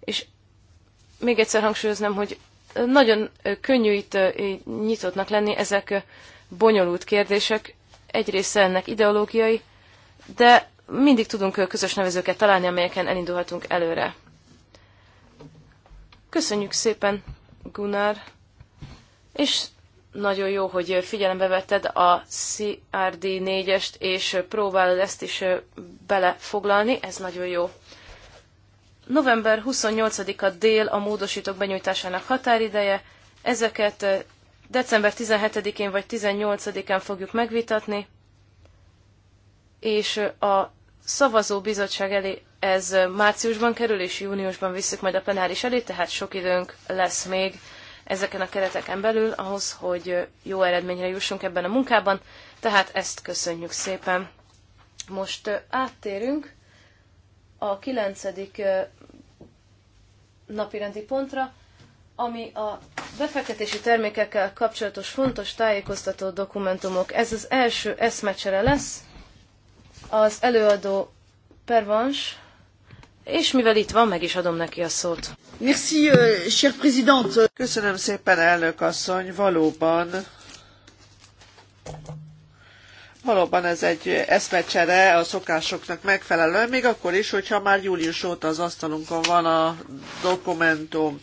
[SPEAKER 3] és még egyszer hangsúlyoznám, hogy nagyon könnyű itt nyitottnak lenni, ezek bonyolult kérdések, egy része ennek ideológiai, de mindig tudunk közös nevezőket találni, amelyeken elindulhatunk előre. Köszönjük szépen, Gunnar, és nagyon jó, hogy figyelembe vetted a CRD 4-est, és próbálod ezt is belefoglalni, ez nagyon jó. November 28-a dél a módosítók benyújtásának határideje, ezeket december 17-én vagy 18-án fogjuk megvitatni, és a szavazó bizottság elé ez márciusban kerül, és júniusban visszük majd a plenáris elé, tehát sok időnk lesz még ezeken a kereteken belül ahhoz, hogy jó eredményre jussunk ebben a munkában, tehát ezt köszönjük szépen. Most áttérünk a kilencedik napirendi pontra, ami a befektetési termékekkel kapcsolatos fontos tájékoztató dokumentumok. Ez az első eszmecsere lesz. Az előadó Pervans, és mivel itt van, meg is adom neki a szót.
[SPEAKER 1] Merci, euh, cher président. Köszönöm szépen, elnök asszony, valóban. Valóban ez egy eszmecsere a szokásoknak megfelelően, még akkor is, hogyha már július óta az asztalunkon van a dokumentum.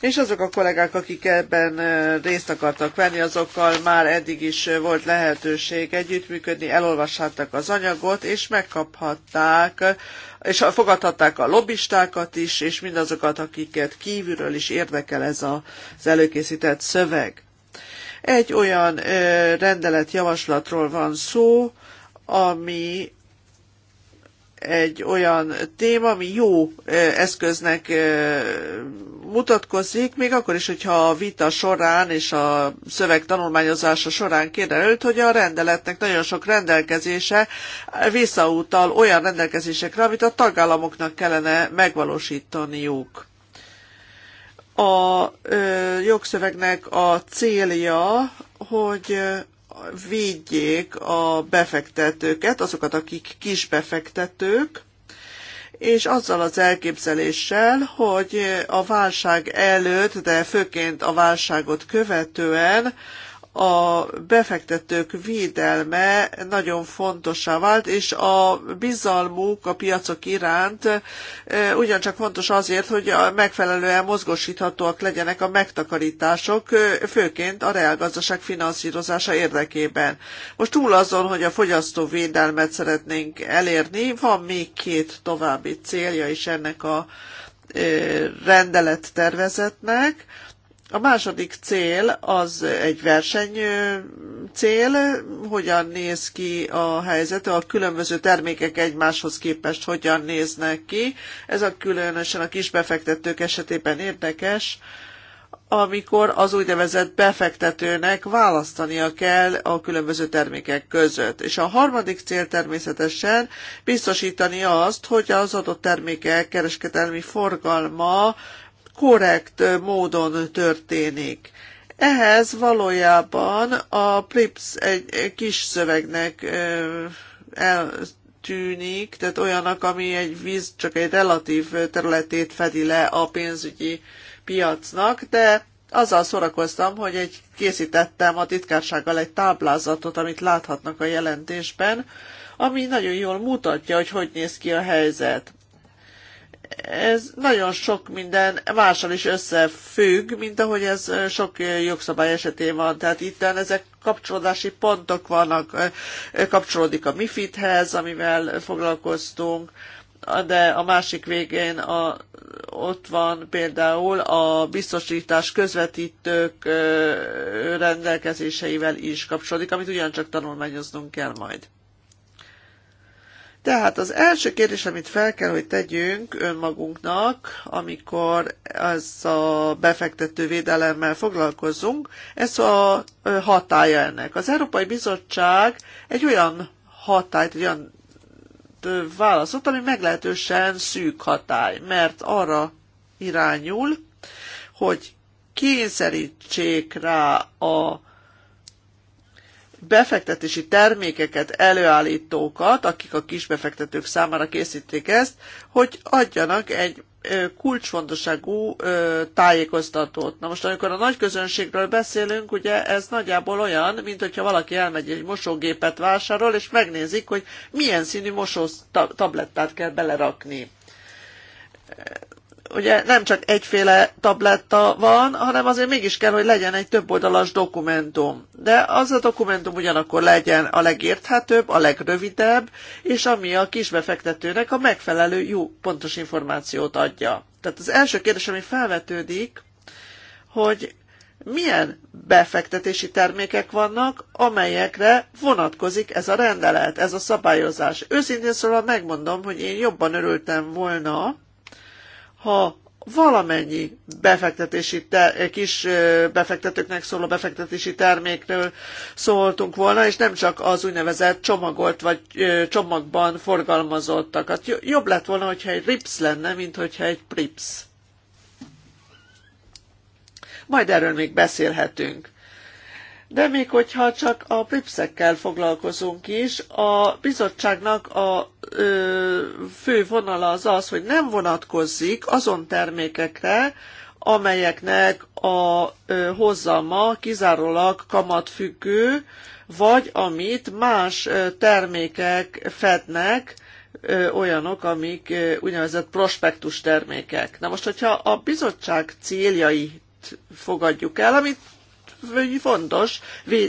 [SPEAKER 1] És azok a kollégák, akik ebben részt akartak venni, azokkal már eddig is volt lehetőség együttműködni, elolvashattak az anyagot, és megkaphatták és fogadhatták a lobbistákat is, és mindazokat, akiket kívülről is érdekel ez az előkészített szöveg. Egy olyan rendeletjavaslatról van szó, ami egy olyan téma, ami jó eszköznek mutatkozik, még akkor is, hogyha a vita során és a szöveg tanulmányozása során kiderült, hogy a rendeletnek nagyon sok rendelkezése visszautal olyan rendelkezésekre, amit a tagállamoknak kellene megvalósítaniuk. A jogszövegnek a célja, hogy védjék a befektetőket, azokat, akik kis befektetők, és azzal az elképzeléssel, hogy a válság előtt, de főként a válságot követően a befektetők védelme nagyon fontosá vált, és a bizalmuk a piacok iránt e, ugyancsak fontos azért, hogy megfelelően mozgósíthatóak legyenek a megtakarítások, e, főként a reálgazdaság finanszírozása érdekében. Most túl azon, hogy a fogyasztó védelmet szeretnénk elérni, van még két további célja is ennek a e, rendelettervezetnek. tervezetnek a második cél az egy verseny cél, hogyan néz ki a helyzet, a különböző termékek egymáshoz képest hogyan néznek ki. Ez a különösen a kisbefektetők esetében érdekes, amikor az úgynevezett befektetőnek választania kell a különböző termékek között. És a harmadik cél természetesen biztosítani azt, hogy az adott termékek kereskedelmi forgalma korrekt módon történik. Ehhez valójában a PRIPS egy kis szövegnek eltűnik, tehát olyanak, ami egy víz csak egy relatív területét fedi le a pénzügyi piacnak, de azzal szórakoztam, hogy egy készítettem a titkársággal egy táblázatot, amit láthatnak a jelentésben, ami nagyon jól mutatja, hogy hogy néz ki a helyzet ez nagyon sok minden mással is összefügg, mint ahogy ez sok jogszabály esetén van. Tehát itt ezek kapcsolódási pontok vannak, kapcsolódik a MIFID-hez, amivel foglalkoztunk, de a másik végén a, ott van például a biztosítás közvetítők rendelkezéseivel is kapcsolódik, amit ugyancsak tanulmányoznunk kell majd. Tehát az első kérdés, amit fel kell, hogy tegyünk önmagunknak, amikor ez a befektető védelemmel foglalkozunk, ez a hatája ennek. Az Európai Bizottság egy olyan hatályt, egy olyan válaszolt, ami meglehetősen szűk hatály, mert arra irányul, hogy kényszerítsék rá a befektetési termékeket előállítókat, akik a kisbefektetők számára készítik ezt, hogy adjanak egy kulcsfontosságú tájékoztatót. Na most, amikor a nagy közönségről beszélünk, ugye ez nagyjából olyan, mint hogyha valaki elmegy egy mosógépet vásárol, és megnézik, hogy milyen színű mosó tablettát kell belerakni ugye nem csak egyféle tabletta van, hanem azért mégis kell, hogy legyen egy több oldalas dokumentum. De az a dokumentum ugyanakkor legyen a legérthetőbb, a legrövidebb, és ami a kisbefektetőnek a megfelelő jó pontos információt adja. Tehát az első kérdés, ami felvetődik, hogy milyen befektetési termékek vannak, amelyekre vonatkozik ez a rendelet, ez a szabályozás. Őszintén szóval megmondom, hogy én jobban örültem volna, ha valamennyi befektetési ter- kis befektetőknek szóló befektetési termékről szóltunk volna, és nem csak az úgynevezett csomagolt vagy csomagban forgalmazottakat. Jobb lett volna, hogyha egy RIPS lenne, mint hogyha egy PRIPS. Majd erről még beszélhetünk. De még hogyha csak a PRIPS-ekkel foglalkozunk is, a bizottságnak a ö, fő vonala az az, hogy nem vonatkozik azon termékekre, amelyeknek a ö, hozzama kizárólag kamatfüggő, vagy amit más termékek fednek, olyanok, amik úgynevezett prospektus termékek. Na most, hogyha a bizottság céljait fogadjuk el, amit fontos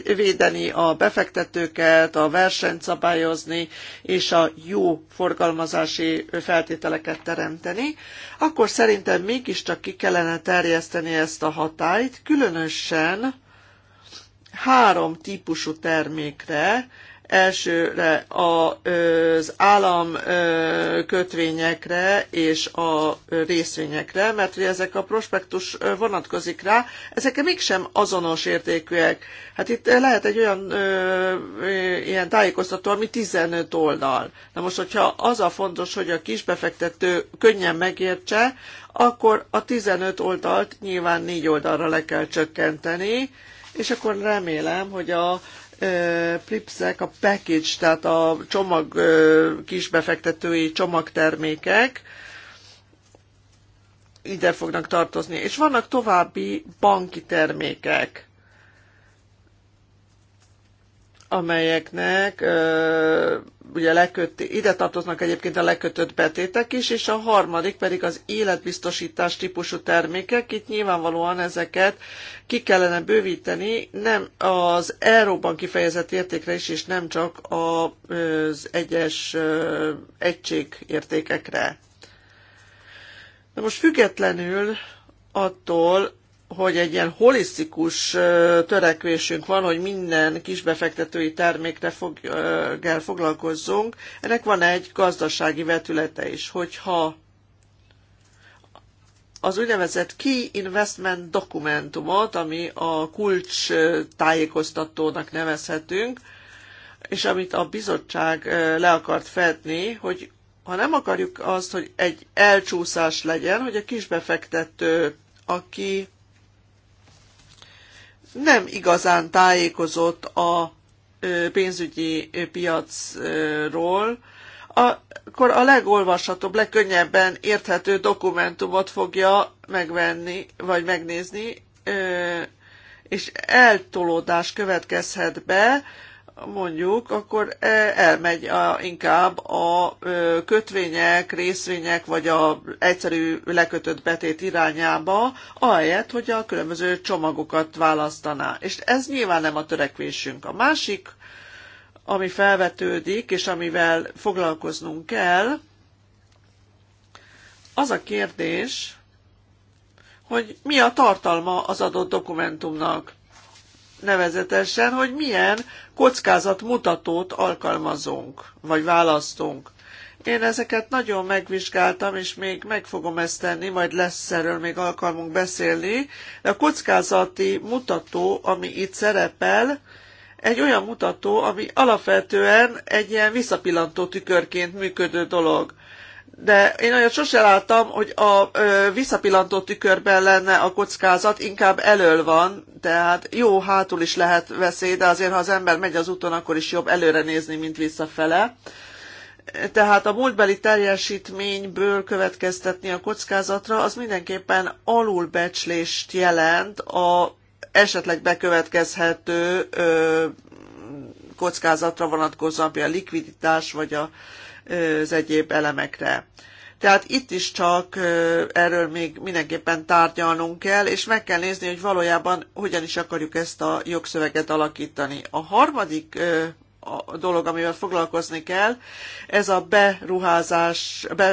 [SPEAKER 1] védeni a befektetőket, a versenyt szabályozni, és a jó forgalmazási feltételeket teremteni, akkor szerintem mégiscsak ki kellene terjeszteni ezt a hatályt, különösen három típusú termékre, Elsőre az állam kötvényekre és a részvényekre, mert hogy ezek a prospektus vonatkozik rá, ezek mégsem azonos értékűek. Hát itt lehet egy olyan ilyen tájékoztató, ami 15 oldal. Na most, hogyha az a fontos, hogy a kisbefektető könnyen megértse, akkor a 15 oldalt nyilván 4 oldalra le kell csökkenteni, és akkor remélem, hogy a Pripsek a package, tehát a csomag kisbefektetői csomagtermékek ide fognak tartozni. És vannak további banki termékek amelyeknek ö, ugye leköt, ide tartoznak egyébként a lekötött betétek is, és a harmadik pedig az életbiztosítás típusú termékek. Itt nyilvánvalóan ezeket ki kellene bővíteni, nem az euróban kifejezett értékre is, és nem csak az egyes ö, egység értékekre. Na most függetlenül attól, hogy egy ilyen holisztikus törekvésünk van, hogy minden kisbefektetői termékre fog, kell foglalkozzunk. Ennek van egy gazdasági vetülete is, hogyha az úgynevezett Key Investment dokumentumot, ami a kulcs tájékoztatónak nevezhetünk, és amit a bizottság le akart fedni, hogy ha nem akarjuk azt, hogy egy elcsúszás legyen, hogy a kisbefektető, aki nem igazán tájékozott a pénzügyi piacról, akkor a legolvashatóbb, legkönnyebben érthető dokumentumot fogja megvenni, vagy megnézni, és eltolódás következhet be, mondjuk, akkor e, elmegy a, inkább a kötvények, részvények, vagy a egyszerű lekötött betét irányába, ahelyett, hogy a különböző csomagokat választaná. És ez nyilván nem a törekvésünk. A másik, ami felvetődik, és amivel foglalkoznunk kell, az a kérdés, hogy mi a tartalma az adott dokumentumnak nevezetesen, hogy milyen kockázatmutatót alkalmazunk, vagy választunk. Én ezeket nagyon megvizsgáltam, és még meg fogom ezt tenni, majd lesz erről még alkalmunk beszélni. De a kockázati mutató, ami itt szerepel, egy olyan mutató, ami alapvetően egy ilyen visszapillantó tükörként működő dolog de én olyat sose láttam, hogy a ö, visszapillantó tükörben lenne a kockázat, inkább elől van, tehát jó, hátul is lehet veszély, de azért, ha az ember megy az úton, akkor is jobb előre nézni, mint visszafele. Tehát a múltbeli teljesítményből következtetni a kockázatra, az mindenképpen alulbecslést jelent a esetleg bekövetkezhető ö, kockázatra vonatkozóan, például a likviditás vagy a az egyéb elemekre. Tehát itt is csak erről még mindenképpen tárgyalnunk kell, és meg kell nézni, hogy valójában hogyan is akarjuk ezt a jogszöveget alakítani. A harmadik a dolog, amivel foglalkozni kell, ez a beruházás, be,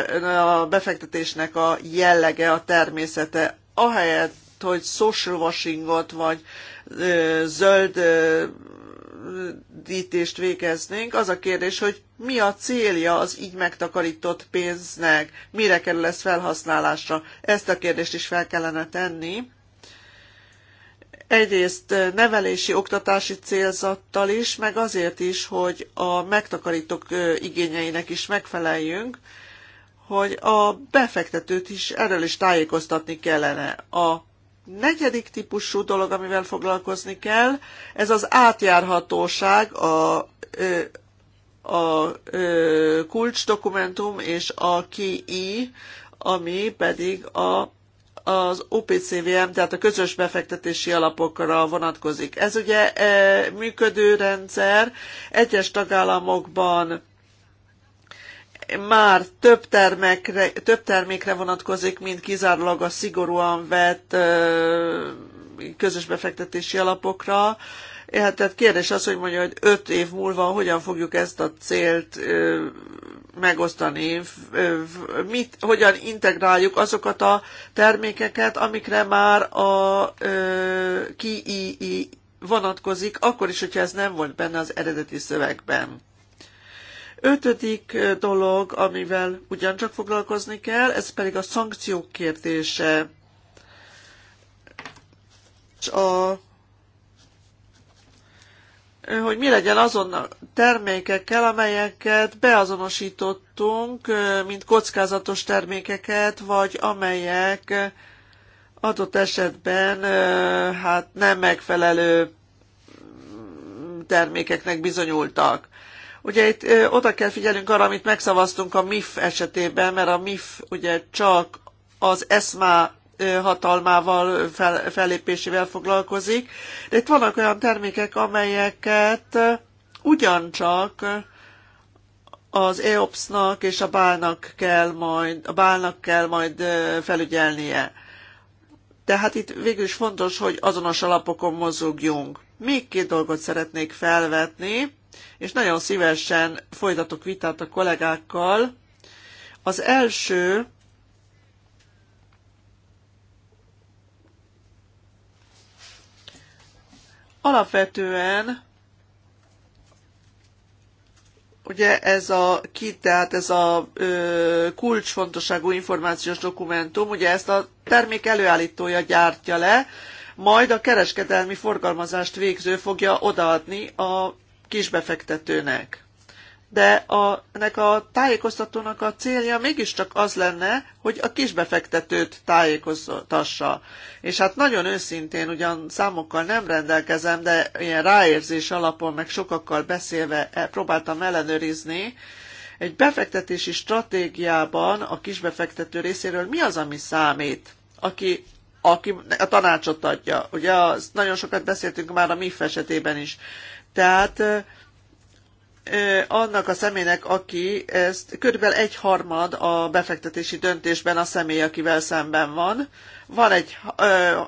[SPEAKER 1] a befektetésnek a jellege, a természete. Ahelyett, hogy social washingot, vagy ö, zöld ö, elkülönítést végeznénk, az a kérdés, hogy mi a célja az így megtakarított pénznek, mire kerül ez felhasználásra. Ezt a kérdést is fel kellene tenni. Egyrészt nevelési, oktatási célzattal is, meg azért is, hogy a megtakarítók igényeinek is megfeleljünk, hogy a befektetőt is erről is tájékoztatni kellene. A negyedik típusú dolog, amivel foglalkozni kell, ez az átjárhatóság a, a kulcs dokumentum és a KI, ami pedig a az OPCVM, tehát a közös befektetési alapokra vonatkozik. Ez ugye működő rendszer, egyes tagállamokban már több, termekre, több termékre vonatkozik, mint kizárólag a szigorúan vett közös befektetési alapokra. Hát, tehát kérdés az, hogy mondja, hogy öt év múlva hogyan fogjuk ezt a célt ö, megosztani, ö, mit, hogyan integráljuk azokat a termékeket, amikre már a ö, ki vonatkozik, akkor is, hogyha ez nem volt benne az eredeti szövegben. Ötödik dolog, amivel ugyancsak foglalkozni kell, ez pedig a szankciók kérdése. És a hogy mi legyen azon a termékekkel, amelyeket beazonosítottunk, mint kockázatos termékeket, vagy amelyek adott esetben hát nem megfelelő termékeknek bizonyultak. Ugye itt ö, oda kell figyelnünk arra, amit megszavaztunk a MIF esetében, mert a MIF ugye csak az ESMA hatalmával, fel, fellépésével foglalkozik, de itt vannak olyan termékek, amelyeket ugyancsak az EOPS-nak és a bálnak kell majd, a bálnak kell majd felügyelnie. Tehát itt végül is fontos, hogy azonos alapokon mozogjunk. Még két dolgot szeretnék felvetni, és nagyon szívesen folytatok vitát a kollégákkal. Az első, alapvetően ugye ez a kit, tehát ez a ö, kulcsfontosságú információs dokumentum, ugye ezt a termék előállítója gyártja le, majd a kereskedelmi forgalmazást végző fogja odaadni a kisbefektetőnek. De a, ennek a tájékoztatónak a célja mégiscsak az lenne, hogy a kisbefektetőt tájékoztassa. És hát nagyon őszintén, ugyan számokkal nem rendelkezem, de ilyen ráérzés alapon, meg sokakkal beszélve e, próbáltam ellenőrizni, egy befektetési stratégiában a kisbefektető részéről mi az, ami számít? Aki aki a tanácsot adja. Ugye az, nagyon sokat beszéltünk már a MIF esetében is. Tehát annak a személynek, aki ezt körülbelül egy harmad a befektetési döntésben a személy, akivel szemben van. Van egy,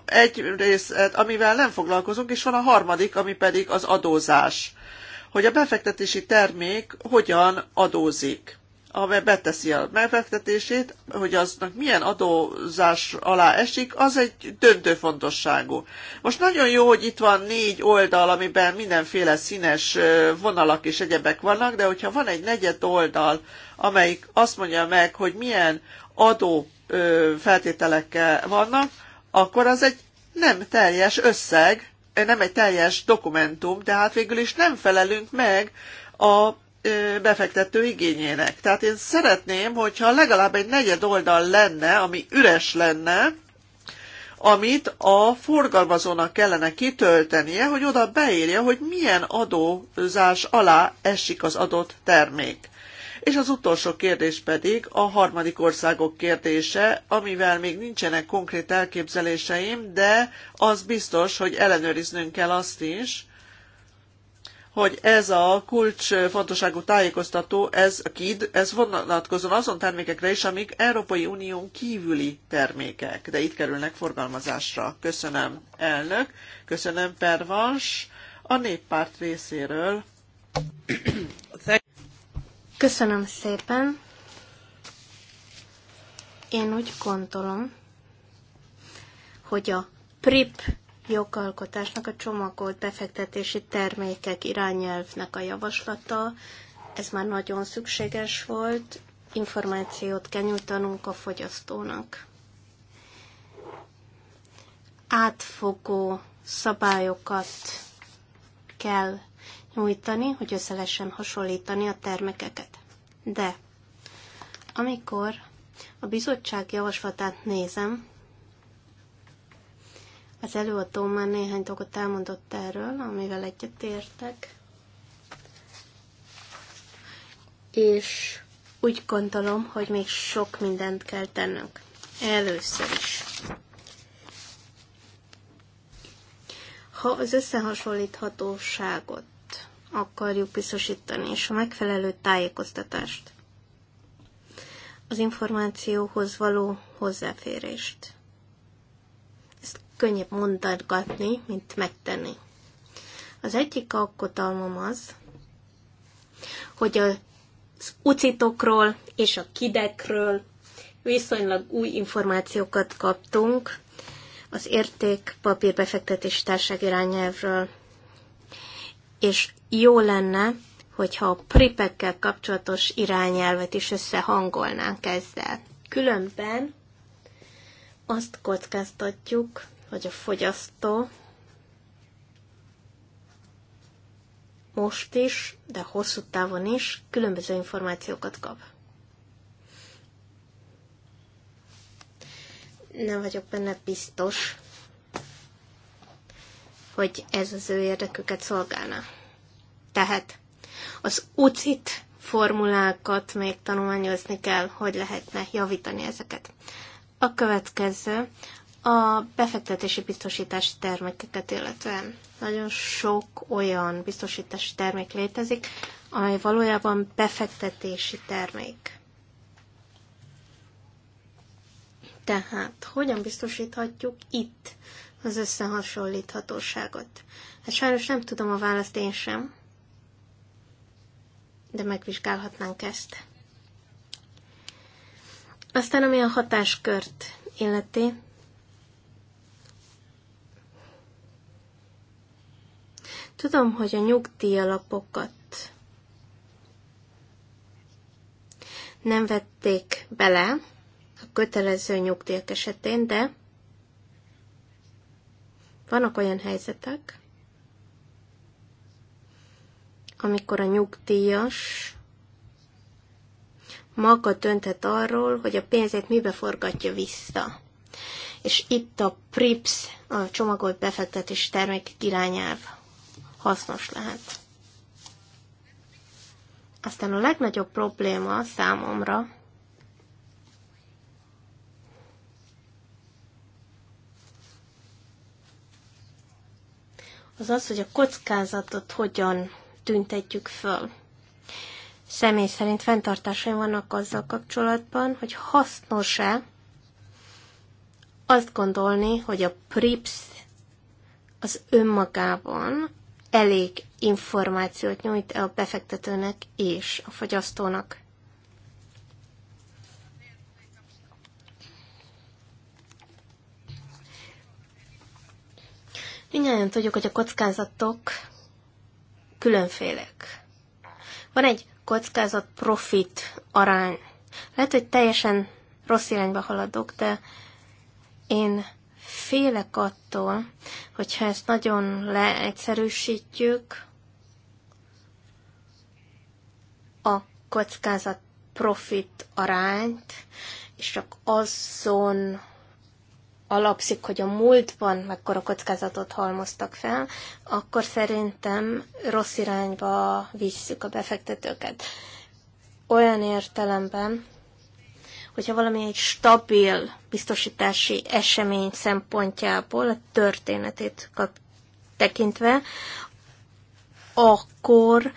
[SPEAKER 1] egy rész, amivel nem foglalkozunk, és van a harmadik, ami pedig az adózás. Hogy a befektetési termék hogyan adózik amely beteszi a megfektetését, hogy aznak milyen adózás alá esik, az egy döntő fontosságú. Most nagyon jó, hogy itt van négy oldal, amiben mindenféle színes vonalak és egyebek vannak, de hogyha van egy negyed oldal, amelyik azt mondja meg, hogy milyen adó feltételekkel vannak, akkor az egy nem teljes összeg, nem egy teljes dokumentum, tehát végül is nem felelünk meg a befektető igényének. Tehát én szeretném, hogyha legalább egy negyed oldal lenne, ami üres lenne, amit a forgalmazónak kellene kitöltenie, hogy oda beírja, hogy milyen adózás alá esik az adott termék. És az utolsó kérdés pedig a harmadik országok kérdése, amivel még nincsenek konkrét elképzeléseim, de az biztos, hogy ellenőriznünk kell azt is, hogy ez a kulcsfontosságú tájékoztató, ez a KID, ez vonatkozóan azon termékekre is, amik Európai Unión kívüli termékek, de itt kerülnek forgalmazásra. Köszönöm, elnök, köszönöm, Pervans, a néppárt részéről.
[SPEAKER 2] Köszönöm szépen. Én úgy gondolom, hogy a PRIP jogalkotásnak a csomagolt befektetési termékek irányelvnek a javaslata. Ez már nagyon szükséges volt, információt kell nyújtanunk a fogyasztónak. Átfogó szabályokat kell nyújtani, hogy össze lehessen hasonlítani a termékeket. De amikor a bizottság javaslatát nézem, az előadó már néhány dolgot elmondott erről, amivel egyetértek. És úgy gondolom, hogy még sok mindent kell tennünk. Először is. Ha az összehasonlíthatóságot akarjuk biztosítani, és a megfelelő tájékoztatást, az információhoz való hozzáférést, könnyebb mondatgatni, mint megtenni. Az egyik alkotalmam az, hogy az ucitokról és a kidekről viszonylag új információkat kaptunk az érték befektetés társág irányelvről, és jó lenne, hogyha a pripekkel kapcsolatos irányelvet is összehangolnánk ezzel. Különben azt kockáztatjuk, hogy a fogyasztó most is, de hosszú távon is különböző információkat kap. Nem vagyok benne biztos, hogy ez az ő érdeküket szolgálna. Tehát az UCIT formulákat még tanulmányozni kell, hogy lehetne javítani ezeket. A következő a befektetési biztosítási termékeket illetően nagyon sok olyan biztosítási termék létezik, amely valójában befektetési termék. Tehát hogyan biztosíthatjuk itt az összehasonlíthatóságot? Hát sajnos nem tudom a választ én sem, de megvizsgálhatnánk ezt. Aztán ami a hatáskört illeti, Tudom, hogy a nyugdíjalapokat nem vették bele a kötelező nyugdíjak esetén, de vannak olyan helyzetek, amikor a nyugdíjas maga dönthet arról, hogy a pénzét mibe forgatja vissza. És itt a PRIPS, a csomagolt befektetés termék irányelv hasznos lehet. Aztán a legnagyobb probléma számomra az az, hogy a kockázatot hogyan tüntetjük föl. Személy szerint fenntartásaim vannak azzal kapcsolatban, hogy hasznos-e azt gondolni, hogy a PRIPS az önmagában elég információt nyújt a befektetőnek és a fogyasztónak. Mindjárt tudjuk, hogy a kockázatok különfélek. Van egy kockázat-profit arány. Lehet, hogy teljesen rossz irányba haladok, de én félek attól, hogyha ezt nagyon leegyszerűsítjük, a kockázat profit arányt, és csak azon alapszik, hogy a múltban mekkora kockázatot halmoztak fel, akkor szerintem rossz irányba visszük a befektetőket. Olyan értelemben, hogyha valami egy stabil biztosítási esemény szempontjából a történetét kap, tekintve, akkor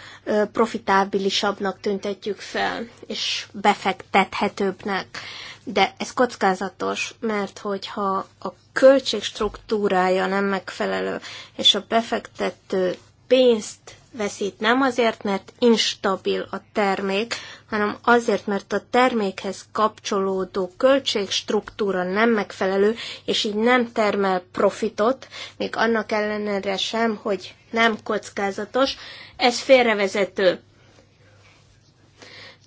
[SPEAKER 2] profitábilisabbnak tüntetjük fel, és befektethetőbbnek. De ez kockázatos, mert hogyha a költség struktúrája nem megfelelő, és a befektető pénzt veszít. Nem azért, mert instabil a termék, hanem azért, mert a termékhez kapcsolódó költségstruktúra nem megfelelő, és így nem termel profitot, még annak ellenére sem, hogy nem kockázatos. Ez félrevezető.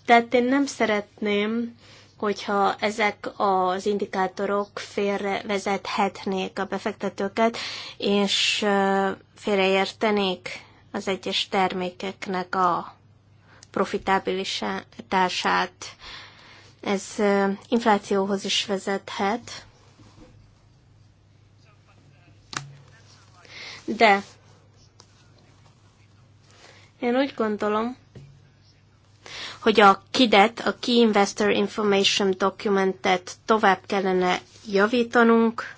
[SPEAKER 2] Tehát én nem szeretném, hogyha ezek az indikátorok félrevezethetnék a befektetőket, és félreértenék az egyes termékeknek a profitabilitását. Ez inflációhoz is vezethet. De én úgy gondolom, hogy a KIDET, a Key Investor Information Documentet tovább kellene javítanunk,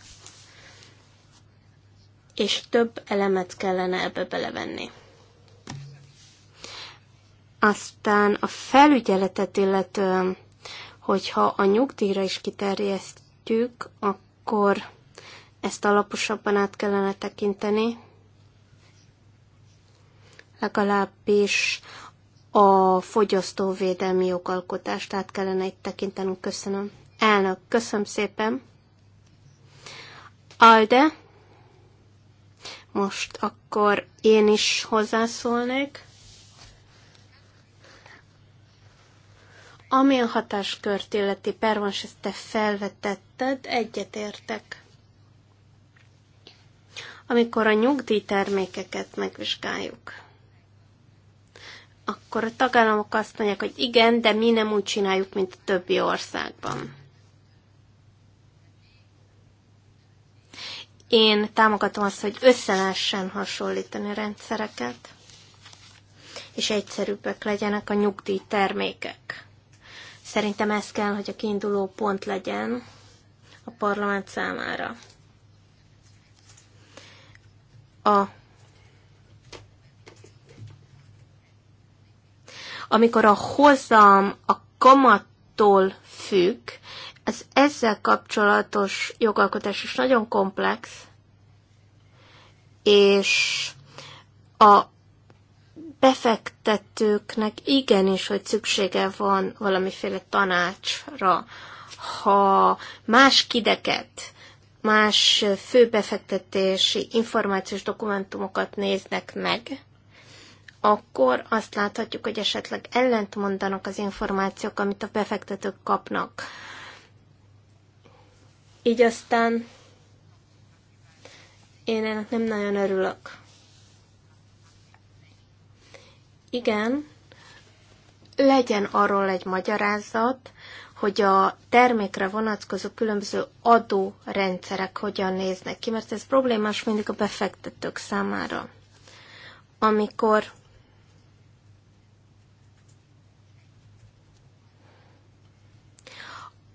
[SPEAKER 2] és több elemet kellene ebbe belevenni. Aztán a felügyeletet illetően, hogyha a nyugdíjra is kiterjesztjük, akkor ezt alaposabban át kellene tekinteni. Legalábbis a fogyasztóvédelmi jogalkotást át kellene itt tekintenünk. Köszönöm. Elnök, köszönöm szépen. Alde, most akkor én is hozzászólnék. Ami a hatáskört illeti pervans, ezt te felvetetted, egyetértek. Amikor a nyugdíjtermékeket megvizsgáljuk, akkor a tagállamok azt mondják, hogy igen, de mi nem úgy csináljuk, mint a többi országban. Én támogatom azt, hogy össze lehessen hasonlítani a rendszereket, és egyszerűbbek legyenek a nyugdíjtermékek. Szerintem ez kell, hogy a kiinduló pont legyen a parlament számára. A amikor a hozam a kamattól függ, az ezzel kapcsolatos jogalkotás is nagyon komplex, és a befektetőknek igenis, hogy szüksége van valamiféle tanácsra. Ha más kideket, más főbefektetési információs dokumentumokat néznek meg, akkor azt láthatjuk, hogy esetleg ellent mondanak az információk, amit a befektetők kapnak. Így aztán én ennek nem nagyon örülök. Igen, legyen arról egy magyarázat, hogy a termékre vonatkozó különböző adórendszerek hogyan néznek ki, mert ez problémás mindig a befektetők számára. Amikor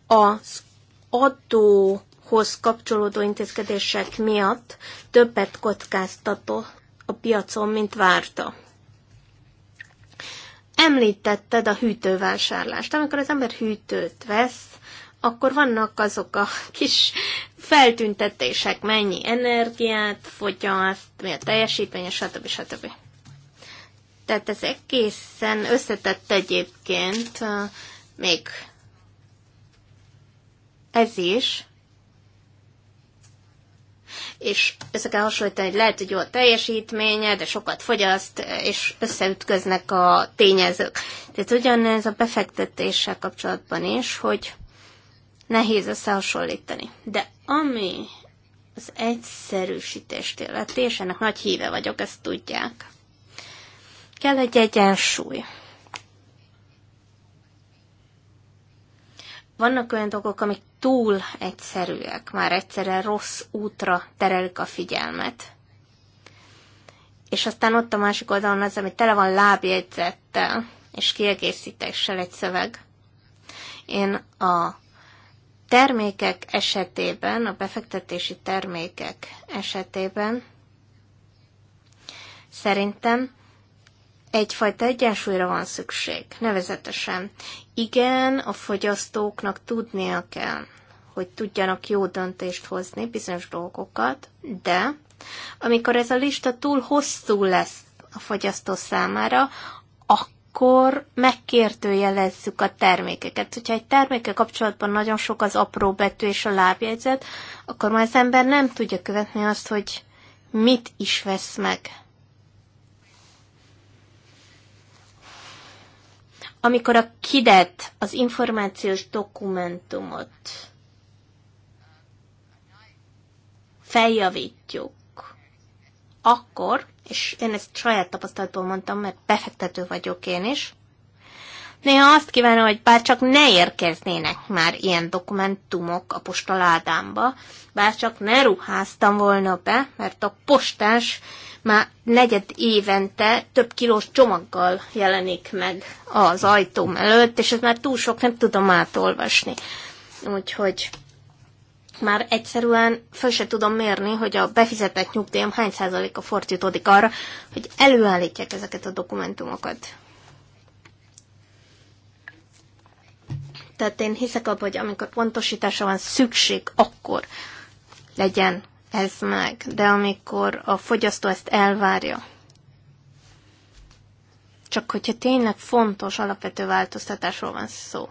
[SPEAKER 2] az adóhoz kapcsolódó intézkedések miatt többet kockáztató a piacon, mint várta. Említetted a hűtővásárlást. Amikor az ember hűtőt vesz, akkor vannak azok a kis feltüntetések, mennyi energiát fogyaszt, mi a teljesítmény, stb. stb. Tehát ez egészen összetett egyébként, uh, még ez is, és össze kell hasonlítani, hogy lehet, hogy jó a teljesítménye, de sokat fogyaszt, és összeütköznek a tényezők. Tehát ugyanez a befektetéssel kapcsolatban is, hogy nehéz összehasonlítani. De ami az egyszerűsítést illeti, és ennek nagy híve vagyok, ezt tudják. Kell egy egyensúly. Vannak olyan dolgok, amik túl egyszerűek, már egyszerűen rossz útra terelik a figyelmet. És aztán ott a másik oldalon az, ami tele van lábjegyzettel és kiegészítéssel egy szöveg. Én a termékek esetében, a befektetési termékek esetében szerintem egyfajta egyensúlyra van szükség, nevezetesen. Igen, a fogyasztóknak tudnia kell, hogy tudjanak jó döntést hozni bizonyos dolgokat, de amikor ez a lista túl hosszú lesz a fogyasztó számára, akkor megkértőjelezzük a termékeket. Hogyha egy termékkel kapcsolatban nagyon sok az apró betű és a lábjegyzet, akkor már az ember nem tudja követni azt, hogy mit is vesz meg Amikor a kidet, az információs dokumentumot feljavítjuk, akkor, és én ezt saját tapasztalatból mondtam, mert befektető vagyok én is, néha azt kívánom, hogy bár csak ne érkeznének már ilyen dokumentumok a postaládámba, bár csak ne ruháztam volna be, mert a postás már negyed évente több kilós csomaggal jelenik meg az ajtóm előtt, és ez már túl sok, nem tudom átolvasni. Úgyhogy már egyszerűen föl se tudom mérni, hogy a befizetett nyugdíjam hány százaléka fordítódik arra, hogy előállítják ezeket a dokumentumokat. Tehát én hiszek abban, hogy amikor pontosításra van szükség, akkor legyen ez meg, de amikor a fogyasztó ezt elvárja, csak hogyha tényleg fontos alapvető változtatásról van szó.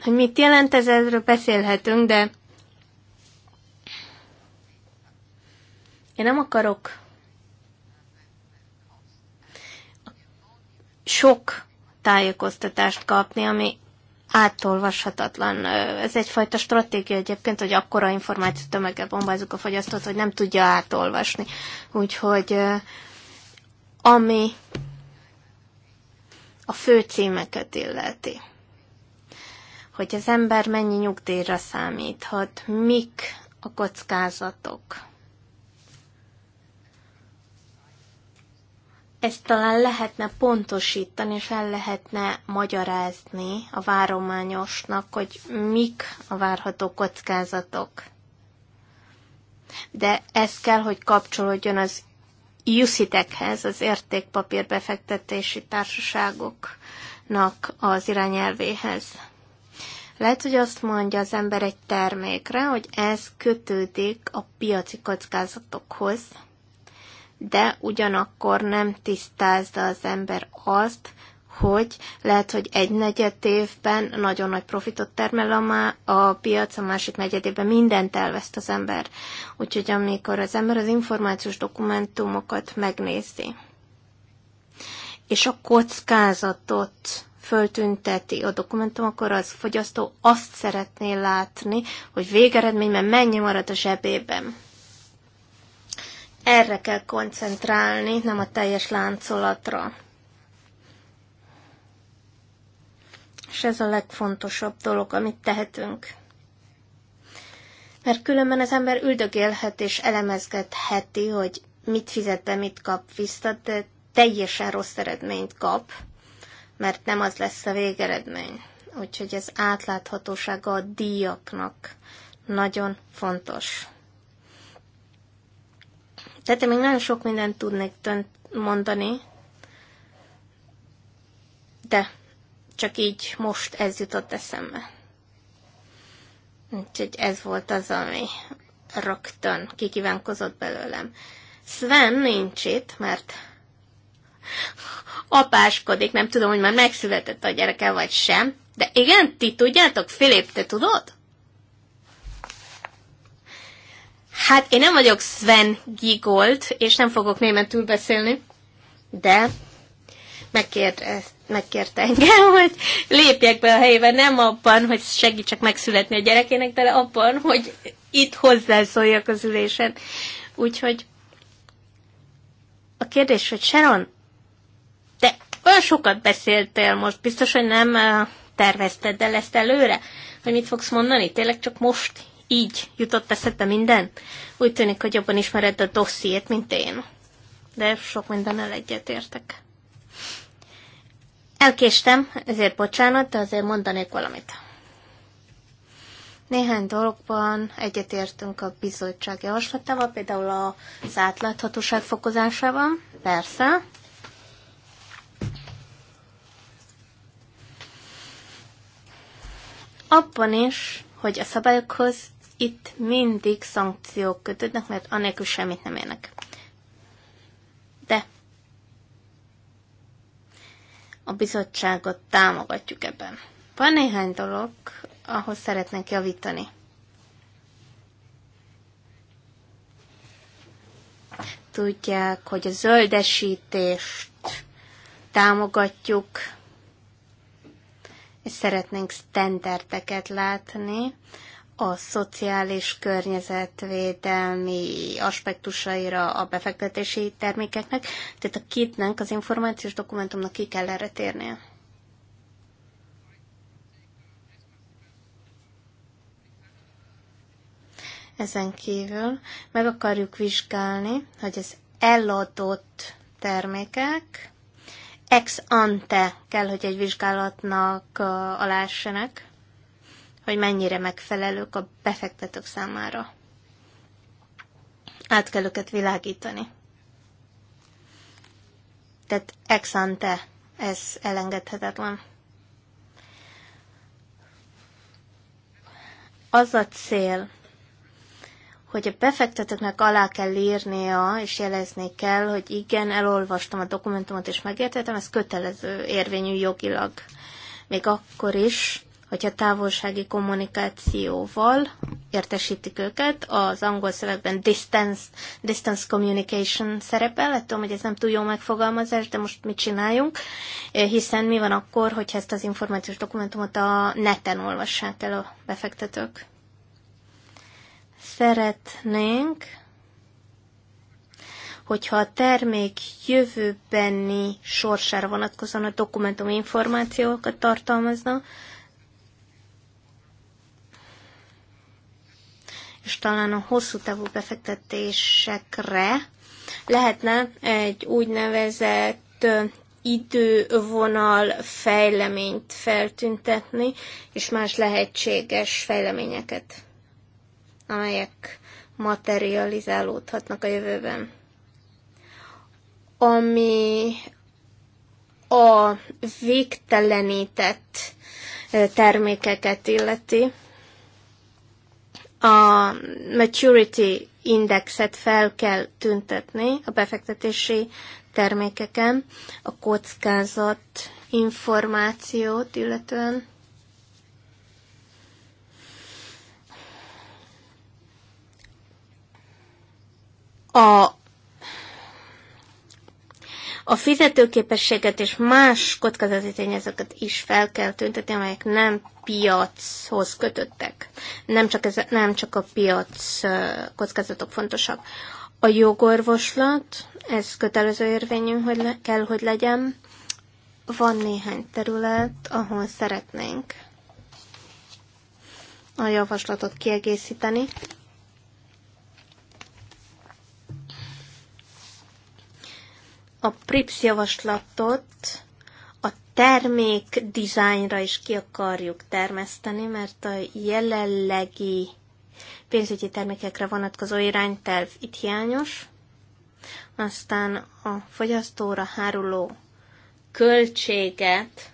[SPEAKER 2] Hogy mit jelent ez, erről beszélhetünk, de én nem akarok sok tájékoztatást kapni, ami átolvashatatlan. Ez egyfajta stratégia egyébként, hogy akkora információ tömeggel bombázunk a fogyasztót, hogy nem tudja átolvasni. Úgyhogy ami a fő címeket illeti, hogy az ember mennyi nyugdíjra számíthat, mik a kockázatok, ezt talán lehetne pontosítani, és el lehetne magyarázni a várományosnak, hogy mik a várható kockázatok. De ez kell, hogy kapcsolódjon az UCITEKhez, az értékpapírbefektetési társaságoknak az irányelvéhez. Lehet, hogy azt mondja az ember egy termékre, hogy ez kötődik a piaci kockázatokhoz, de ugyanakkor nem tisztázza az ember azt, hogy lehet, hogy egy negyed évben nagyon nagy profitot termel a, má, a piac, a másik negyed évben mindent elveszt az ember. Úgyhogy amikor az ember az információs dokumentumokat megnézi, és a kockázatot föltünteti a dokumentum, akkor az fogyasztó azt szeretné látni, hogy végeredményben mennyi marad a zsebében. Erre kell koncentrálni, nem a teljes láncolatra. És ez a legfontosabb dolog, amit tehetünk. Mert különben az ember üldögélhet és elemezgetheti, hogy mit fizet be, mit kap vissza, de teljesen rossz eredményt kap, mert nem az lesz a végeredmény. Úgyhogy ez átláthatósága a díjaknak nagyon fontos. Tehát én még nagyon sok mindent tudnék mondani, de csak így most ez jutott eszembe. Úgyhogy ez volt az, ami rögtön kikívánkozott belőlem. Sven nincs itt, mert apáskodik, nem tudom, hogy már megszületett a gyereke, vagy sem. De igen, ti tudjátok, Filip, te tudod? Hát én nem vagyok Sven Gigolt, és nem fogok németül beszélni, de megkért megkérte engem, hogy lépjek be a helyébe, nem abban, hogy segítsek megszületni a gyerekének, de abban, hogy itt hozzászóljak az ülésen. Úgyhogy a kérdés, hogy Sharon, te olyan sokat beszéltél most, biztos, hogy nem eh, tervezted el ezt előre, hogy mit fogsz mondani? Tényleg csak most így jutott eszedbe minden? Úgy tűnik, hogy jobban ismered a dossziét, mint én. De sok egyet egyetértek. Elkéstem, ezért bocsánat, de azért mondanék valamit. Néhány dologban egyetértünk a bizottság javaslatával, például az átláthatóság fokozásával, persze. Abban is, hogy a szabályokhoz itt mindig szankciók kötődnek, mert anélkül semmit nem érnek. De a bizottságot támogatjuk ebben. Van néhány dolog, ahhoz szeretnénk javítani. Tudják, hogy a zöldesítést támogatjuk, és szeretnénk standardeket látni, a szociális környezetvédelmi aspektusaira a befektetési termékeknek, tehát a kitnek, az információs dokumentumnak ki kell erre térnie. Ezen kívül meg akarjuk vizsgálni, hogy az eladott termékek ex ante kell, hogy egy vizsgálatnak alássanak hogy mennyire megfelelők a befektetők számára. Át kell őket világítani. Tehát ex ante, ez elengedhetetlen. Az a cél, hogy a befektetőknek alá kell írnia, és jelezni kell, hogy igen, elolvastam a dokumentumot, és megértettem, ez kötelező érvényű jogilag. Még akkor is, hogyha távolsági kommunikációval értesítik őket, az angol szövegben distance, distance communication szerepel, hát tudom, hogy ez nem túl jó megfogalmazás, de most mit csináljunk, hiszen mi van akkor, hogyha ezt az információs dokumentumot a neten olvassák el a befektetők. Szeretnénk, hogyha a termék jövőbeni sorsára vonatkozóan a dokumentum információkat tartalmazna, és talán a hosszú távú befektetésekre lehetne egy úgynevezett idővonal fejleményt feltüntetni, és más lehetséges fejleményeket, amelyek materializálódhatnak a jövőben. Ami a végtelenített termékeket illeti, a maturity indexet fel kell tüntetni a befektetési termékeken, a kockázat információt illetően. A a fizetőképességet és más kockázati tényezőket is fel kell tüntetni, amelyek nem piachoz kötöttek. Nem csak, ez, nem csak a piac kockázatok fontosak. A jogorvoslat, ez kötelező érvényű, hogy le, kell, hogy legyen. Van néhány terület, ahol szeretnénk a javaslatot kiegészíteni. a PRIPS javaslatot a termék dizájnra is ki akarjuk termeszteni, mert a jelenlegi pénzügyi termékekre vonatkozó irányterv itt hiányos, aztán a fogyasztóra háruló költséget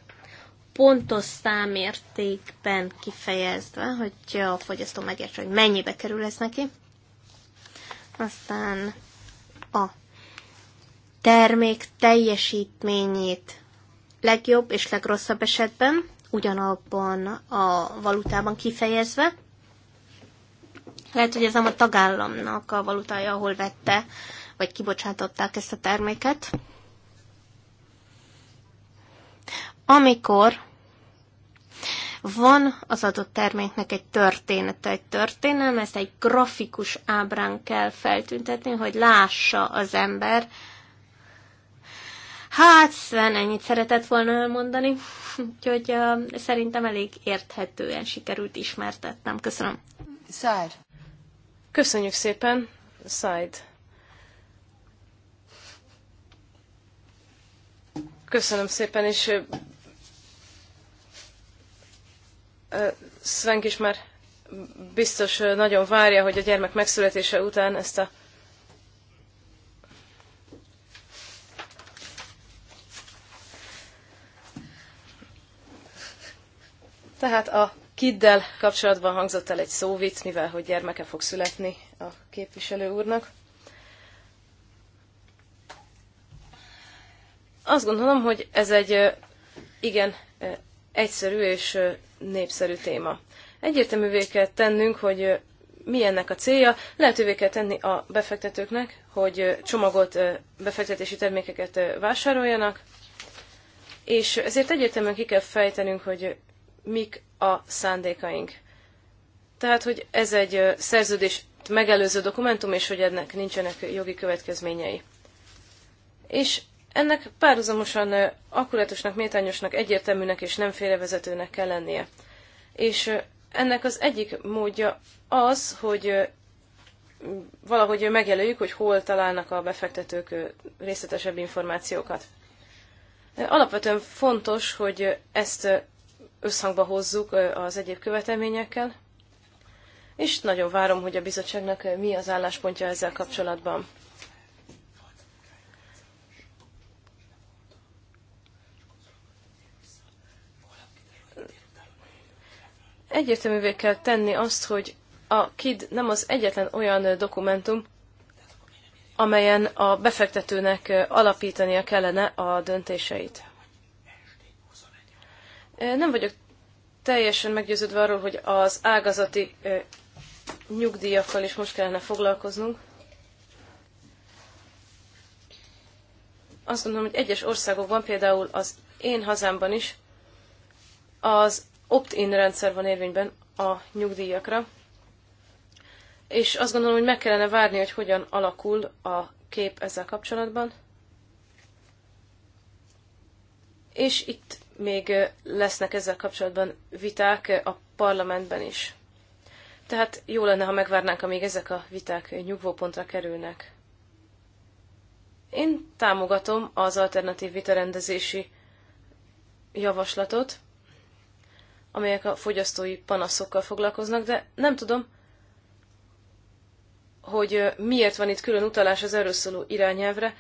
[SPEAKER 2] pontos számértékben kifejezve, hogy a fogyasztó megértse, hogy mennyibe kerül ez neki. Aztán a termék teljesítményét legjobb és legrosszabb esetben, ugyanabban a valutában kifejezve. Lehet, hogy ez nem a tagállamnak a valutája, ahol vette, vagy kibocsátották ezt a terméket. Amikor van az adott terméknek egy története, egy történelme, ezt egy grafikus ábrán kell feltüntetni, hogy lássa az ember, Hát, Sven ennyit szeretett volna elmondani, úgyhogy uh, szerintem elég érthetően sikerült ismertetnem. Köszönöm. Szájd. Köszönjük szépen, Szájd.
[SPEAKER 3] Köszönöm szépen, és Sven is már biztos nagyon várja, hogy a gyermek megszületése után ezt a Tehát a kiddel kapcsolatban hangzott el egy szóvic, mivel hogy gyermeke fog születni a képviselő úrnak. Azt gondolom, hogy ez egy igen egyszerű és népszerű téma. Egyértelművé kell tennünk, hogy mi ennek a célja. Lehetővé kell tenni a befektetőknek, hogy csomagolt befektetési termékeket vásároljanak, és ezért egyértelműen ki kell fejtenünk, hogy mik a szándékaink. Tehát, hogy ez egy szerződés megelőző dokumentum, és hogy ennek nincsenek jogi következményei. És ennek párhuzamosan akkurátusnak, méltányosnak, egyértelműnek és nem félrevezetőnek kell lennie. És ennek az egyik módja az, hogy valahogy megjelöljük, hogy hol találnak a befektetők részletesebb információkat. Alapvetően fontos, hogy ezt összhangba hozzuk az egyéb követelményekkel, és nagyon várom, hogy a bizottságnak mi az álláspontja ezzel kapcsolatban. Egyértelművé kell tenni azt, hogy a KID nem az egyetlen olyan dokumentum, amelyen a befektetőnek alapítania kellene a döntéseit. Nem vagyok teljesen meggyőződve arról, hogy az ágazati nyugdíjakkal is most kellene foglalkoznunk. Azt gondolom, hogy egyes országokban, például az én hazámban is, az opt-in rendszer van érvényben a nyugdíjakra, és azt gondolom, hogy meg kellene várni, hogy hogyan alakul a kép ezzel kapcsolatban. És itt még lesznek ezzel kapcsolatban viták a parlamentben is. Tehát jó lenne, ha megvárnánk, amíg ezek a viták nyugvópontra kerülnek. Én támogatom az alternatív vitarendezési javaslatot, amelyek a fogyasztói panaszokkal foglalkoznak, de nem tudom, hogy miért van itt külön utalás az erről szóló irányelvre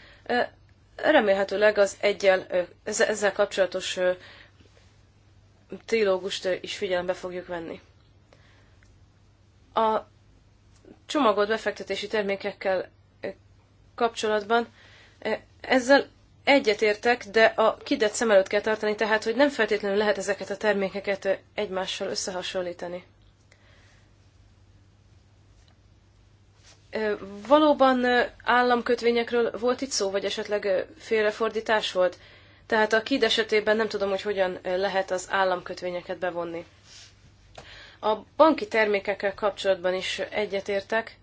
[SPEAKER 3] remélhetőleg az egyel, ezzel kapcsolatos trilógust is figyelembe fogjuk venni. A csomagod befektetési termékekkel kapcsolatban ezzel egyetértek, de a kidet szem előtt kell tartani, tehát hogy nem feltétlenül lehet ezeket a termékeket egymással összehasonlítani. Valóban államkötvényekről volt itt szó, vagy esetleg félrefordítás volt? Tehát a KID esetében nem tudom, hogy hogyan lehet az államkötvényeket bevonni. A banki termékekkel kapcsolatban is egyetértek,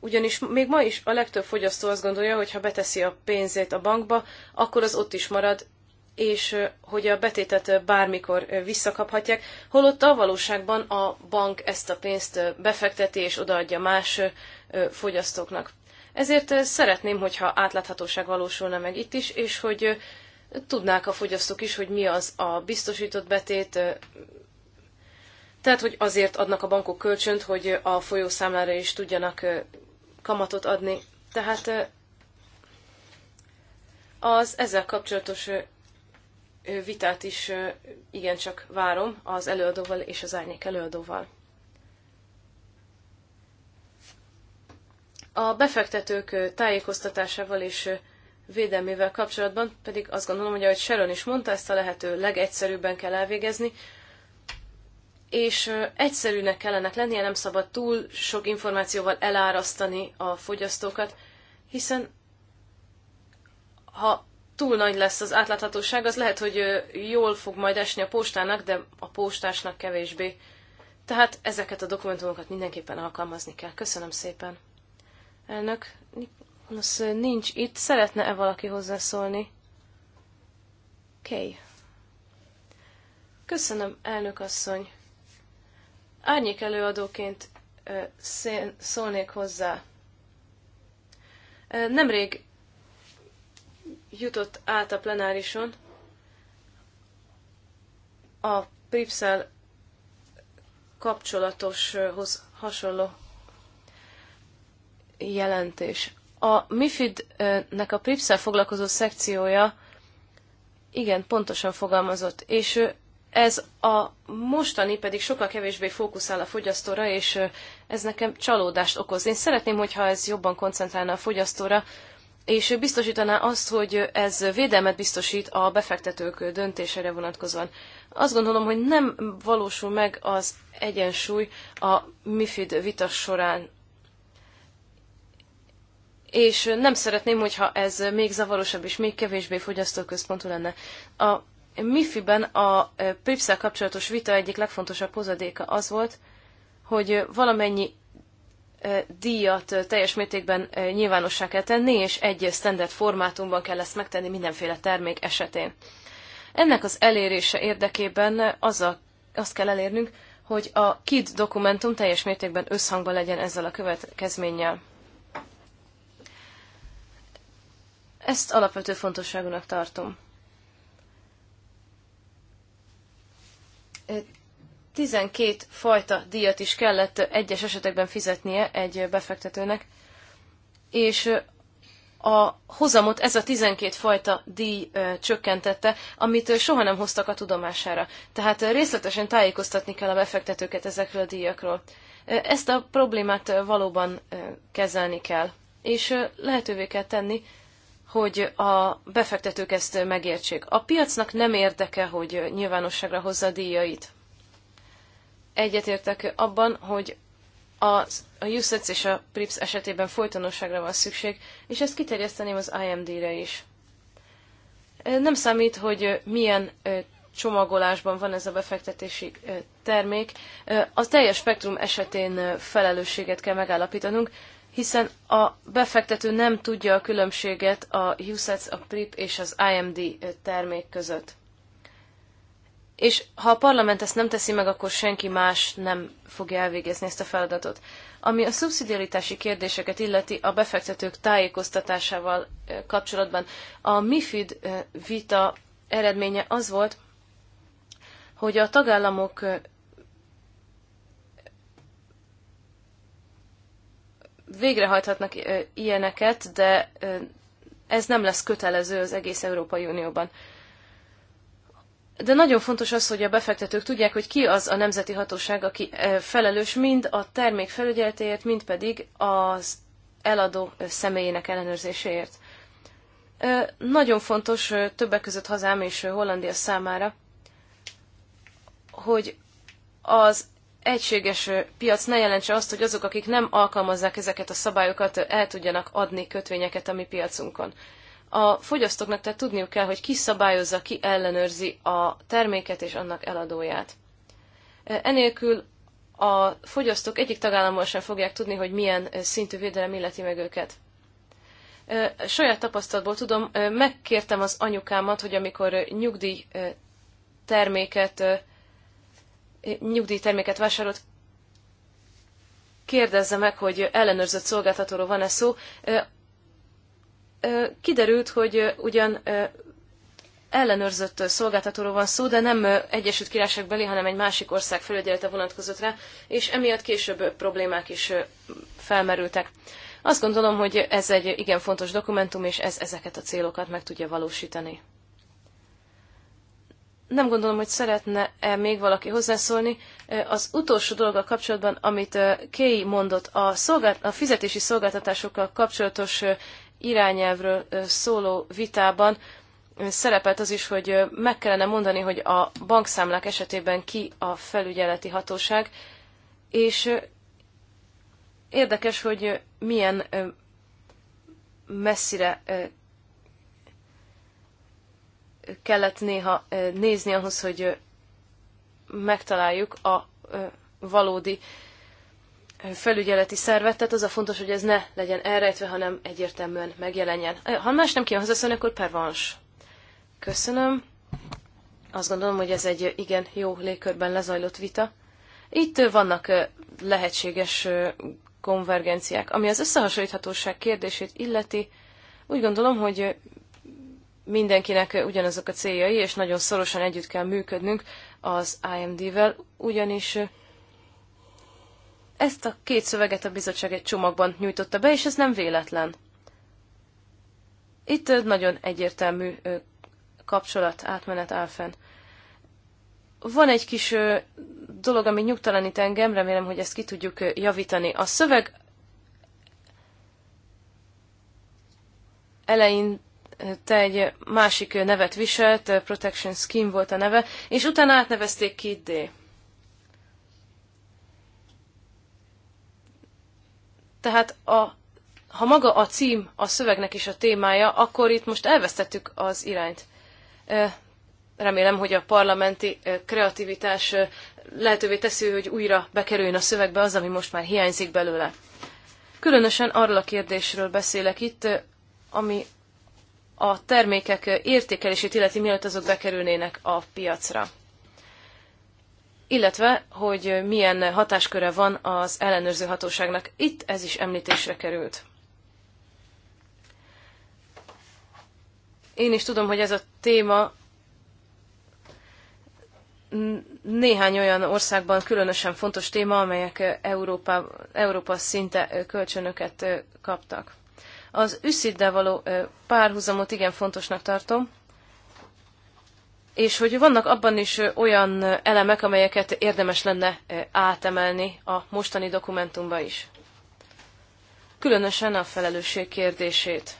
[SPEAKER 3] ugyanis még ma is a legtöbb fogyasztó azt gondolja, hogy ha beteszi a pénzét a bankba, akkor az ott is marad, és hogy a betétet bármikor visszakaphatják, holott a valóságban a bank ezt a pénzt befekteti és odaadja más fogyasztóknak. Ezért szeretném, hogyha átláthatóság valósulna meg itt is, és hogy tudnák a fogyasztók is, hogy mi az a biztosított betét, tehát, hogy azért adnak a bankok kölcsönt, hogy a folyószámlára is tudjanak kamatot adni. Tehát az ezzel kapcsolatos vitát is igencsak várom az előadóval és az árnyék előadóval. A befektetők tájékoztatásával és védelmével kapcsolatban pedig azt gondolom, hogy ahogy Sharon is mondta, ezt a lehető legegyszerűbben kell elvégezni, és egyszerűnek kellene lennie, nem szabad túl sok információval elárasztani a fogyasztókat, hiszen ha túl nagy lesz az átláthatóság, az lehet, hogy jól fog majd esni a postának, de a postásnak kevésbé. Tehát ezeket a dokumentumokat mindenképpen alkalmazni kell. Köszönöm szépen. Elnök, az nincs itt. Szeretne-e valaki hozzászólni? Kej. Köszönöm, elnök asszony. Árnyék előadóként szólnék hozzá. Nemrég jutott át a plenárison a Pripszel kapcsolatoshoz hasonló jelentés. A MIFID-nek a Pripszel foglalkozó szekciója igen, pontosan fogalmazott, és ez a mostani pedig sokkal kevésbé fókuszál a fogyasztóra, és ez nekem csalódást okoz. Én szeretném, hogyha ez jobban koncentrálna a fogyasztóra, és biztosítaná azt, hogy ez védelmet biztosít a befektetők döntésére vonatkozóan. Azt gondolom, hogy nem valósul meg az egyensúly a MIFID vita során. És nem szeretném, hogyha ez még zavarosabb és még kevésbé fogyasztóközpontú lenne. A MIFI-ben a prips kapcsolatos vita egyik legfontosabb hozadéka az volt, hogy valamennyi díjat teljes mértékben nyilvánossá kell tenni, és egy standard formátumban kell ezt megtenni mindenféle termék esetén. Ennek az elérése érdekében az a, azt kell elérnünk, hogy a KID dokumentum teljes mértékben összhangban legyen ezzel a következménnyel. Ezt alapvető fontosságúnak tartom. 12 fajta díjat is kellett egyes esetekben fizetnie egy befektetőnek, és a hozamot ez a 12 fajta díj csökkentette, amit soha nem hoztak a tudomására. Tehát részletesen tájékoztatni kell a befektetőket ezekről a díjakról. Ezt a problémát valóban kezelni kell, és lehetővé kell tenni, hogy a befektetők ezt megértsék. A piacnak nem érdeke, hogy nyilvánosságra hozza a díjait egyetértek abban, hogy a USETS és a PRIPS esetében folytonosságra van szükség, és ezt kiterjeszteném az IMD-re is. Nem számít, hogy milyen csomagolásban van ez a befektetési termék. A teljes spektrum esetén felelősséget kell megállapítanunk, hiszen a befektető nem tudja a különbséget a USETS, a PRIP és az IMD termék között és ha a parlament ezt nem teszi meg, akkor senki más nem fogja elvégezni ezt a feladatot. Ami a szubszidiaritási kérdéseket illeti a befektetők tájékoztatásával kapcsolatban, a MIFID vita eredménye az volt, hogy a tagállamok végrehajthatnak ilyeneket, de ez nem lesz kötelező az egész Európai Unióban. De nagyon fontos az, hogy a befektetők tudják, hogy ki az a nemzeti hatóság, aki eh, felelős mind a termék felügyeletéért, mind pedig az eladó eh, személyének ellenőrzéséért. Eh, nagyon fontos többek között hazám és Hollandia számára, hogy az egységes piac ne jelentse azt, hogy azok, akik nem alkalmazzák ezeket a szabályokat, el tudjanak adni kötvényeket a mi piacunkon a fogyasztóknak tehát tudniuk kell, hogy ki szabályozza, ki ellenőrzi a terméket és annak eladóját. E, enélkül a fogyasztók egyik tagállamból sem fogják tudni, hogy milyen e, szintű védelem illeti meg őket. E, saját tapasztalatból tudom, megkértem az anyukámat, hogy amikor nyugdíj terméket, nyugdíj terméket vásárolt, kérdezze meg, hogy ellenőrzött szolgáltatóról van-e szó kiderült, hogy ugyan ellenőrzött szolgáltatóról van szó, de nem Egyesült Királyság belé, hanem egy másik ország felügyelete vonatkozott rá, és emiatt később problémák is felmerültek. Azt gondolom, hogy ez egy igen fontos dokumentum, és ez ezeket a célokat meg tudja valósítani. Nem gondolom, hogy szeretne -e még valaki hozzászólni. Az utolsó dolog kapcsolatban, amit Kéi mondott, a, szolgált, a fizetési szolgáltatásokkal kapcsolatos irányelvről szóló vitában szerepelt az is, hogy meg kellene mondani, hogy a bankszámlák esetében ki a felügyeleti hatóság, és érdekes, hogy milyen messzire kellett néha nézni ahhoz, hogy megtaláljuk a valódi felügyeleti szervet, tehát az a fontos, hogy ez ne legyen elrejtve, hanem egyértelműen megjelenjen. Ha más nem kíván hozzászólni, akkor pervans. Köszönöm. Azt gondolom, hogy ez egy igen jó légkörben lezajlott vita. Itt vannak lehetséges konvergenciák. Ami az összehasonlíthatóság kérdését illeti, úgy gondolom, hogy mindenkinek ugyanazok a céljai, és nagyon szorosan együtt kell működnünk az IMD-vel, ugyanis ezt a két szöveget a bizottság egy csomagban nyújtotta be, és ez nem véletlen. Itt nagyon egyértelmű kapcsolat átmenet áll fenn. Van egy kis dolog, ami nyugtalanít engem, remélem, hogy ezt ki tudjuk javítani. A szöveg elején te egy másik nevet viselt, Protection Scheme volt a neve, és utána átnevezték Kid D. Tehát a, ha maga a cím a szövegnek is a témája, akkor itt most elvesztettük az irányt. Remélem, hogy a parlamenti kreativitás lehetővé teszi, hogy újra bekerüljön a szövegbe az, ami most már hiányzik belőle. Különösen arról a kérdésről beszélek itt, ami a termékek értékelését illeti, mielőtt azok bekerülnének a piacra illetve hogy milyen hatásköre van az ellenőrző hatóságnak. Itt ez is említésre került. Én is tudom, hogy ez a téma néhány olyan országban különösen fontos téma, amelyek Európa, Európa szinte kölcsönöket kaptak. Az üszid való párhuzamot igen fontosnak tartom, és hogy vannak abban is olyan elemek, amelyeket érdemes lenne átemelni a mostani dokumentumba is. Különösen a felelősség kérdését.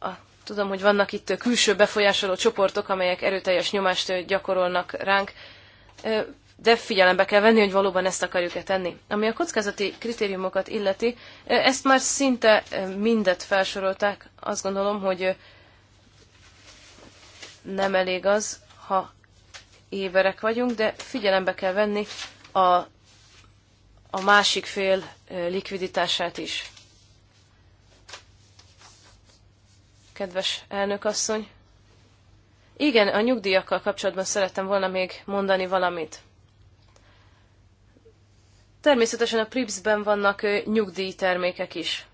[SPEAKER 3] A, tudom, hogy vannak itt külső befolyásoló csoportok, amelyek erőteljes nyomást gyakorolnak ránk de figyelembe kell venni, hogy valóban ezt akarjuk-e tenni. Ami a kockázati kritériumokat illeti, ezt már szinte mindet felsorolták. Azt gondolom, hogy nem elég az, ha éberek vagyunk, de figyelembe kell venni a, a másik fél likviditását is. Kedves elnökasszony! Igen, a nyugdíjakkal kapcsolatban szerettem volna még mondani valamit. Természetesen a prips vannak nyugdíjtermékek is.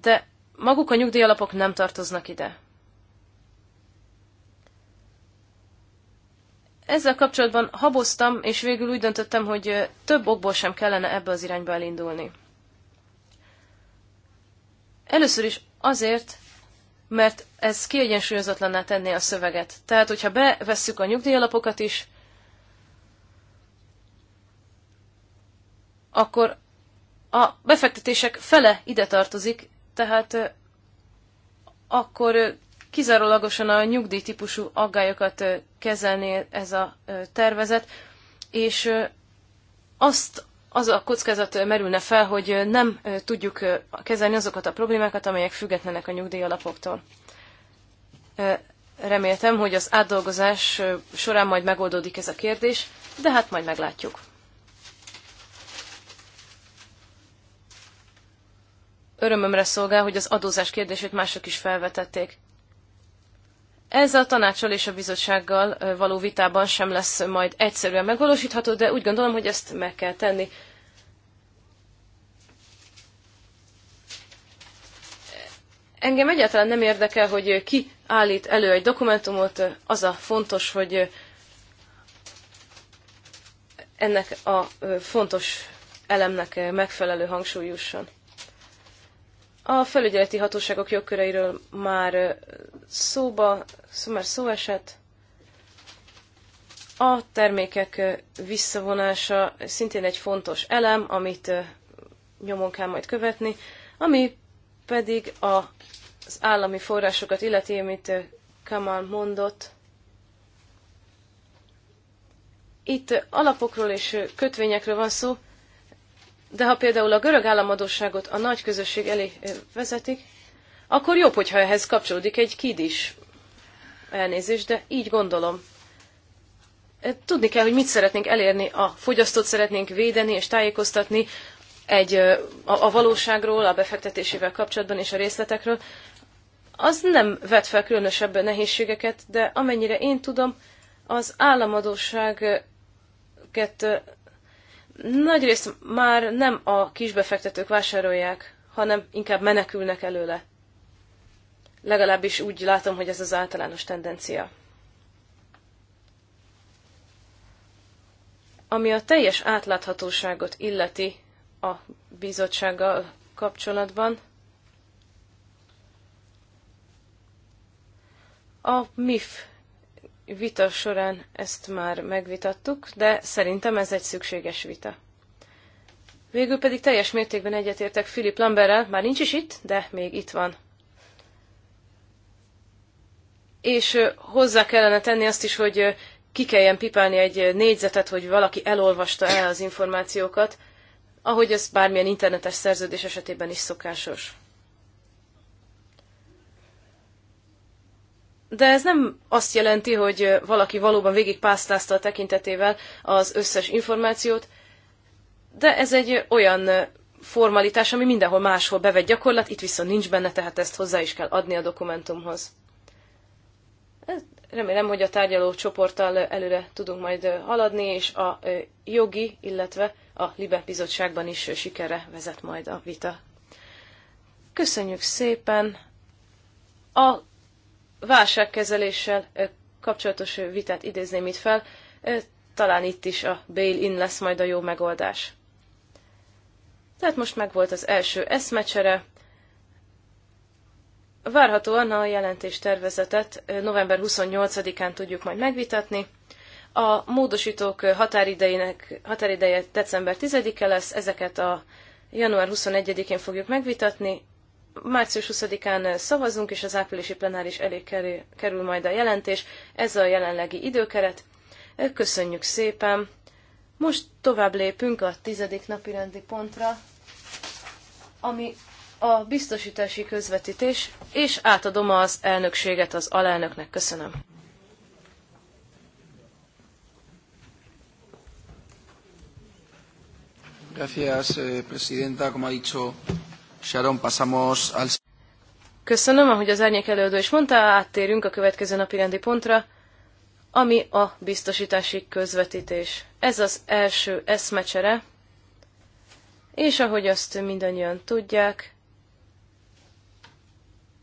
[SPEAKER 3] De maguk a nyugdíjalapok nem tartoznak ide. Ezzel kapcsolatban haboztam, és végül úgy döntöttem, hogy több okból sem kellene ebbe az irányba elindulni. Először is azért, mert ez kiegyensúlyozatlanná tenné a szöveget. Tehát, hogyha bevesszük a nyugdíjalapokat is, akkor a befektetések fele ide tartozik, tehát akkor kizárólagosan a nyugdíj típusú aggályokat kezelné ez a tervezet, és azt az a kockázat merülne fel, hogy nem tudjuk kezelni azokat a problémákat, amelyek függetlenek a nyugdíjalapoktól. Reméltem, hogy az átdolgozás során majd megoldódik ez a kérdés, de hát majd meglátjuk. örömömre szolgál, hogy az adózás kérdését mások is felvetették. Ez a tanácsal és a bizottsággal való vitában sem lesz majd egyszerűen megvalósítható, de úgy gondolom, hogy ezt meg kell tenni. Engem egyáltalán nem érdekel, hogy ki állít elő egy dokumentumot, az a fontos, hogy ennek a fontos elemnek megfelelő hangsúly a felügyeleti hatóságok jogköreiről már szóba, szó, már szó esett. A termékek visszavonása szintén egy fontos elem, amit nyomon kell majd követni, ami pedig a, az állami forrásokat illeti, amit Kamal mondott. Itt alapokról és kötvényekről van szó, de ha például a görög államadóságot a nagy közösség elé vezetik, akkor jobb, hogyha ehhez kapcsolódik egy kid is. Elnézést, de így gondolom. Tudni kell, hogy mit szeretnénk elérni. A fogyasztót szeretnénk védeni és tájékoztatni egy, a, a valóságról, a befektetésével kapcsolatban és a részletekről. Az nem vet fel különösebb nehézségeket, de amennyire én tudom, az államadóságet nagyrészt már nem a kisbefektetők vásárolják, hanem inkább menekülnek előle. Legalábbis úgy látom, hogy ez az általános tendencia. Ami a teljes átláthatóságot illeti a bizottsággal kapcsolatban, a MIF vita során ezt már megvitattuk, de szerintem ez egy szükséges vita. Végül pedig teljes mértékben egyetértek Philip Lamberrel, már nincs is itt, de még itt van. És hozzá kellene tenni azt is, hogy ki kelljen pipálni egy négyzetet, hogy valaki elolvasta el az információkat, ahogy ez bármilyen internetes szerződés esetében is szokásos. De ez nem azt jelenti, hogy valaki valóban végigpásztázta a tekintetével az összes információt, de ez egy olyan formalitás, ami mindenhol máshol bevett gyakorlat, itt viszont nincs benne, tehát ezt hozzá is kell adni a dokumentumhoz. Remélem, hogy a tárgyaló csoporttal előre tudunk majd haladni, és a jogi, illetve a Libe bizottságban is sikerre vezet majd a vita. Köszönjük szépen! A válságkezeléssel kapcsolatos vitát idézném itt fel, talán itt is a bail-in lesz majd a jó megoldás. Tehát most megvolt az első eszmecsere. Várhatóan a jelentés tervezetet november 28-án tudjuk majd megvitatni. A módosítók határidejének, határideje december 10-e lesz, ezeket a január 21-én fogjuk megvitatni, március 20-án szavazunk, és az áprilisi plenáris elé kerül majd a jelentés. Ez a jelenlegi időkeret. Köszönjük szépen! Most tovább lépünk a tizedik napi rendi pontra, ami a biztosítási közvetítés, és átadom az elnökséget az alelnöknek. Köszönöm.
[SPEAKER 1] Gracias, eh, presidenta. Como ha dicho Sharon, pasamos al...
[SPEAKER 3] Köszönöm, ahogy az árnyék előadó is mondta, áttérünk a következő napi rendi pontra, ami a biztosítási közvetítés. Ez az első eszmecsere, és ahogy azt mindannyian tudják,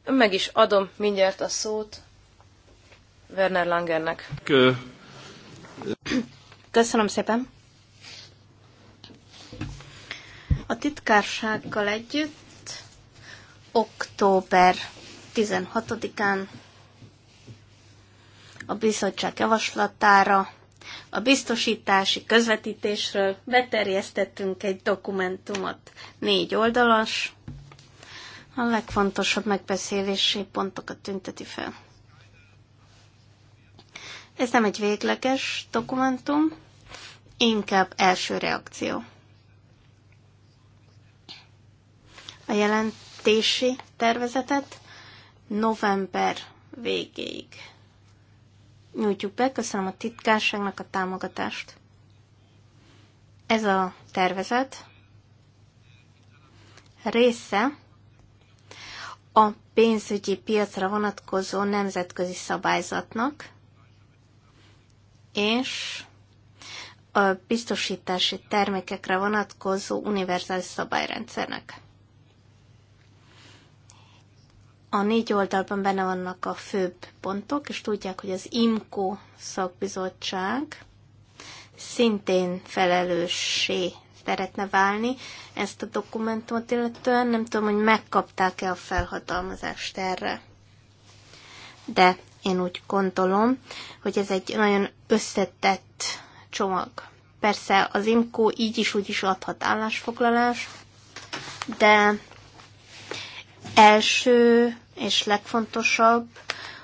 [SPEAKER 3] meg is adom mindjárt a szót Werner Langernek.
[SPEAKER 2] Kö. Köszönöm szépen. A titkársággal együtt október 16-án a bizottság javaslatára a biztosítási közvetítésről beterjesztettünk egy dokumentumot, négy oldalas. A legfontosabb megbeszélési pontokat tünteti fel. Ez nem egy végleges dokumentum, inkább első reakció. A jelent jelentési tervezetet november végéig. Nyújtjuk be, köszönöm a titkárságnak a támogatást. Ez a tervezet része a pénzügyi piacra vonatkozó nemzetközi szabályzatnak, és a biztosítási termékekre vonatkozó univerzális szabályrendszernek. a négy oldalban benne vannak a főbb pontok, és tudják, hogy az IMCO szakbizottság szintén felelőssé szeretne válni ezt a dokumentumot illetően. Nem tudom, hogy megkapták-e a felhatalmazást erre. De én úgy gondolom, hogy ez egy nagyon összetett csomag. Persze az IMCO így is úgy is adhat állásfoglalást, de első és legfontosabb,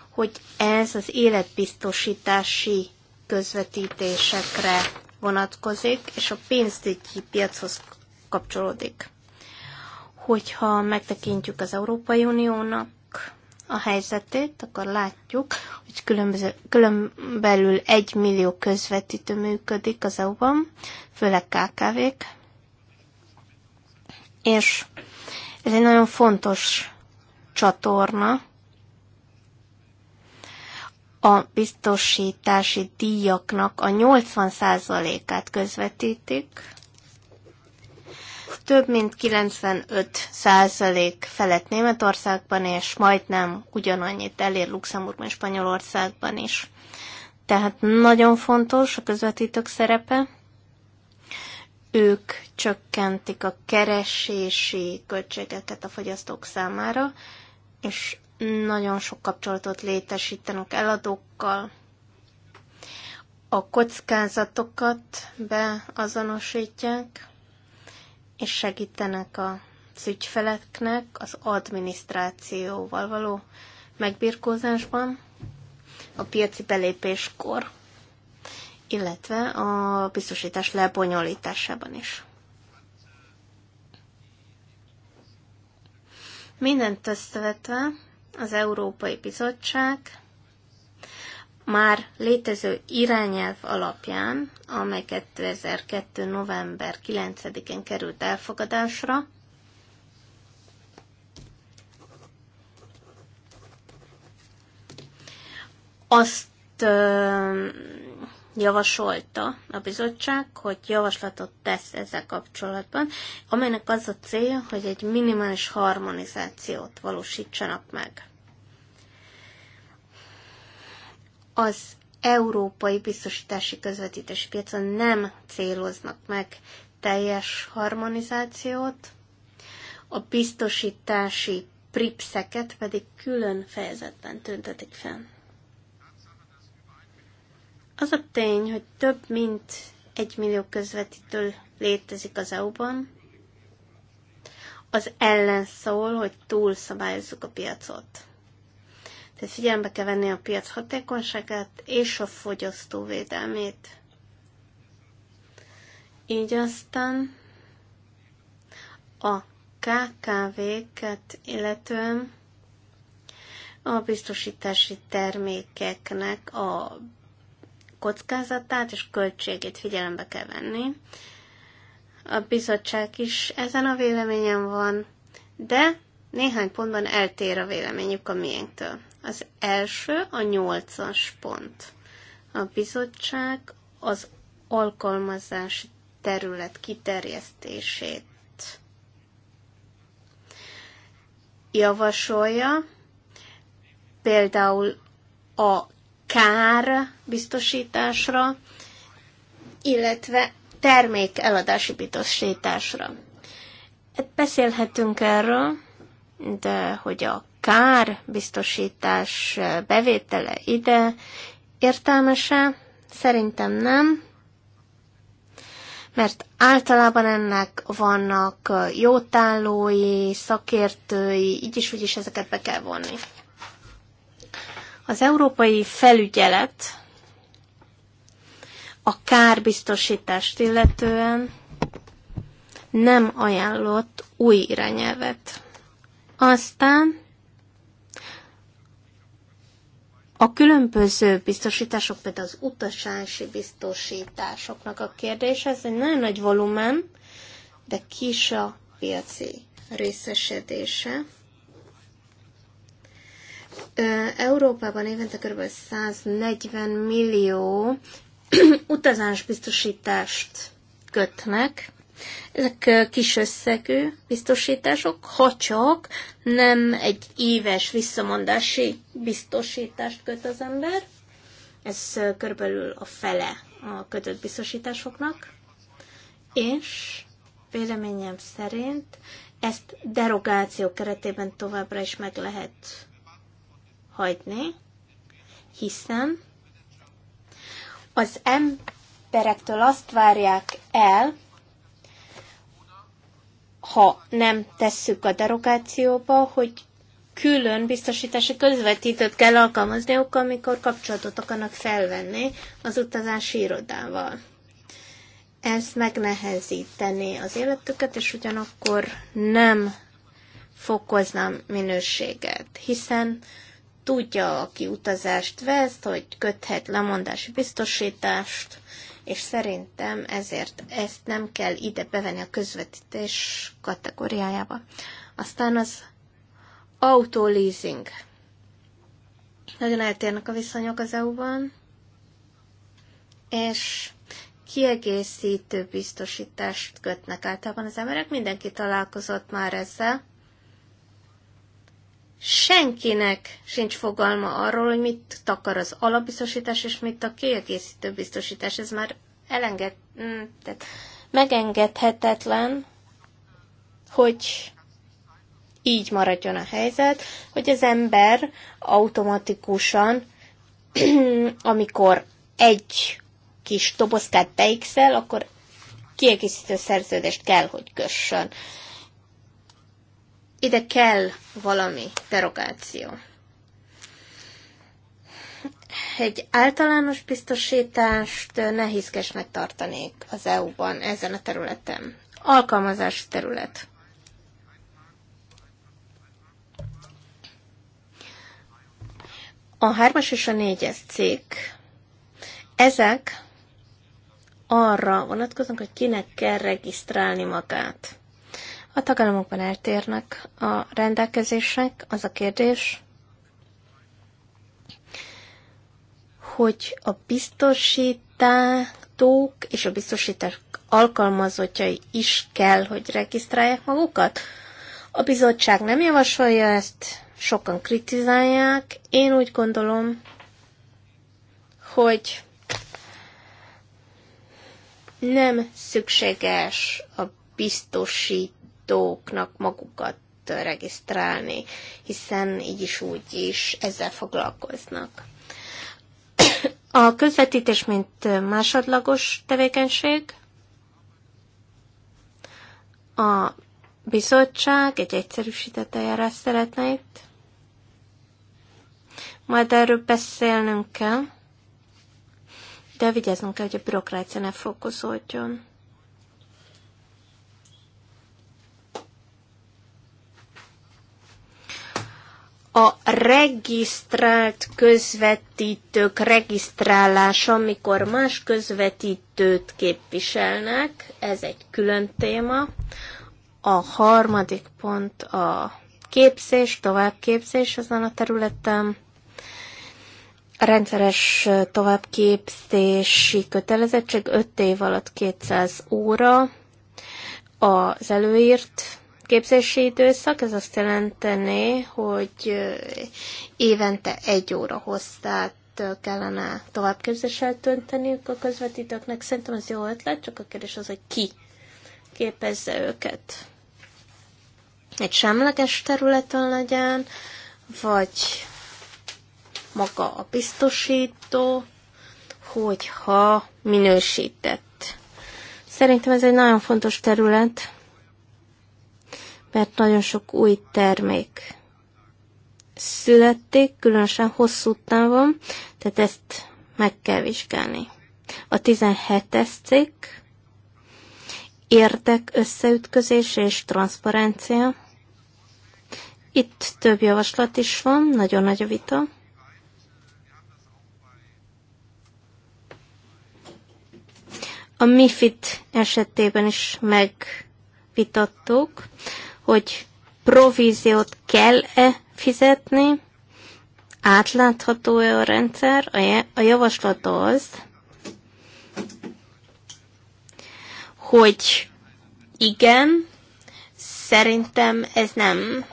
[SPEAKER 2] hogy ez az életbiztosítási közvetítésekre vonatkozik, és a pénzügyi piachoz kapcsolódik. Hogyha megtekintjük az Európai Uniónak a helyzetét, akkor látjuk, hogy különböző, különbelül egy millió közvetítő működik az EU-ban, főleg KKV-k, és ez egy nagyon fontos csatorna a biztosítási díjaknak a 80%-át közvetítik, több mint 95% felett Németországban, és majdnem ugyanannyit elér Luxemburgban és Spanyolországban is. Tehát nagyon fontos a közvetítők szerepe. Ők csökkentik a keresési költségeket a fogyasztók számára, és nagyon sok kapcsolatot létesítenek eladókkal, a kockázatokat beazonosítják, és segítenek a ügyfeleknek az adminisztrációval való megbirkózásban a piaci belépéskor, illetve a biztosítás lebonyolításában is. Mindent összevetve az Európai Bizottság már létező irányelv alapján, amely 2002. november 9-én került elfogadásra, azt javasolta a bizottság, hogy javaslatot tesz ezzel kapcsolatban, amelynek az a célja, hogy egy minimális harmonizációt valósítsanak meg. Az európai biztosítási közvetítési piacon nem céloznak meg teljes harmonizációt, a biztosítási pripszeket pedig külön fejezetben tüntetik fel. Az a tény, hogy több mint egy millió közvetítő létezik az EU-ban, az ellen szól, hogy túlszabályozzuk a piacot. Tehát figyelembe kell venni a piac hatékonyságát és a fogyasztó védelmét. Így aztán a KKV-ket, illetően a biztosítási termékeknek a kockázatát és költségét figyelembe kell venni. A bizottság is ezen a véleményen van, de néhány pontban eltér a véleményük a miénktől. Az első a nyolcas pont. A bizottság az alkalmazási terület kiterjesztését javasolja, például a kár biztosításra, illetve termék eladási biztosításra. Beszélhetünk erről, de hogy a kár biztosítás bevétele ide értelmese, szerintem nem, mert általában ennek vannak jótállói, szakértői, így is, úgy is ezeket be kell vonni. Az európai felügyelet a kárbiztosítást illetően nem ajánlott új irányelvet. Aztán a különböző biztosítások, például az utasási biztosításoknak a kérdése, ez egy nagyon nagy volumen, de kis a piaci részesedése. Európában évente kb. 140 millió utazásbiztosítást kötnek. Ezek kis összegű biztosítások, ha csak nem egy éves visszamondási biztosítást köt az ember. Ez körülbelül a fele a kötött biztosításoknak. És véleményem szerint ezt derogáció keretében továbbra is meg lehet hagyni, hiszen az emberektől azt várják el, ha nem tesszük a derogációba, hogy külön biztosítási közvetítőt kell alkalmazniuk, amikor kapcsolatot akarnak felvenni az utazási irodával. Ez megnehezíteni az életüket, és ugyanakkor nem fokoznám minőséget, hiszen tudja, aki utazást vesz, hogy köthet lemondási biztosítást, és szerintem ezért ezt nem kell ide bevenni a közvetítés kategóriájába. Aztán az autoleasing. Nagyon eltérnek a viszonyok az EU-ban, és kiegészítő biztosítást kötnek általában az emberek. Mindenki találkozott már ezzel senkinek sincs fogalma arról, hogy mit takar az alapbiztosítás, és mit a kiegészítő biztosítás. Ez már elenged, mm, tehát megengedhetetlen, hogy így maradjon a helyzet, hogy az ember automatikusan, amikor egy kis dobozkát beixel, akkor kiegészítő szerződést kell, hogy kössön ide kell valami derogáció. Egy általános biztosítást nehézkesnek tartanék az EU-ban ezen a területen. Alkalmazási terület. A hármas és a négyes cikk, ezek arra vonatkoznak, hogy kinek kell regisztrálni magát. A tagállamokban eltérnek a rendelkezések, az a kérdés, hogy a biztosítók és a biztosítás alkalmazottjai is kell, hogy regisztrálják magukat. A bizottság nem javasolja ezt, sokan kritizálják. Én úgy gondolom, hogy nem szükséges a biztosít gyártóknak magukat regisztrálni, hiszen így is úgy is ezzel foglalkoznak. A közvetítés, mint másodlagos tevékenység, a bizottság egy egyszerűsített eljárás szeretne itt. Majd erről beszélnünk kell, de vigyázzunk kell, hogy a bürokrácia ne fokozódjon. a regisztrált közvetítők regisztrálása, amikor más közvetítőt képviselnek, ez egy külön téma. A harmadik pont a képzés, továbbképzés azon a területen, a rendszeres továbbképzési kötelezettség 5 év alatt 200 óra az előírt képzési időszak, ez azt jelenteni, hogy évente egy óra hosszát kellene továbbképzéssel tönteniük a közvetítőknek. Szerintem ez jó ötlet, csak a kérdés az, hogy ki képezze őket. Egy semleges területen legyen, vagy maga a biztosító, hogyha minősített. Szerintem ez egy nagyon fontos terület, mert nagyon sok új termék születték, különösen hosszú távon, tehát ezt meg kell vizsgálni. A 17-es cikk értek összeütközés és transzparencia. Itt több javaslat is van, nagyon nagy a vita. A MIFID esetében is megvitattuk, hogy províziót kell-e fizetni, átlátható-e a rendszer. A javaslat az, hogy igen, szerintem ez nem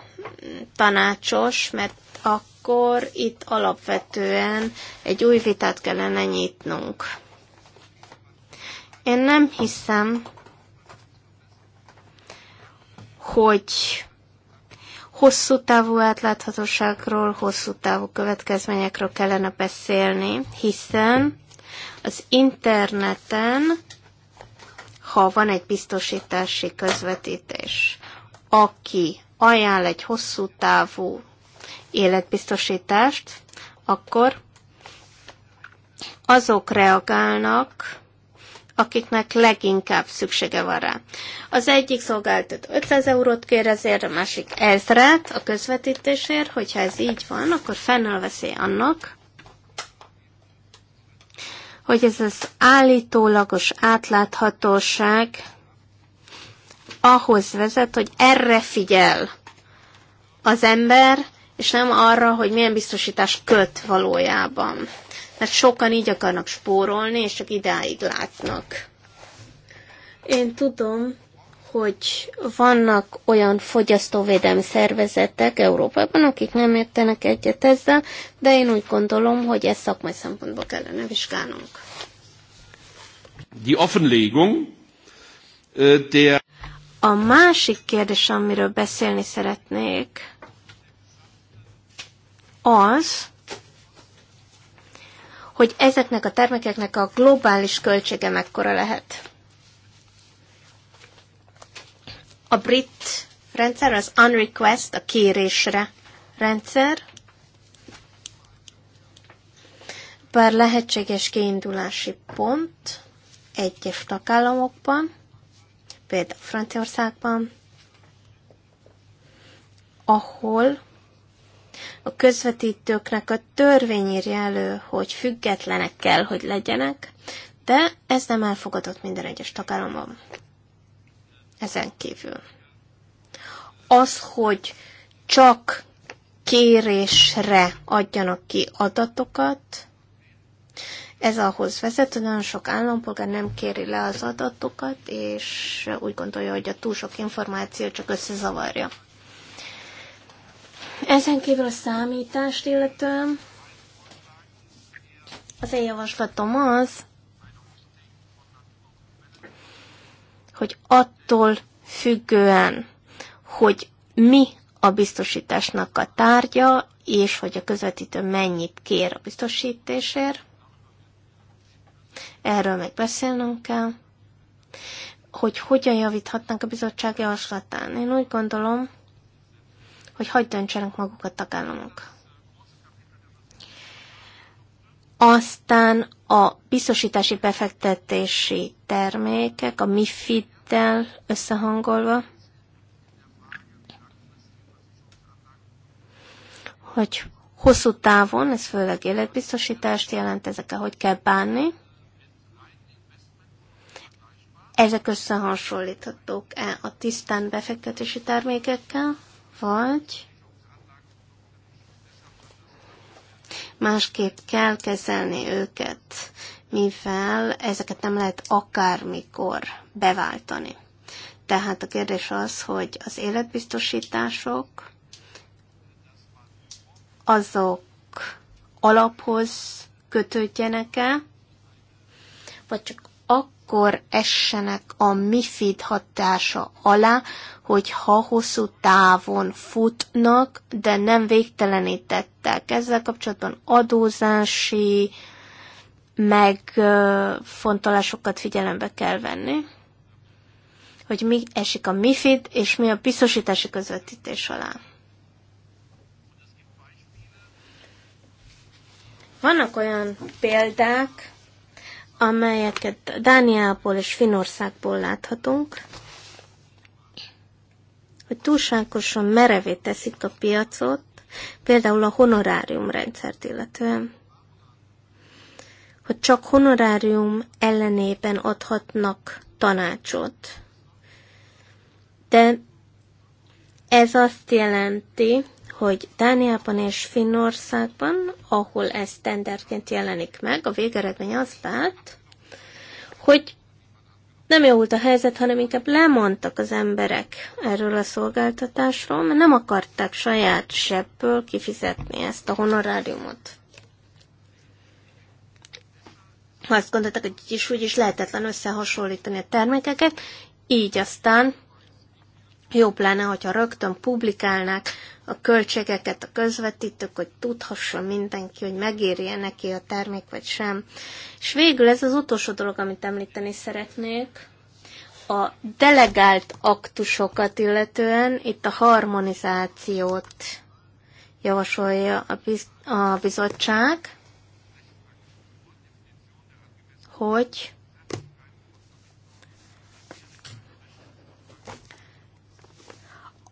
[SPEAKER 2] tanácsos, mert akkor itt alapvetően egy új vitát kellene nyitnunk. Én nem hiszem, hogy hosszú távú átláthatóságról, hosszú távú következményekről kellene beszélni, hiszen az interneten, ha van egy biztosítási közvetítés, aki ajánl egy hosszú távú életbiztosítást, akkor azok reagálnak, akiknek leginkább szüksége van rá. Az egyik szolgáltat 500 eurót kér ezért, a másik ezret a közvetítésért, hogyha ez így van, akkor fennáll veszély annak, hogy ez az állítólagos átláthatóság ahhoz vezet, hogy erre figyel az ember, és nem arra, hogy milyen biztosítás köt valójában mert hát sokan így akarnak spórolni, és csak idáig látnak. Én tudom, hogy vannak olyan fogyasztóvédelmi szervezetek Európában, akik nem értenek egyet ezzel, de én úgy gondolom, hogy ezt szakmai szempontból kellene vizsgálnunk.
[SPEAKER 1] Äh, A
[SPEAKER 2] másik kérdés, amiről beszélni szeretnék, az, hogy ezeknek a termékeknek a globális költsége mekkora lehet. A brit rendszer az unrequest, a kérésre rendszer, bár lehetséges kiindulási pont egyes tagállamokban, például Franciaországban, ahol a közvetítőknek a törvény írja elő, hogy függetlenek kell, hogy legyenek, de ez nem elfogadott minden egyes tagállamban. Ezen kívül. Az, hogy csak kérésre adjanak ki adatokat, ez ahhoz vezet, hogy nagyon sok állampolgár nem kéri le az adatokat, és úgy gondolja, hogy a túl sok információ csak összezavarja. Ezen kívül a számítást illetően az én javaslatom az, hogy attól függően, hogy mi a biztosításnak a tárgya, és hogy a közvetítő mennyit kér a biztosítésért. Erről meg beszélnünk kell. Hogy hogyan javíthatnánk a bizottság javaslatán. Én úgy gondolom, hogy hagyd döntsenek maguk a tagállamok. Aztán a biztosítási befektetési termékek, a MIFID-del összehangolva, hogy hosszú távon, ez főleg életbiztosítást jelent, ezekkel hogy kell bánni, ezek összehasonlíthatók-e a tisztán befektetési termékekkel? vagy másképp kell kezelni őket, mivel ezeket nem lehet akármikor beváltani. Tehát a kérdés az, hogy az életbiztosítások azok alaphoz kötődjenek-e, vagy csak akkor, akkor essenek a MIFID hatása alá, hogyha hosszú távon futnak, de nem végtelenítettek. Ezzel kapcsolatban adózási megfontolásokat figyelembe kell venni, hogy mi esik a MIFID és mi a biztosítási közvetítés alá. Vannak olyan példák, amelyeket Dániából és Finországból láthatunk, hogy túlságosan merevé teszik a piacot, például a honorárium rendszert illetően, hogy csak honorárium ellenében adhatnak tanácsot. De ez azt jelenti, hogy Dániában és Finnországban, ahol ez standardként jelenik meg, a végeredmény az lett, hogy nem javult a helyzet, hanem inkább lemondtak az emberek erről a szolgáltatásról, mert nem akarták saját sebből kifizetni ezt a honoráriumot. Azt gondoltak, hogy is úgy is lehetetlen összehasonlítani a termékeket, így aztán Jobb lenne, hogyha rögtön publikálnák a költségeket a közvetítők, hogy tudhasson mindenki, hogy megéri -e neki a termék, vagy sem. És végül ez az utolsó dolog, amit említeni szeretnék, a delegált aktusokat illetően itt a harmonizációt javasolja a, biz a bizottság, hogy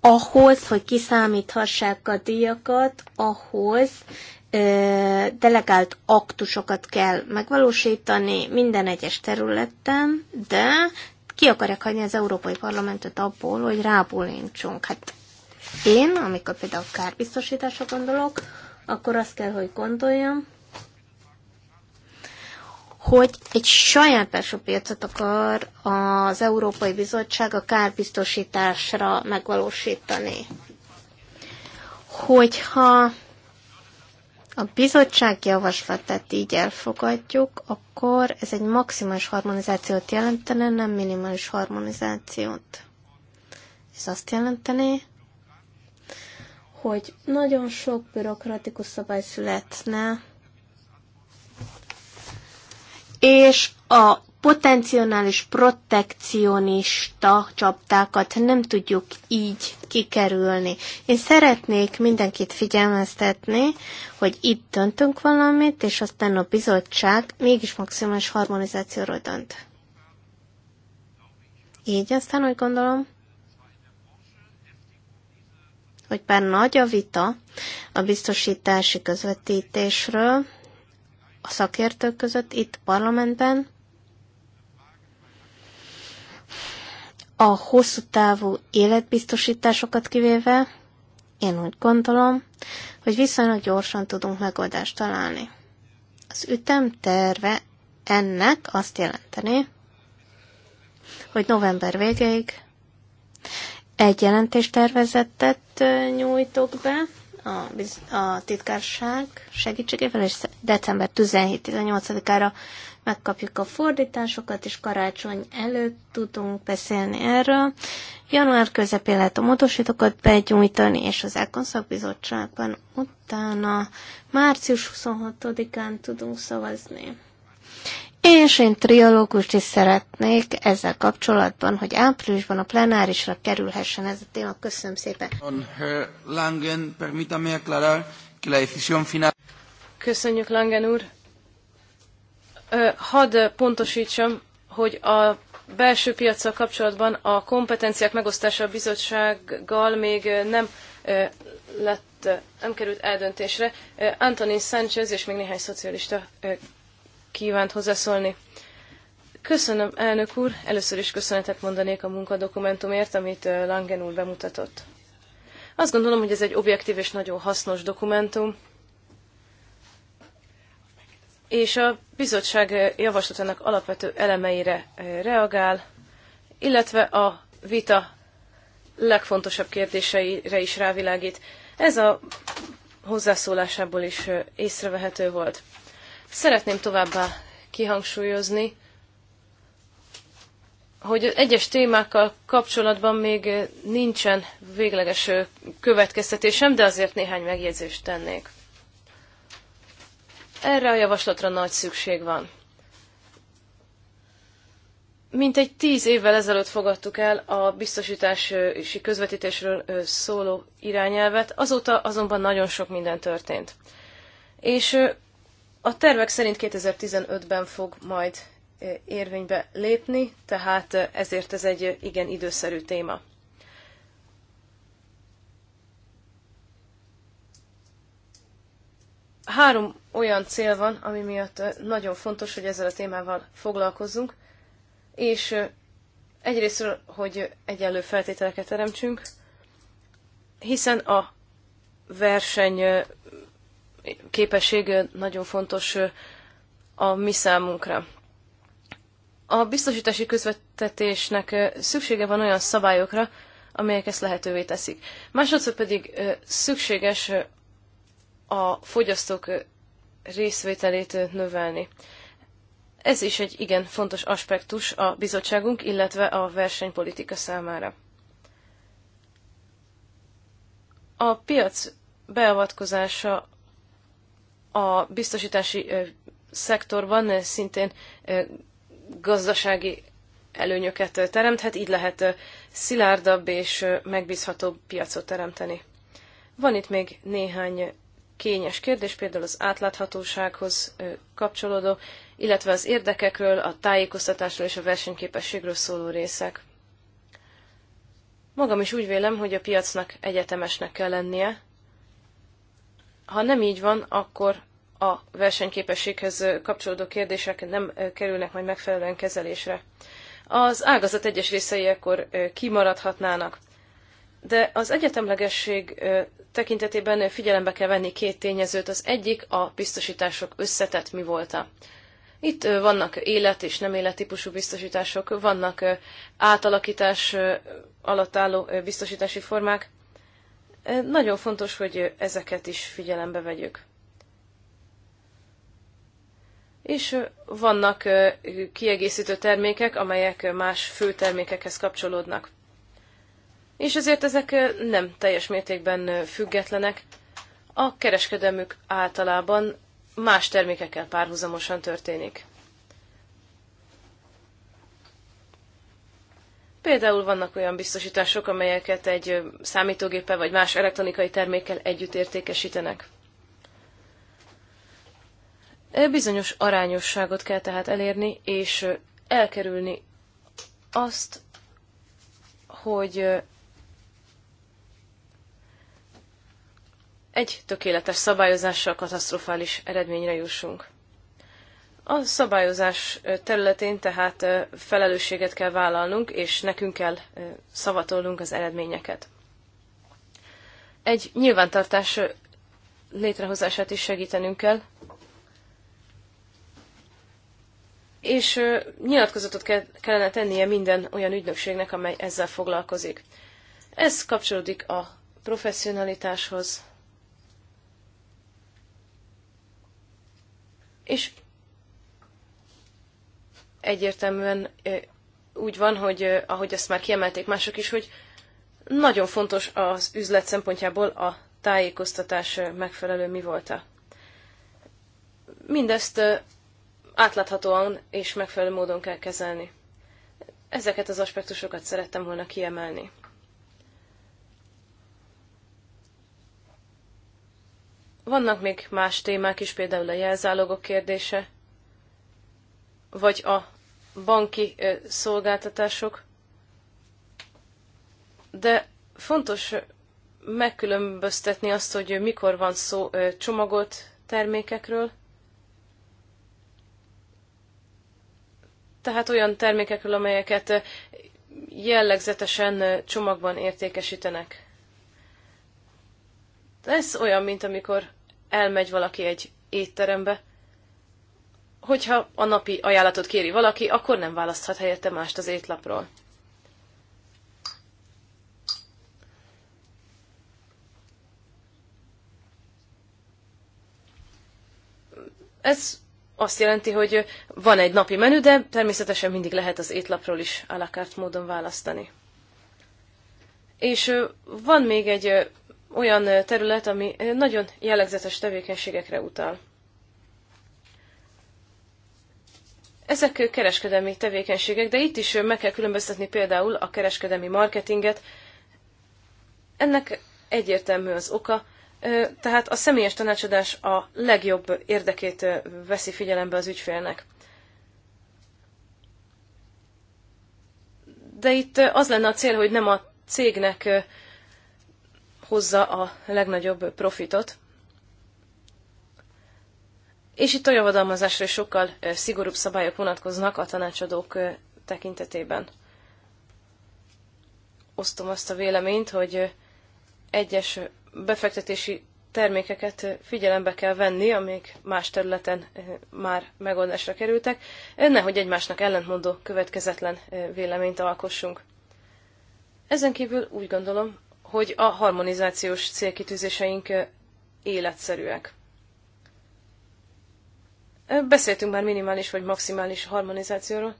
[SPEAKER 2] ahhoz, hogy kiszámíthassák a díjakat, ahhoz delegált aktusokat kell megvalósítani minden egyes területen, de ki akarják hagyni az Európai Parlamentet abból, hogy rábólincsunk. Hát én, amikor például kárbiztosításra gondolok, akkor azt kell, hogy gondoljam, hogy egy saját belső piacot akar az Európai Bizottság a kárbiztosításra megvalósítani. Hogyha a bizottság javaslatát így elfogadjuk, akkor ez egy maximális harmonizációt jelentene, nem minimális harmonizációt. Ez azt jelenteni, hogy nagyon sok bürokratikus szabály születne, és a potenciális protekcionista csaptákat nem tudjuk így kikerülni. Én szeretnék mindenkit figyelmeztetni, hogy itt döntünk valamit, és aztán a bizottság mégis maximális harmonizációról dönt. Így aztán úgy gondolom, hogy bár nagy a vita a biztosítási közvetítésről, a szakértők között itt parlamentben, a hosszú távú életbiztosításokat kivéve, én úgy gondolom, hogy viszonylag gyorsan tudunk megoldást találni. Az ütemterve ennek azt jelenteni, hogy november végéig egy jelentéstervezetet nyújtok be, a, a titkárság segítségével, és december 17-18-ára megkapjuk a fordításokat, és karácsony előtt tudunk beszélni erről. Január közepén lehet a módosítókat begyújtani, és az Ekonszak Bizottságban utána március 26-án tudunk szavazni és én triológust is szeretnék ezzel kapcsolatban, hogy áprilisban a plenárisra kerülhessen ez a téma. Köszönöm szépen.
[SPEAKER 3] Köszönjük, Langen úr. Hadd pontosítsam, hogy a belső piacsal kapcsolatban a kompetenciák megosztása a bizottsággal még nem lett, nem került eldöntésre. Antonin Sánchez és még néhány szocialista kívánt hozzászólni. Köszönöm, elnök úr. Először is köszönetet mondanék a munkadokumentumért, amit Langen úr bemutatott. Azt gondolom, hogy ez egy objektív és nagyon hasznos dokumentum, és a bizottság javaslatának alapvető elemeire reagál, illetve a vita legfontosabb kérdéseire is rávilágít. Ez a hozzászólásából is észrevehető volt. Szeretném továbbá kihangsúlyozni, hogy egyes témákkal kapcsolatban még nincsen végleges következtetésem, de azért néhány megjegyzést tennék. Erre a javaslatra nagy szükség van. Mintegy tíz évvel ezelőtt fogadtuk el a biztosítási közvetítésről szóló irányelvet, azóta azonban nagyon sok minden történt. És a tervek szerint 2015-ben fog majd eh, érvénybe lépni, tehát eh, ezért ez egy eh, igen időszerű téma. Három olyan cél van, ami miatt nagyon fontos, hogy ezzel a témával foglalkozzunk, és egyrészt, hogy egyenlő feltételeket teremtsünk, hiszen a verseny képesség nagyon fontos a mi számunkra. A biztosítási közvetetésnek szüksége van olyan szabályokra, amelyek ezt lehetővé teszik. Másodszor pedig szükséges a fogyasztók részvételét növelni. Ez is egy igen fontos aspektus a bizottságunk, illetve a versenypolitika számára. A piac beavatkozása a biztosítási szektorban szintén gazdasági előnyöket teremthet, így lehet szilárdabb és megbízhatóbb piacot teremteni. Van itt még néhány kényes kérdés, például az átláthatósághoz kapcsolódó, illetve az érdekekről, a tájékoztatásról és a versenyképességről szóló részek. Magam is úgy vélem, hogy a piacnak egyetemesnek kell lennie, ha nem így van, akkor a versenyképességhez kapcsolódó kérdések nem kerülnek majd megfelelően kezelésre. Az ágazat egyes részei ekkor kimaradhatnának. De az egyetemlegesség tekintetében figyelembe kell venni két tényezőt. Az egyik a biztosítások összetett mi volta. Itt vannak élet és nem élet típusú biztosítások, vannak átalakítás alatt álló biztosítási formák, nagyon fontos, hogy ezeket is figyelembe vegyük. És vannak kiegészítő termékek, amelyek más főtermékekhez kapcsolódnak. És ezért ezek nem teljes mértékben függetlenek. A kereskedelmük általában más termékekkel párhuzamosan történik. Például vannak olyan biztosítások, amelyeket egy számítógéppel vagy más elektronikai termékkel együtt értékesítenek. E, bizonyos arányosságot kell tehát elérni, és elkerülni azt, hogy egy tökéletes szabályozással katasztrofális eredményre jussunk. A szabályozás területén tehát felelősséget kell vállalnunk, és nekünk kell szavatolnunk az eredményeket. Egy nyilvántartás létrehozását is segítenünk kell, és nyilatkozatot kellene tennie minden olyan ügynökségnek, amely ezzel foglalkozik. Ez kapcsolódik a professzionalitáshoz, és egyértelműen úgy van, hogy ahogy ezt már kiemelték mások is, hogy nagyon fontos az üzlet szempontjából a tájékoztatás megfelelő mi volt -e. Mindezt átláthatóan és megfelelő módon kell kezelni. Ezeket az aspektusokat szerettem volna kiemelni. Vannak még más témák is, például a jelzálogok kérdése, vagy a banki szolgáltatások, de fontos megkülönböztetni azt, hogy mikor van szó csomagolt termékekről, tehát olyan termékekről, amelyeket jellegzetesen csomagban értékesítenek. Ez olyan, mint amikor elmegy valaki egy étterembe, hogyha a napi ajánlatot kéri valaki, akkor nem választhat helyette mást az étlapról. Ez azt jelenti, hogy van egy napi menü, de természetesen mindig lehet az étlapról is carte módon választani. És van még egy olyan terület, ami nagyon jellegzetes tevékenységekre utal. Ezek kereskedelmi tevékenységek, de itt is meg kell különböztetni például a kereskedelmi marketinget. Ennek egyértelmű az oka, tehát a személyes tanácsadás a legjobb érdekét veszi figyelembe az ügyfélnek. De itt az lenne a cél, hogy nem a cégnek hozza a legnagyobb profitot, és itt a javadalmazásra is sokkal szigorúbb szabályok vonatkoznak a tanácsadók tekintetében. Osztom azt a véleményt, hogy egyes befektetési termékeket figyelembe kell venni, amik más területen már megoldásra kerültek, nehogy egymásnak ellentmondó következetlen véleményt alkossunk. Ezen kívül úgy gondolom, hogy a harmonizációs célkitűzéseink életszerűek. Beszéltünk már minimális vagy maximális harmonizációról.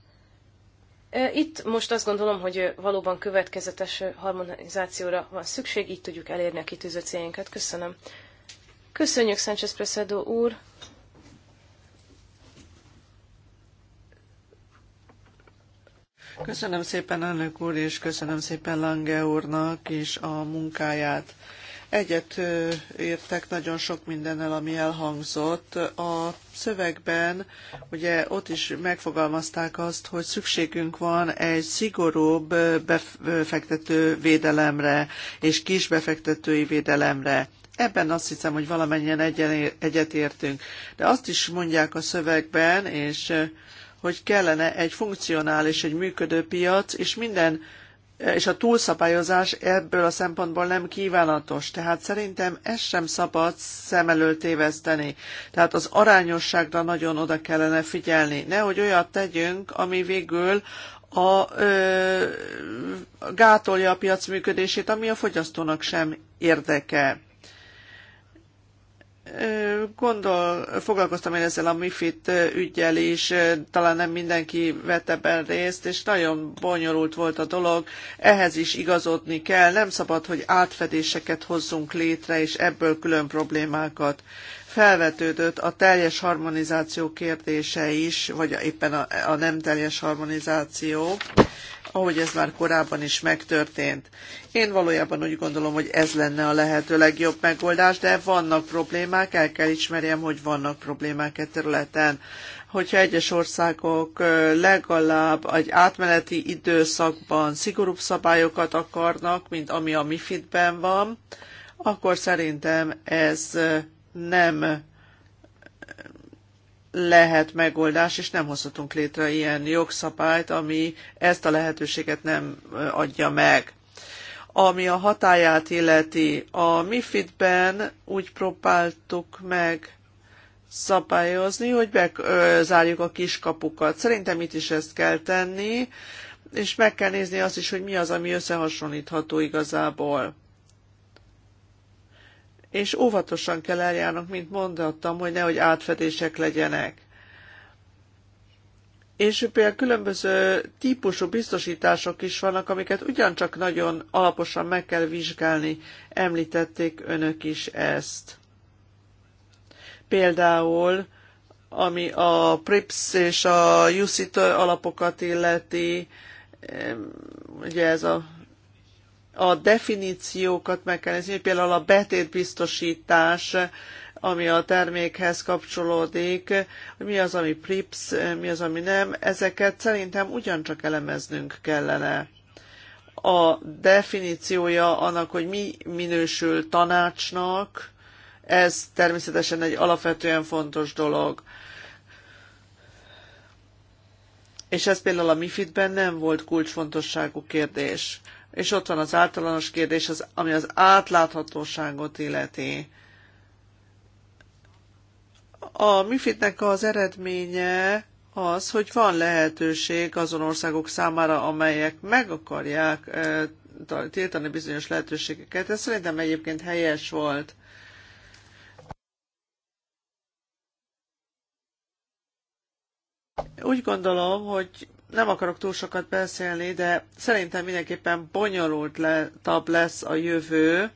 [SPEAKER 3] Itt most azt gondolom, hogy valóban következetes harmonizációra van szükség, így tudjuk elérni a kitűző céljainkat. Köszönöm. Köszönjük, Sánchez Presedo úr.
[SPEAKER 1] Köszönöm szépen önök úr, és köszönöm szépen Lange úrnak is a munkáját. Egyet értek nagyon sok mindennel, ami elhangzott. A szövegben ugye ott is megfogalmazták azt, hogy szükségünk van egy szigorúbb befektető védelemre és kisbefektetői védelemre. Ebben azt hiszem, hogy valamennyien egyetértünk. De azt is mondják a szövegben, és hogy kellene egy funkcionális, egy működő piac, és minden és a túlszabályozás ebből a szempontból nem kívánatos, tehát szerintem ezt sem szabad szem elől téveszteni. Tehát az arányosságra nagyon oda kellene figyelni. Nehogy olyat tegyünk, ami végül a, ö, gátolja a piac működését, ami a fogyasztónak sem érdeke. Gondol, foglalkoztam én ezzel a MIFID ügyel is, talán nem mindenki vett ebben részt, és nagyon bonyolult volt a dolog, ehhez is igazodni kell, nem szabad, hogy átfedéseket hozzunk létre, és ebből külön problémákat. Felvetődött a teljes harmonizáció kérdése is, vagy éppen a, a nem teljes harmonizáció, ahogy ez már korábban is megtörtént. Én valójában úgy gondolom, hogy ez lenne a lehető legjobb megoldás, de vannak problémák, el kell ismerjem, hogy vannak problémák e területen. Hogyha egyes országok legalább egy átmeneti időszakban szigorúbb szabályokat akarnak, mint ami a MIFID-ben van, akkor szerintem ez nem lehet megoldás, és nem hozhatunk létre ilyen jogszabályt, ami ezt a lehetőséget nem adja meg. Ami a hatáját illeti, a MIFID-ben úgy próbáltuk meg szabályozni, hogy bezárjuk a kiskapukat. Szerintem itt is ezt kell tenni, és meg kell nézni azt is, hogy mi az, ami összehasonlítható igazából és óvatosan kell eljárnunk, mint mondottam, hogy nehogy átfedések legyenek. És például különböző típusú biztosítások is vannak, amiket ugyancsak nagyon alaposan meg kell vizsgálni. Említették önök is ezt. Például, ami a PRIPS és a UCIT alapokat illeti, ugye ez a a definíciókat meg kell nézni, például a betétbiztosítás, ami a termékhez kapcsolódik, mi az, ami PRIPS, mi az, ami nem, ezeket szerintem ugyancsak elemeznünk kellene. A definíciója annak, hogy mi minősül tanácsnak, ez természetesen egy alapvetően fontos dolog. És ez például a MIFID-ben nem volt kulcsfontosságú kérdés és ott van az általános kérdés, az, ami az átláthatóságot illeti. A MIFID-nek az eredménye az, hogy van lehetőség azon országok számára, amelyek meg akarják eh, tiltani bizonyos lehetőségeket. Ez szerintem egyébként helyes volt. Úgy gondolom, hogy nem akarok túl sokat beszélni, de szerintem mindenképpen bonyolultabb lesz a jövő,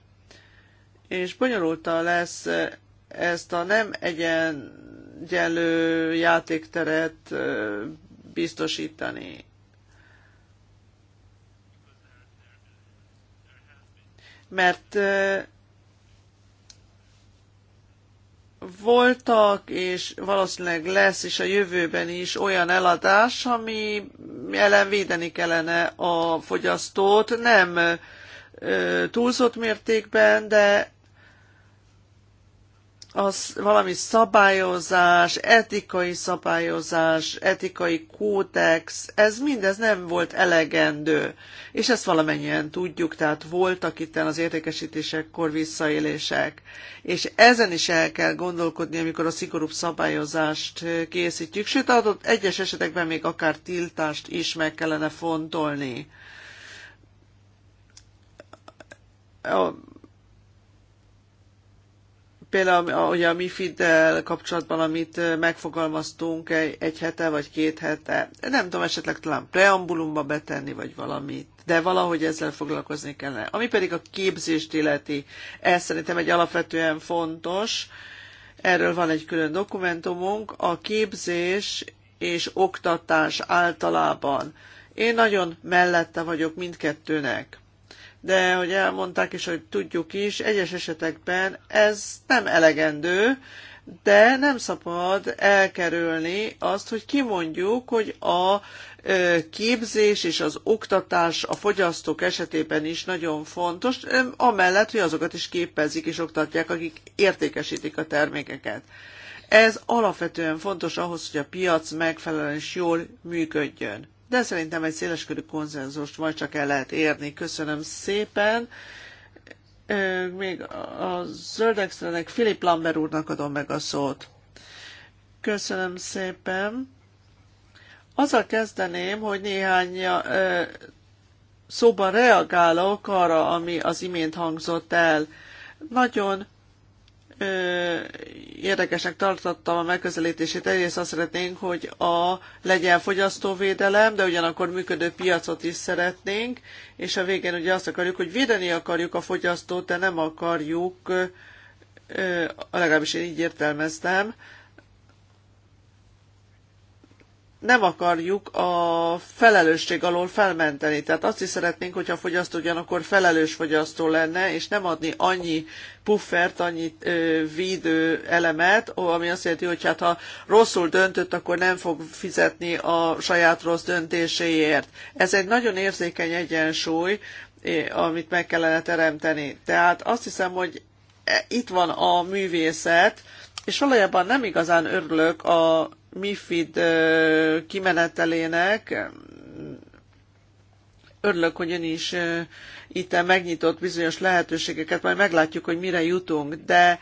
[SPEAKER 1] és bonyolulta lesz ezt a nem egyenlő játékteret biztosítani. Mert voltak, és valószínűleg lesz is a jövőben is olyan eladás, ami ellen védeni kellene a fogyasztót, nem túlzott mértékben, de az valami szabályozás, etikai szabályozás, etikai kódex, ez mindez nem volt elegendő. És ezt valamennyien tudjuk, tehát voltak itt az értékesítésekkor visszaélések. És ezen is el kell gondolkodni, amikor a szigorúbb szabályozást készítjük, sőt adott egyes esetekben még akár tiltást is meg kellene fontolni Például ugye a MIFID-del kapcsolatban, amit megfogalmaztunk egy, egy hete vagy két hete, nem tudom, esetleg talán preambulumba betenni, vagy valamit, de valahogy ezzel foglalkozni kellene. Ami pedig a képzést illeti, ez szerintem egy alapvetően fontos, erről van egy külön dokumentumunk, a képzés és oktatás általában. Én nagyon mellette vagyok mindkettőnek de hogy elmondták is, hogy tudjuk is, egyes esetekben ez nem elegendő, de nem szabad elkerülni azt, hogy kimondjuk, hogy a képzés és az oktatás a fogyasztók esetében is nagyon fontos, amellett, hogy azokat is képezik és oktatják, akik értékesítik a termékeket. Ez alapvetően fontos ahhoz, hogy a piac megfelelően és jól működjön de szerintem egy széleskörű konzenzust majd csak el lehet érni. Köszönöm szépen. Még a zöldextrenek Filip Lamber úrnak adom meg a szót. Köszönöm szépen. Azzal kezdeném, hogy néhány szóban reagálok arra, ami az imént hangzott el. Nagyon érdekesnek tartottam a megközelítését. Egyrészt azt szeretnénk, hogy a legyen fogyasztóvédelem, de ugyanakkor működő piacot is szeretnénk, és a végén ugye azt akarjuk, hogy védeni akarjuk a fogyasztót, de nem akarjuk, legalábbis én így értelmeztem, nem akarjuk a felelősség alól felmenteni. Tehát azt is szeretnénk, hogyha a fogyasztó ugyanakkor felelős fogyasztó lenne, és nem adni annyi puffert, annyi ö, védő elemet, ami azt jelenti, hogy hát ha rosszul döntött, akkor nem fog fizetni a saját rossz döntéséért. Ez egy nagyon érzékeny egyensúly, amit meg kellene teremteni. Tehát azt hiszem, hogy e, itt van a művészet, és valójában nem igazán örülök a MIFID kimenetelének. Örülök, hogy ön is itt megnyitott bizonyos lehetőségeket, majd meglátjuk, hogy mire jutunk, de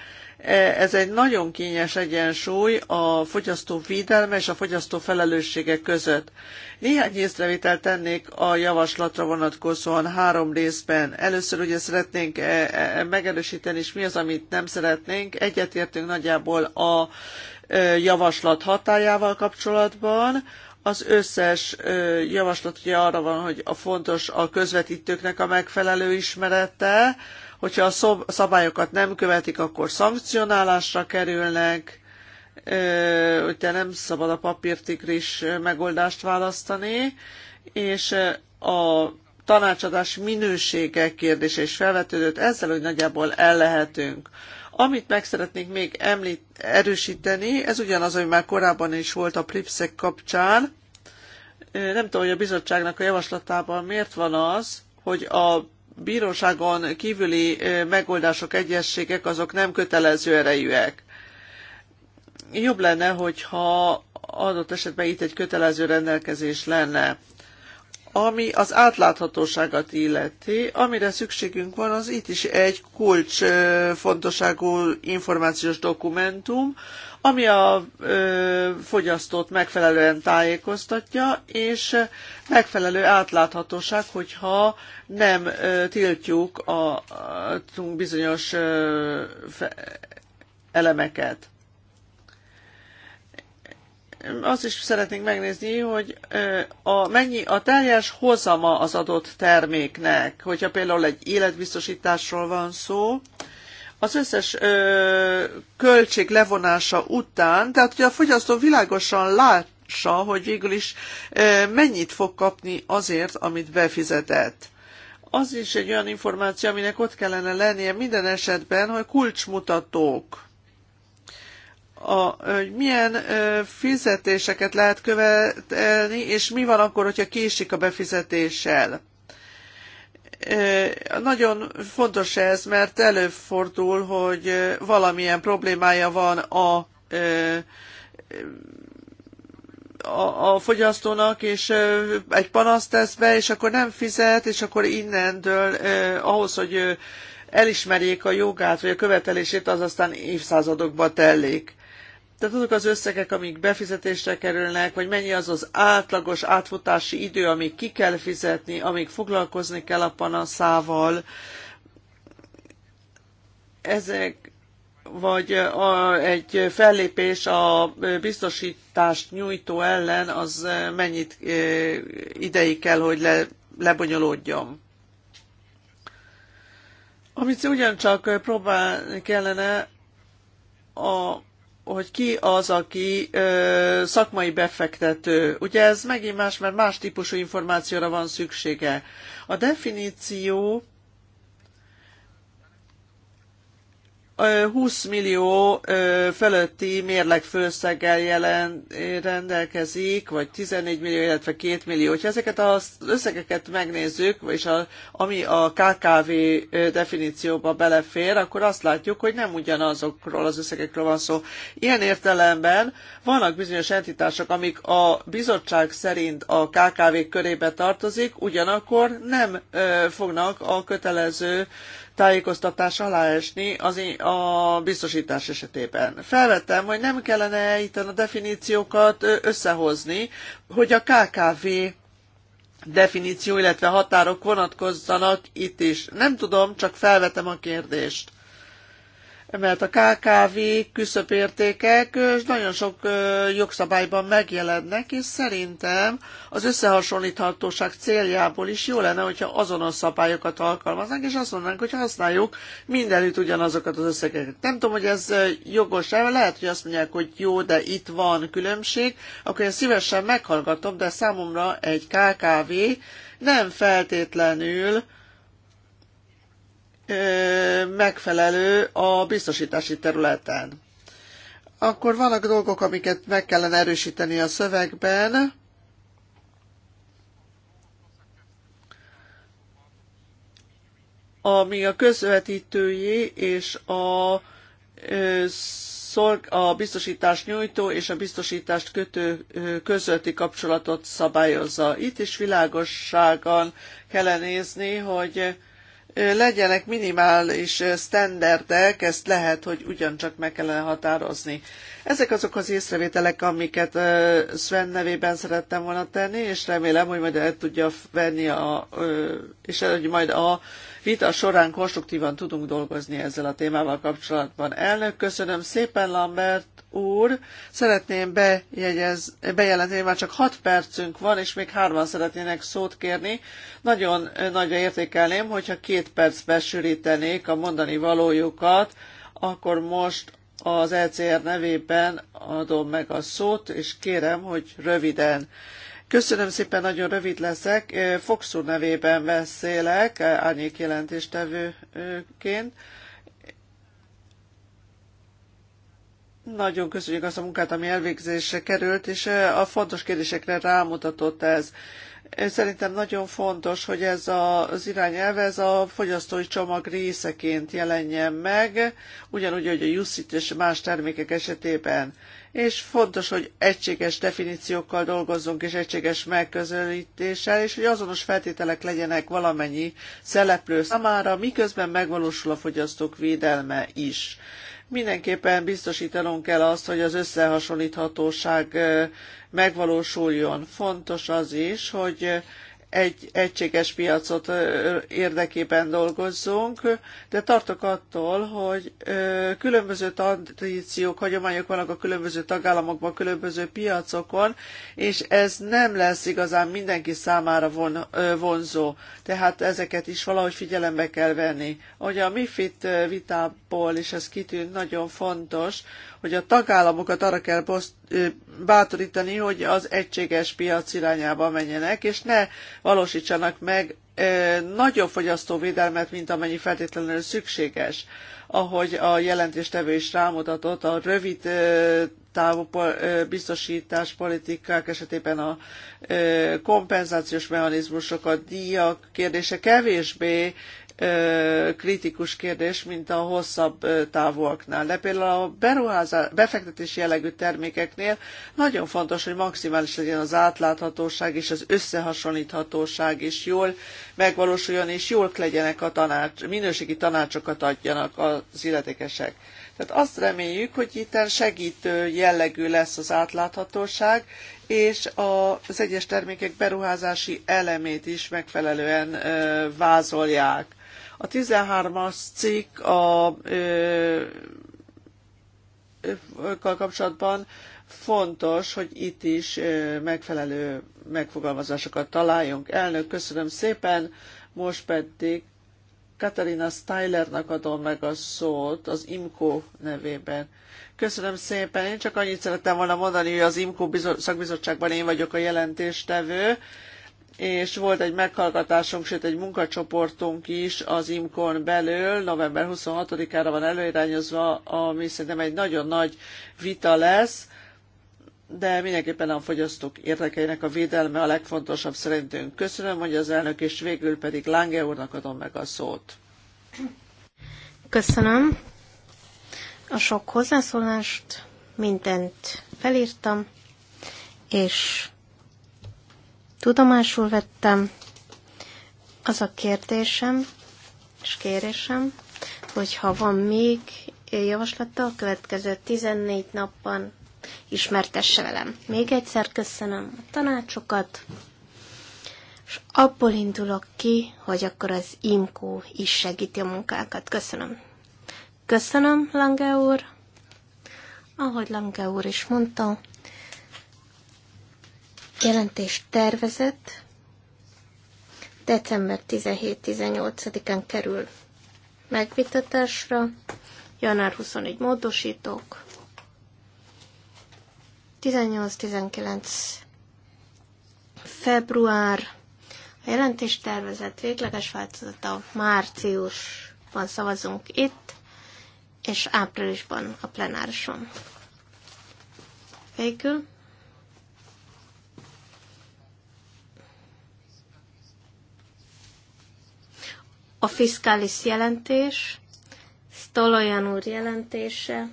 [SPEAKER 1] ez egy nagyon kényes egyensúly a fogyasztó védelme és a fogyasztó felelőssége között. Néhány észrevételt tennék a javaslatra vonatkozóan három részben. Először ugye szeretnénk megerősíteni, és mi az, amit nem szeretnénk. Egyetértünk nagyjából a javaslat hatájával kapcsolatban. Az összes javaslat ugye arra van, hogy a fontos a közvetítőknek a megfelelő ismerete, hogyha a szabályokat nem követik, akkor szankcionálásra kerülnek, ugye nem szabad a papírtigris megoldást választani, és a tanácsadás minősége kérdése is felvetődött ezzel, hogy nagyjából lehetünk. Amit meg szeretnénk még említ, erősíteni, ez ugyanaz, ami már korábban is volt a Pripszek kapcsán. Nem tudom, hogy a bizottságnak a javaslatában miért van az, hogy a bíróságon kívüli megoldások, egyességek azok nem kötelező erejűek. Jobb lenne, hogyha adott esetben itt egy kötelező rendelkezés lenne. Ami az átláthatóságot illeti, amire szükségünk van, az itt is egy kulcsfontosságú információs dokumentum, ami a ö, fogyasztót megfelelően tájékoztatja, és megfelelő átláthatóság, hogyha nem ö, tiltjuk a, a bizonyos ö, fe, elemeket azt is szeretnénk megnézni, hogy a, mennyi a teljes hozama az adott terméknek. Hogyha például egy életbiztosításról van szó, az összes ö, költség levonása után, tehát hogy a fogyasztó világosan lássa, hogy végül is ö, mennyit fog kapni azért, amit befizetett. Az is egy olyan információ, aminek ott kellene lennie minden esetben, hogy kulcsmutatók a, hogy milyen ö, fizetéseket lehet követelni, és mi van akkor, hogyha késik a befizetéssel. nagyon fontos ez, mert előfordul, hogy valamilyen problémája van a, a, a fogyasztónak, és egy panaszt tesz be, és akkor nem fizet, és akkor innentől ahhoz, hogy elismerjék a jogát, vagy a követelését, az aztán évszázadokba tellék. Tehát azok az összegek, amik befizetésre kerülnek, vagy mennyi az az átlagos átfutási idő, amíg ki kell fizetni, amíg foglalkozni kell a panaszával, ezek vagy a, egy fellépés a biztosítást nyújtó ellen, az mennyit e, ideig kell, hogy le, lebonyolódjon. Amit ugyancsak próbálni kellene a hogy ki az, aki ö, szakmai befektető. Ugye ez megint más, mert más típusú információra van szüksége. A definíció 20 millió fölötti mérlegfőszeggel jelen rendelkezik, vagy 14 millió, illetve 2 millió. Ha ezeket az összegeket megnézzük, és a, ami a KKV definícióba belefér, akkor azt látjuk, hogy nem ugyanazokról az összegekről van szó. Ilyen értelemben vannak bizonyos entitások, amik a bizottság szerint a KKV körébe tartozik, ugyanakkor nem fognak a kötelező tájékoztatás alá esni az a biztosítás esetében. Felvettem, hogy nem kellene itt a definíciókat összehozni, hogy a KKV definíció, illetve határok vonatkozzanak itt is. Nem tudom, csak felvetem a kérdést mert a KKV küszöbértékek nagyon sok jogszabályban megjelennek, és szerintem az összehasonlíthatóság céljából is jó lenne, hogyha azonos szabályokat alkalmaznánk, és azt mondanánk, hogy használjuk mindenütt ugyanazokat az összegeket. Nem tudom, hogy ez jogos-e, lehet, hogy azt mondják, hogy jó, de itt van különbség, akkor én szívesen meghallgatom, de számomra egy KKV nem feltétlenül megfelelő a biztosítási területen. Akkor vannak dolgok, amiket meg kellene erősíteni a szövegben. ami a közvetítői és a, a biztosítás nyújtó és a biztosítást kötő közötti kapcsolatot szabályozza. Itt is világosságan kell nézni, hogy legyenek minimális standardek, ezt lehet, hogy ugyancsak meg kellene határozni. Ezek azok az észrevételek, amiket Sven nevében szerettem volna tenni, és remélem, hogy majd el tudja venni, a, és hogy majd a vita során konstruktívan tudunk dolgozni ezzel a témával kapcsolatban. Elnök, köszönöm szépen, Lambert úr. Szeretném bejegyez, bejelenteni, már csak 6 percünk van, és még hárman szeretnének szót kérni. Nagyon nagyra értékelném, hogyha két percbe sűrítenék a mondani valójukat, akkor most az ECR nevében adom meg a szót, és kérem, hogy röviden. Köszönöm szépen, nagyon rövid leszek. Fox úr nevében beszélek, árnyék jelentéstevőként. Nagyon köszönjük azt a munkát, ami elvégzésre került, és a fontos kérdésekre rámutatott ez. Szerintem nagyon fontos, hogy ez az irányelv, ez a fogyasztói csomag részeként jelenjen meg, ugyanúgy, hogy a jussit és más termékek esetében. És fontos, hogy egységes definíciókkal dolgozzunk, és egységes megközelítéssel, és hogy azonos feltételek legyenek valamennyi szereplő számára, miközben megvalósul a fogyasztók védelme is. Mindenképpen biztosítanunk kell azt, hogy az összehasonlíthatóság megvalósuljon. Fontos az is, hogy egy egységes piacot érdekében dolgozzunk, de tartok attól, hogy különböző tradíciók, hagyományok vannak a különböző tagállamokban, különböző piacokon, és ez nem lesz igazán mindenki számára von, vonzó. Tehát ezeket is valahogy figyelembe kell venni. Ugye a MIFID vitából is ez kitűnt, nagyon fontos, hogy a tagállamokat arra kell bátorítani, hogy az egységes piac irányába menjenek, és ne valósítsanak meg nagyobb fogyasztóvédelmet, mint amennyi feltétlenül szükséges. Ahogy a jelentéstevő is rámutatott, a rövid távú biztosítás politikák esetében a kompenzációs mechanizmusok, a díjak kérdése kevésbé kritikus kérdés, mint a hosszabb távúaknál. De például a beruházás, befektetési jellegű termékeknél nagyon fontos, hogy maximális legyen az átláthatóság és az összehasonlíthatóság is jól megvalósuljon, és jól legyenek a tanács, minőségi tanácsokat adjanak az illetékesek. Tehát azt reméljük, hogy itt segítő jellegű lesz az átláthatóság, és az egyes termékek beruházási elemét is megfelelően vázolják. A 13-as cikk a ö, kapcsolatban fontos, hogy itt is megfelelő megfogalmazásokat találjunk. Elnök, köszönöm szépen, most pedig Katarina Stylernak adom meg a szót az IMCO nevében. Köszönöm szépen, én csak annyit szerettem volna mondani, hogy az IMCO szakbizottságban én vagyok a jelentéstevő, és volt egy meghallgatásunk, sőt egy munkacsoportunk is az IMKON belül, november 26-ára van előirányozva, ami szerintem egy nagyon nagy vita lesz, de mindenképpen a fogyasztók érdekeinek a védelme a legfontosabb szerintünk. Köszönöm, hogy az elnök, és végül pedig Lange úrnak adom meg a szót.
[SPEAKER 2] Köszönöm a sok hozzászólást, mindent felírtam, és tudomásul vettem. Az a kérdésem és kérésem, hogy ha van még javaslata, a következő 14 napban ismertesse velem. Még egyszer köszönöm a tanácsokat, és abból indulok ki, hogy akkor az IMKO is segíti a munkákat. Köszönöm. Köszönöm, Lange úr. Ahogy Lange úr is mondta, jelentés tervezett december 17-18-án kerül megvitatásra, január 24 módosítók, 18-19 február, a jelentés tervezett végleges változata márciusban szavazunk itt, és áprilisban a plenárison. Végül a fiskális jelentés, Stolojan úr jelentése,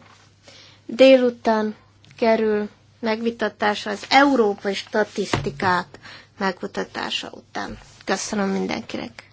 [SPEAKER 2] délután kerül megvitatása az európai statisztikák megmutatása után. Köszönöm mindenkinek!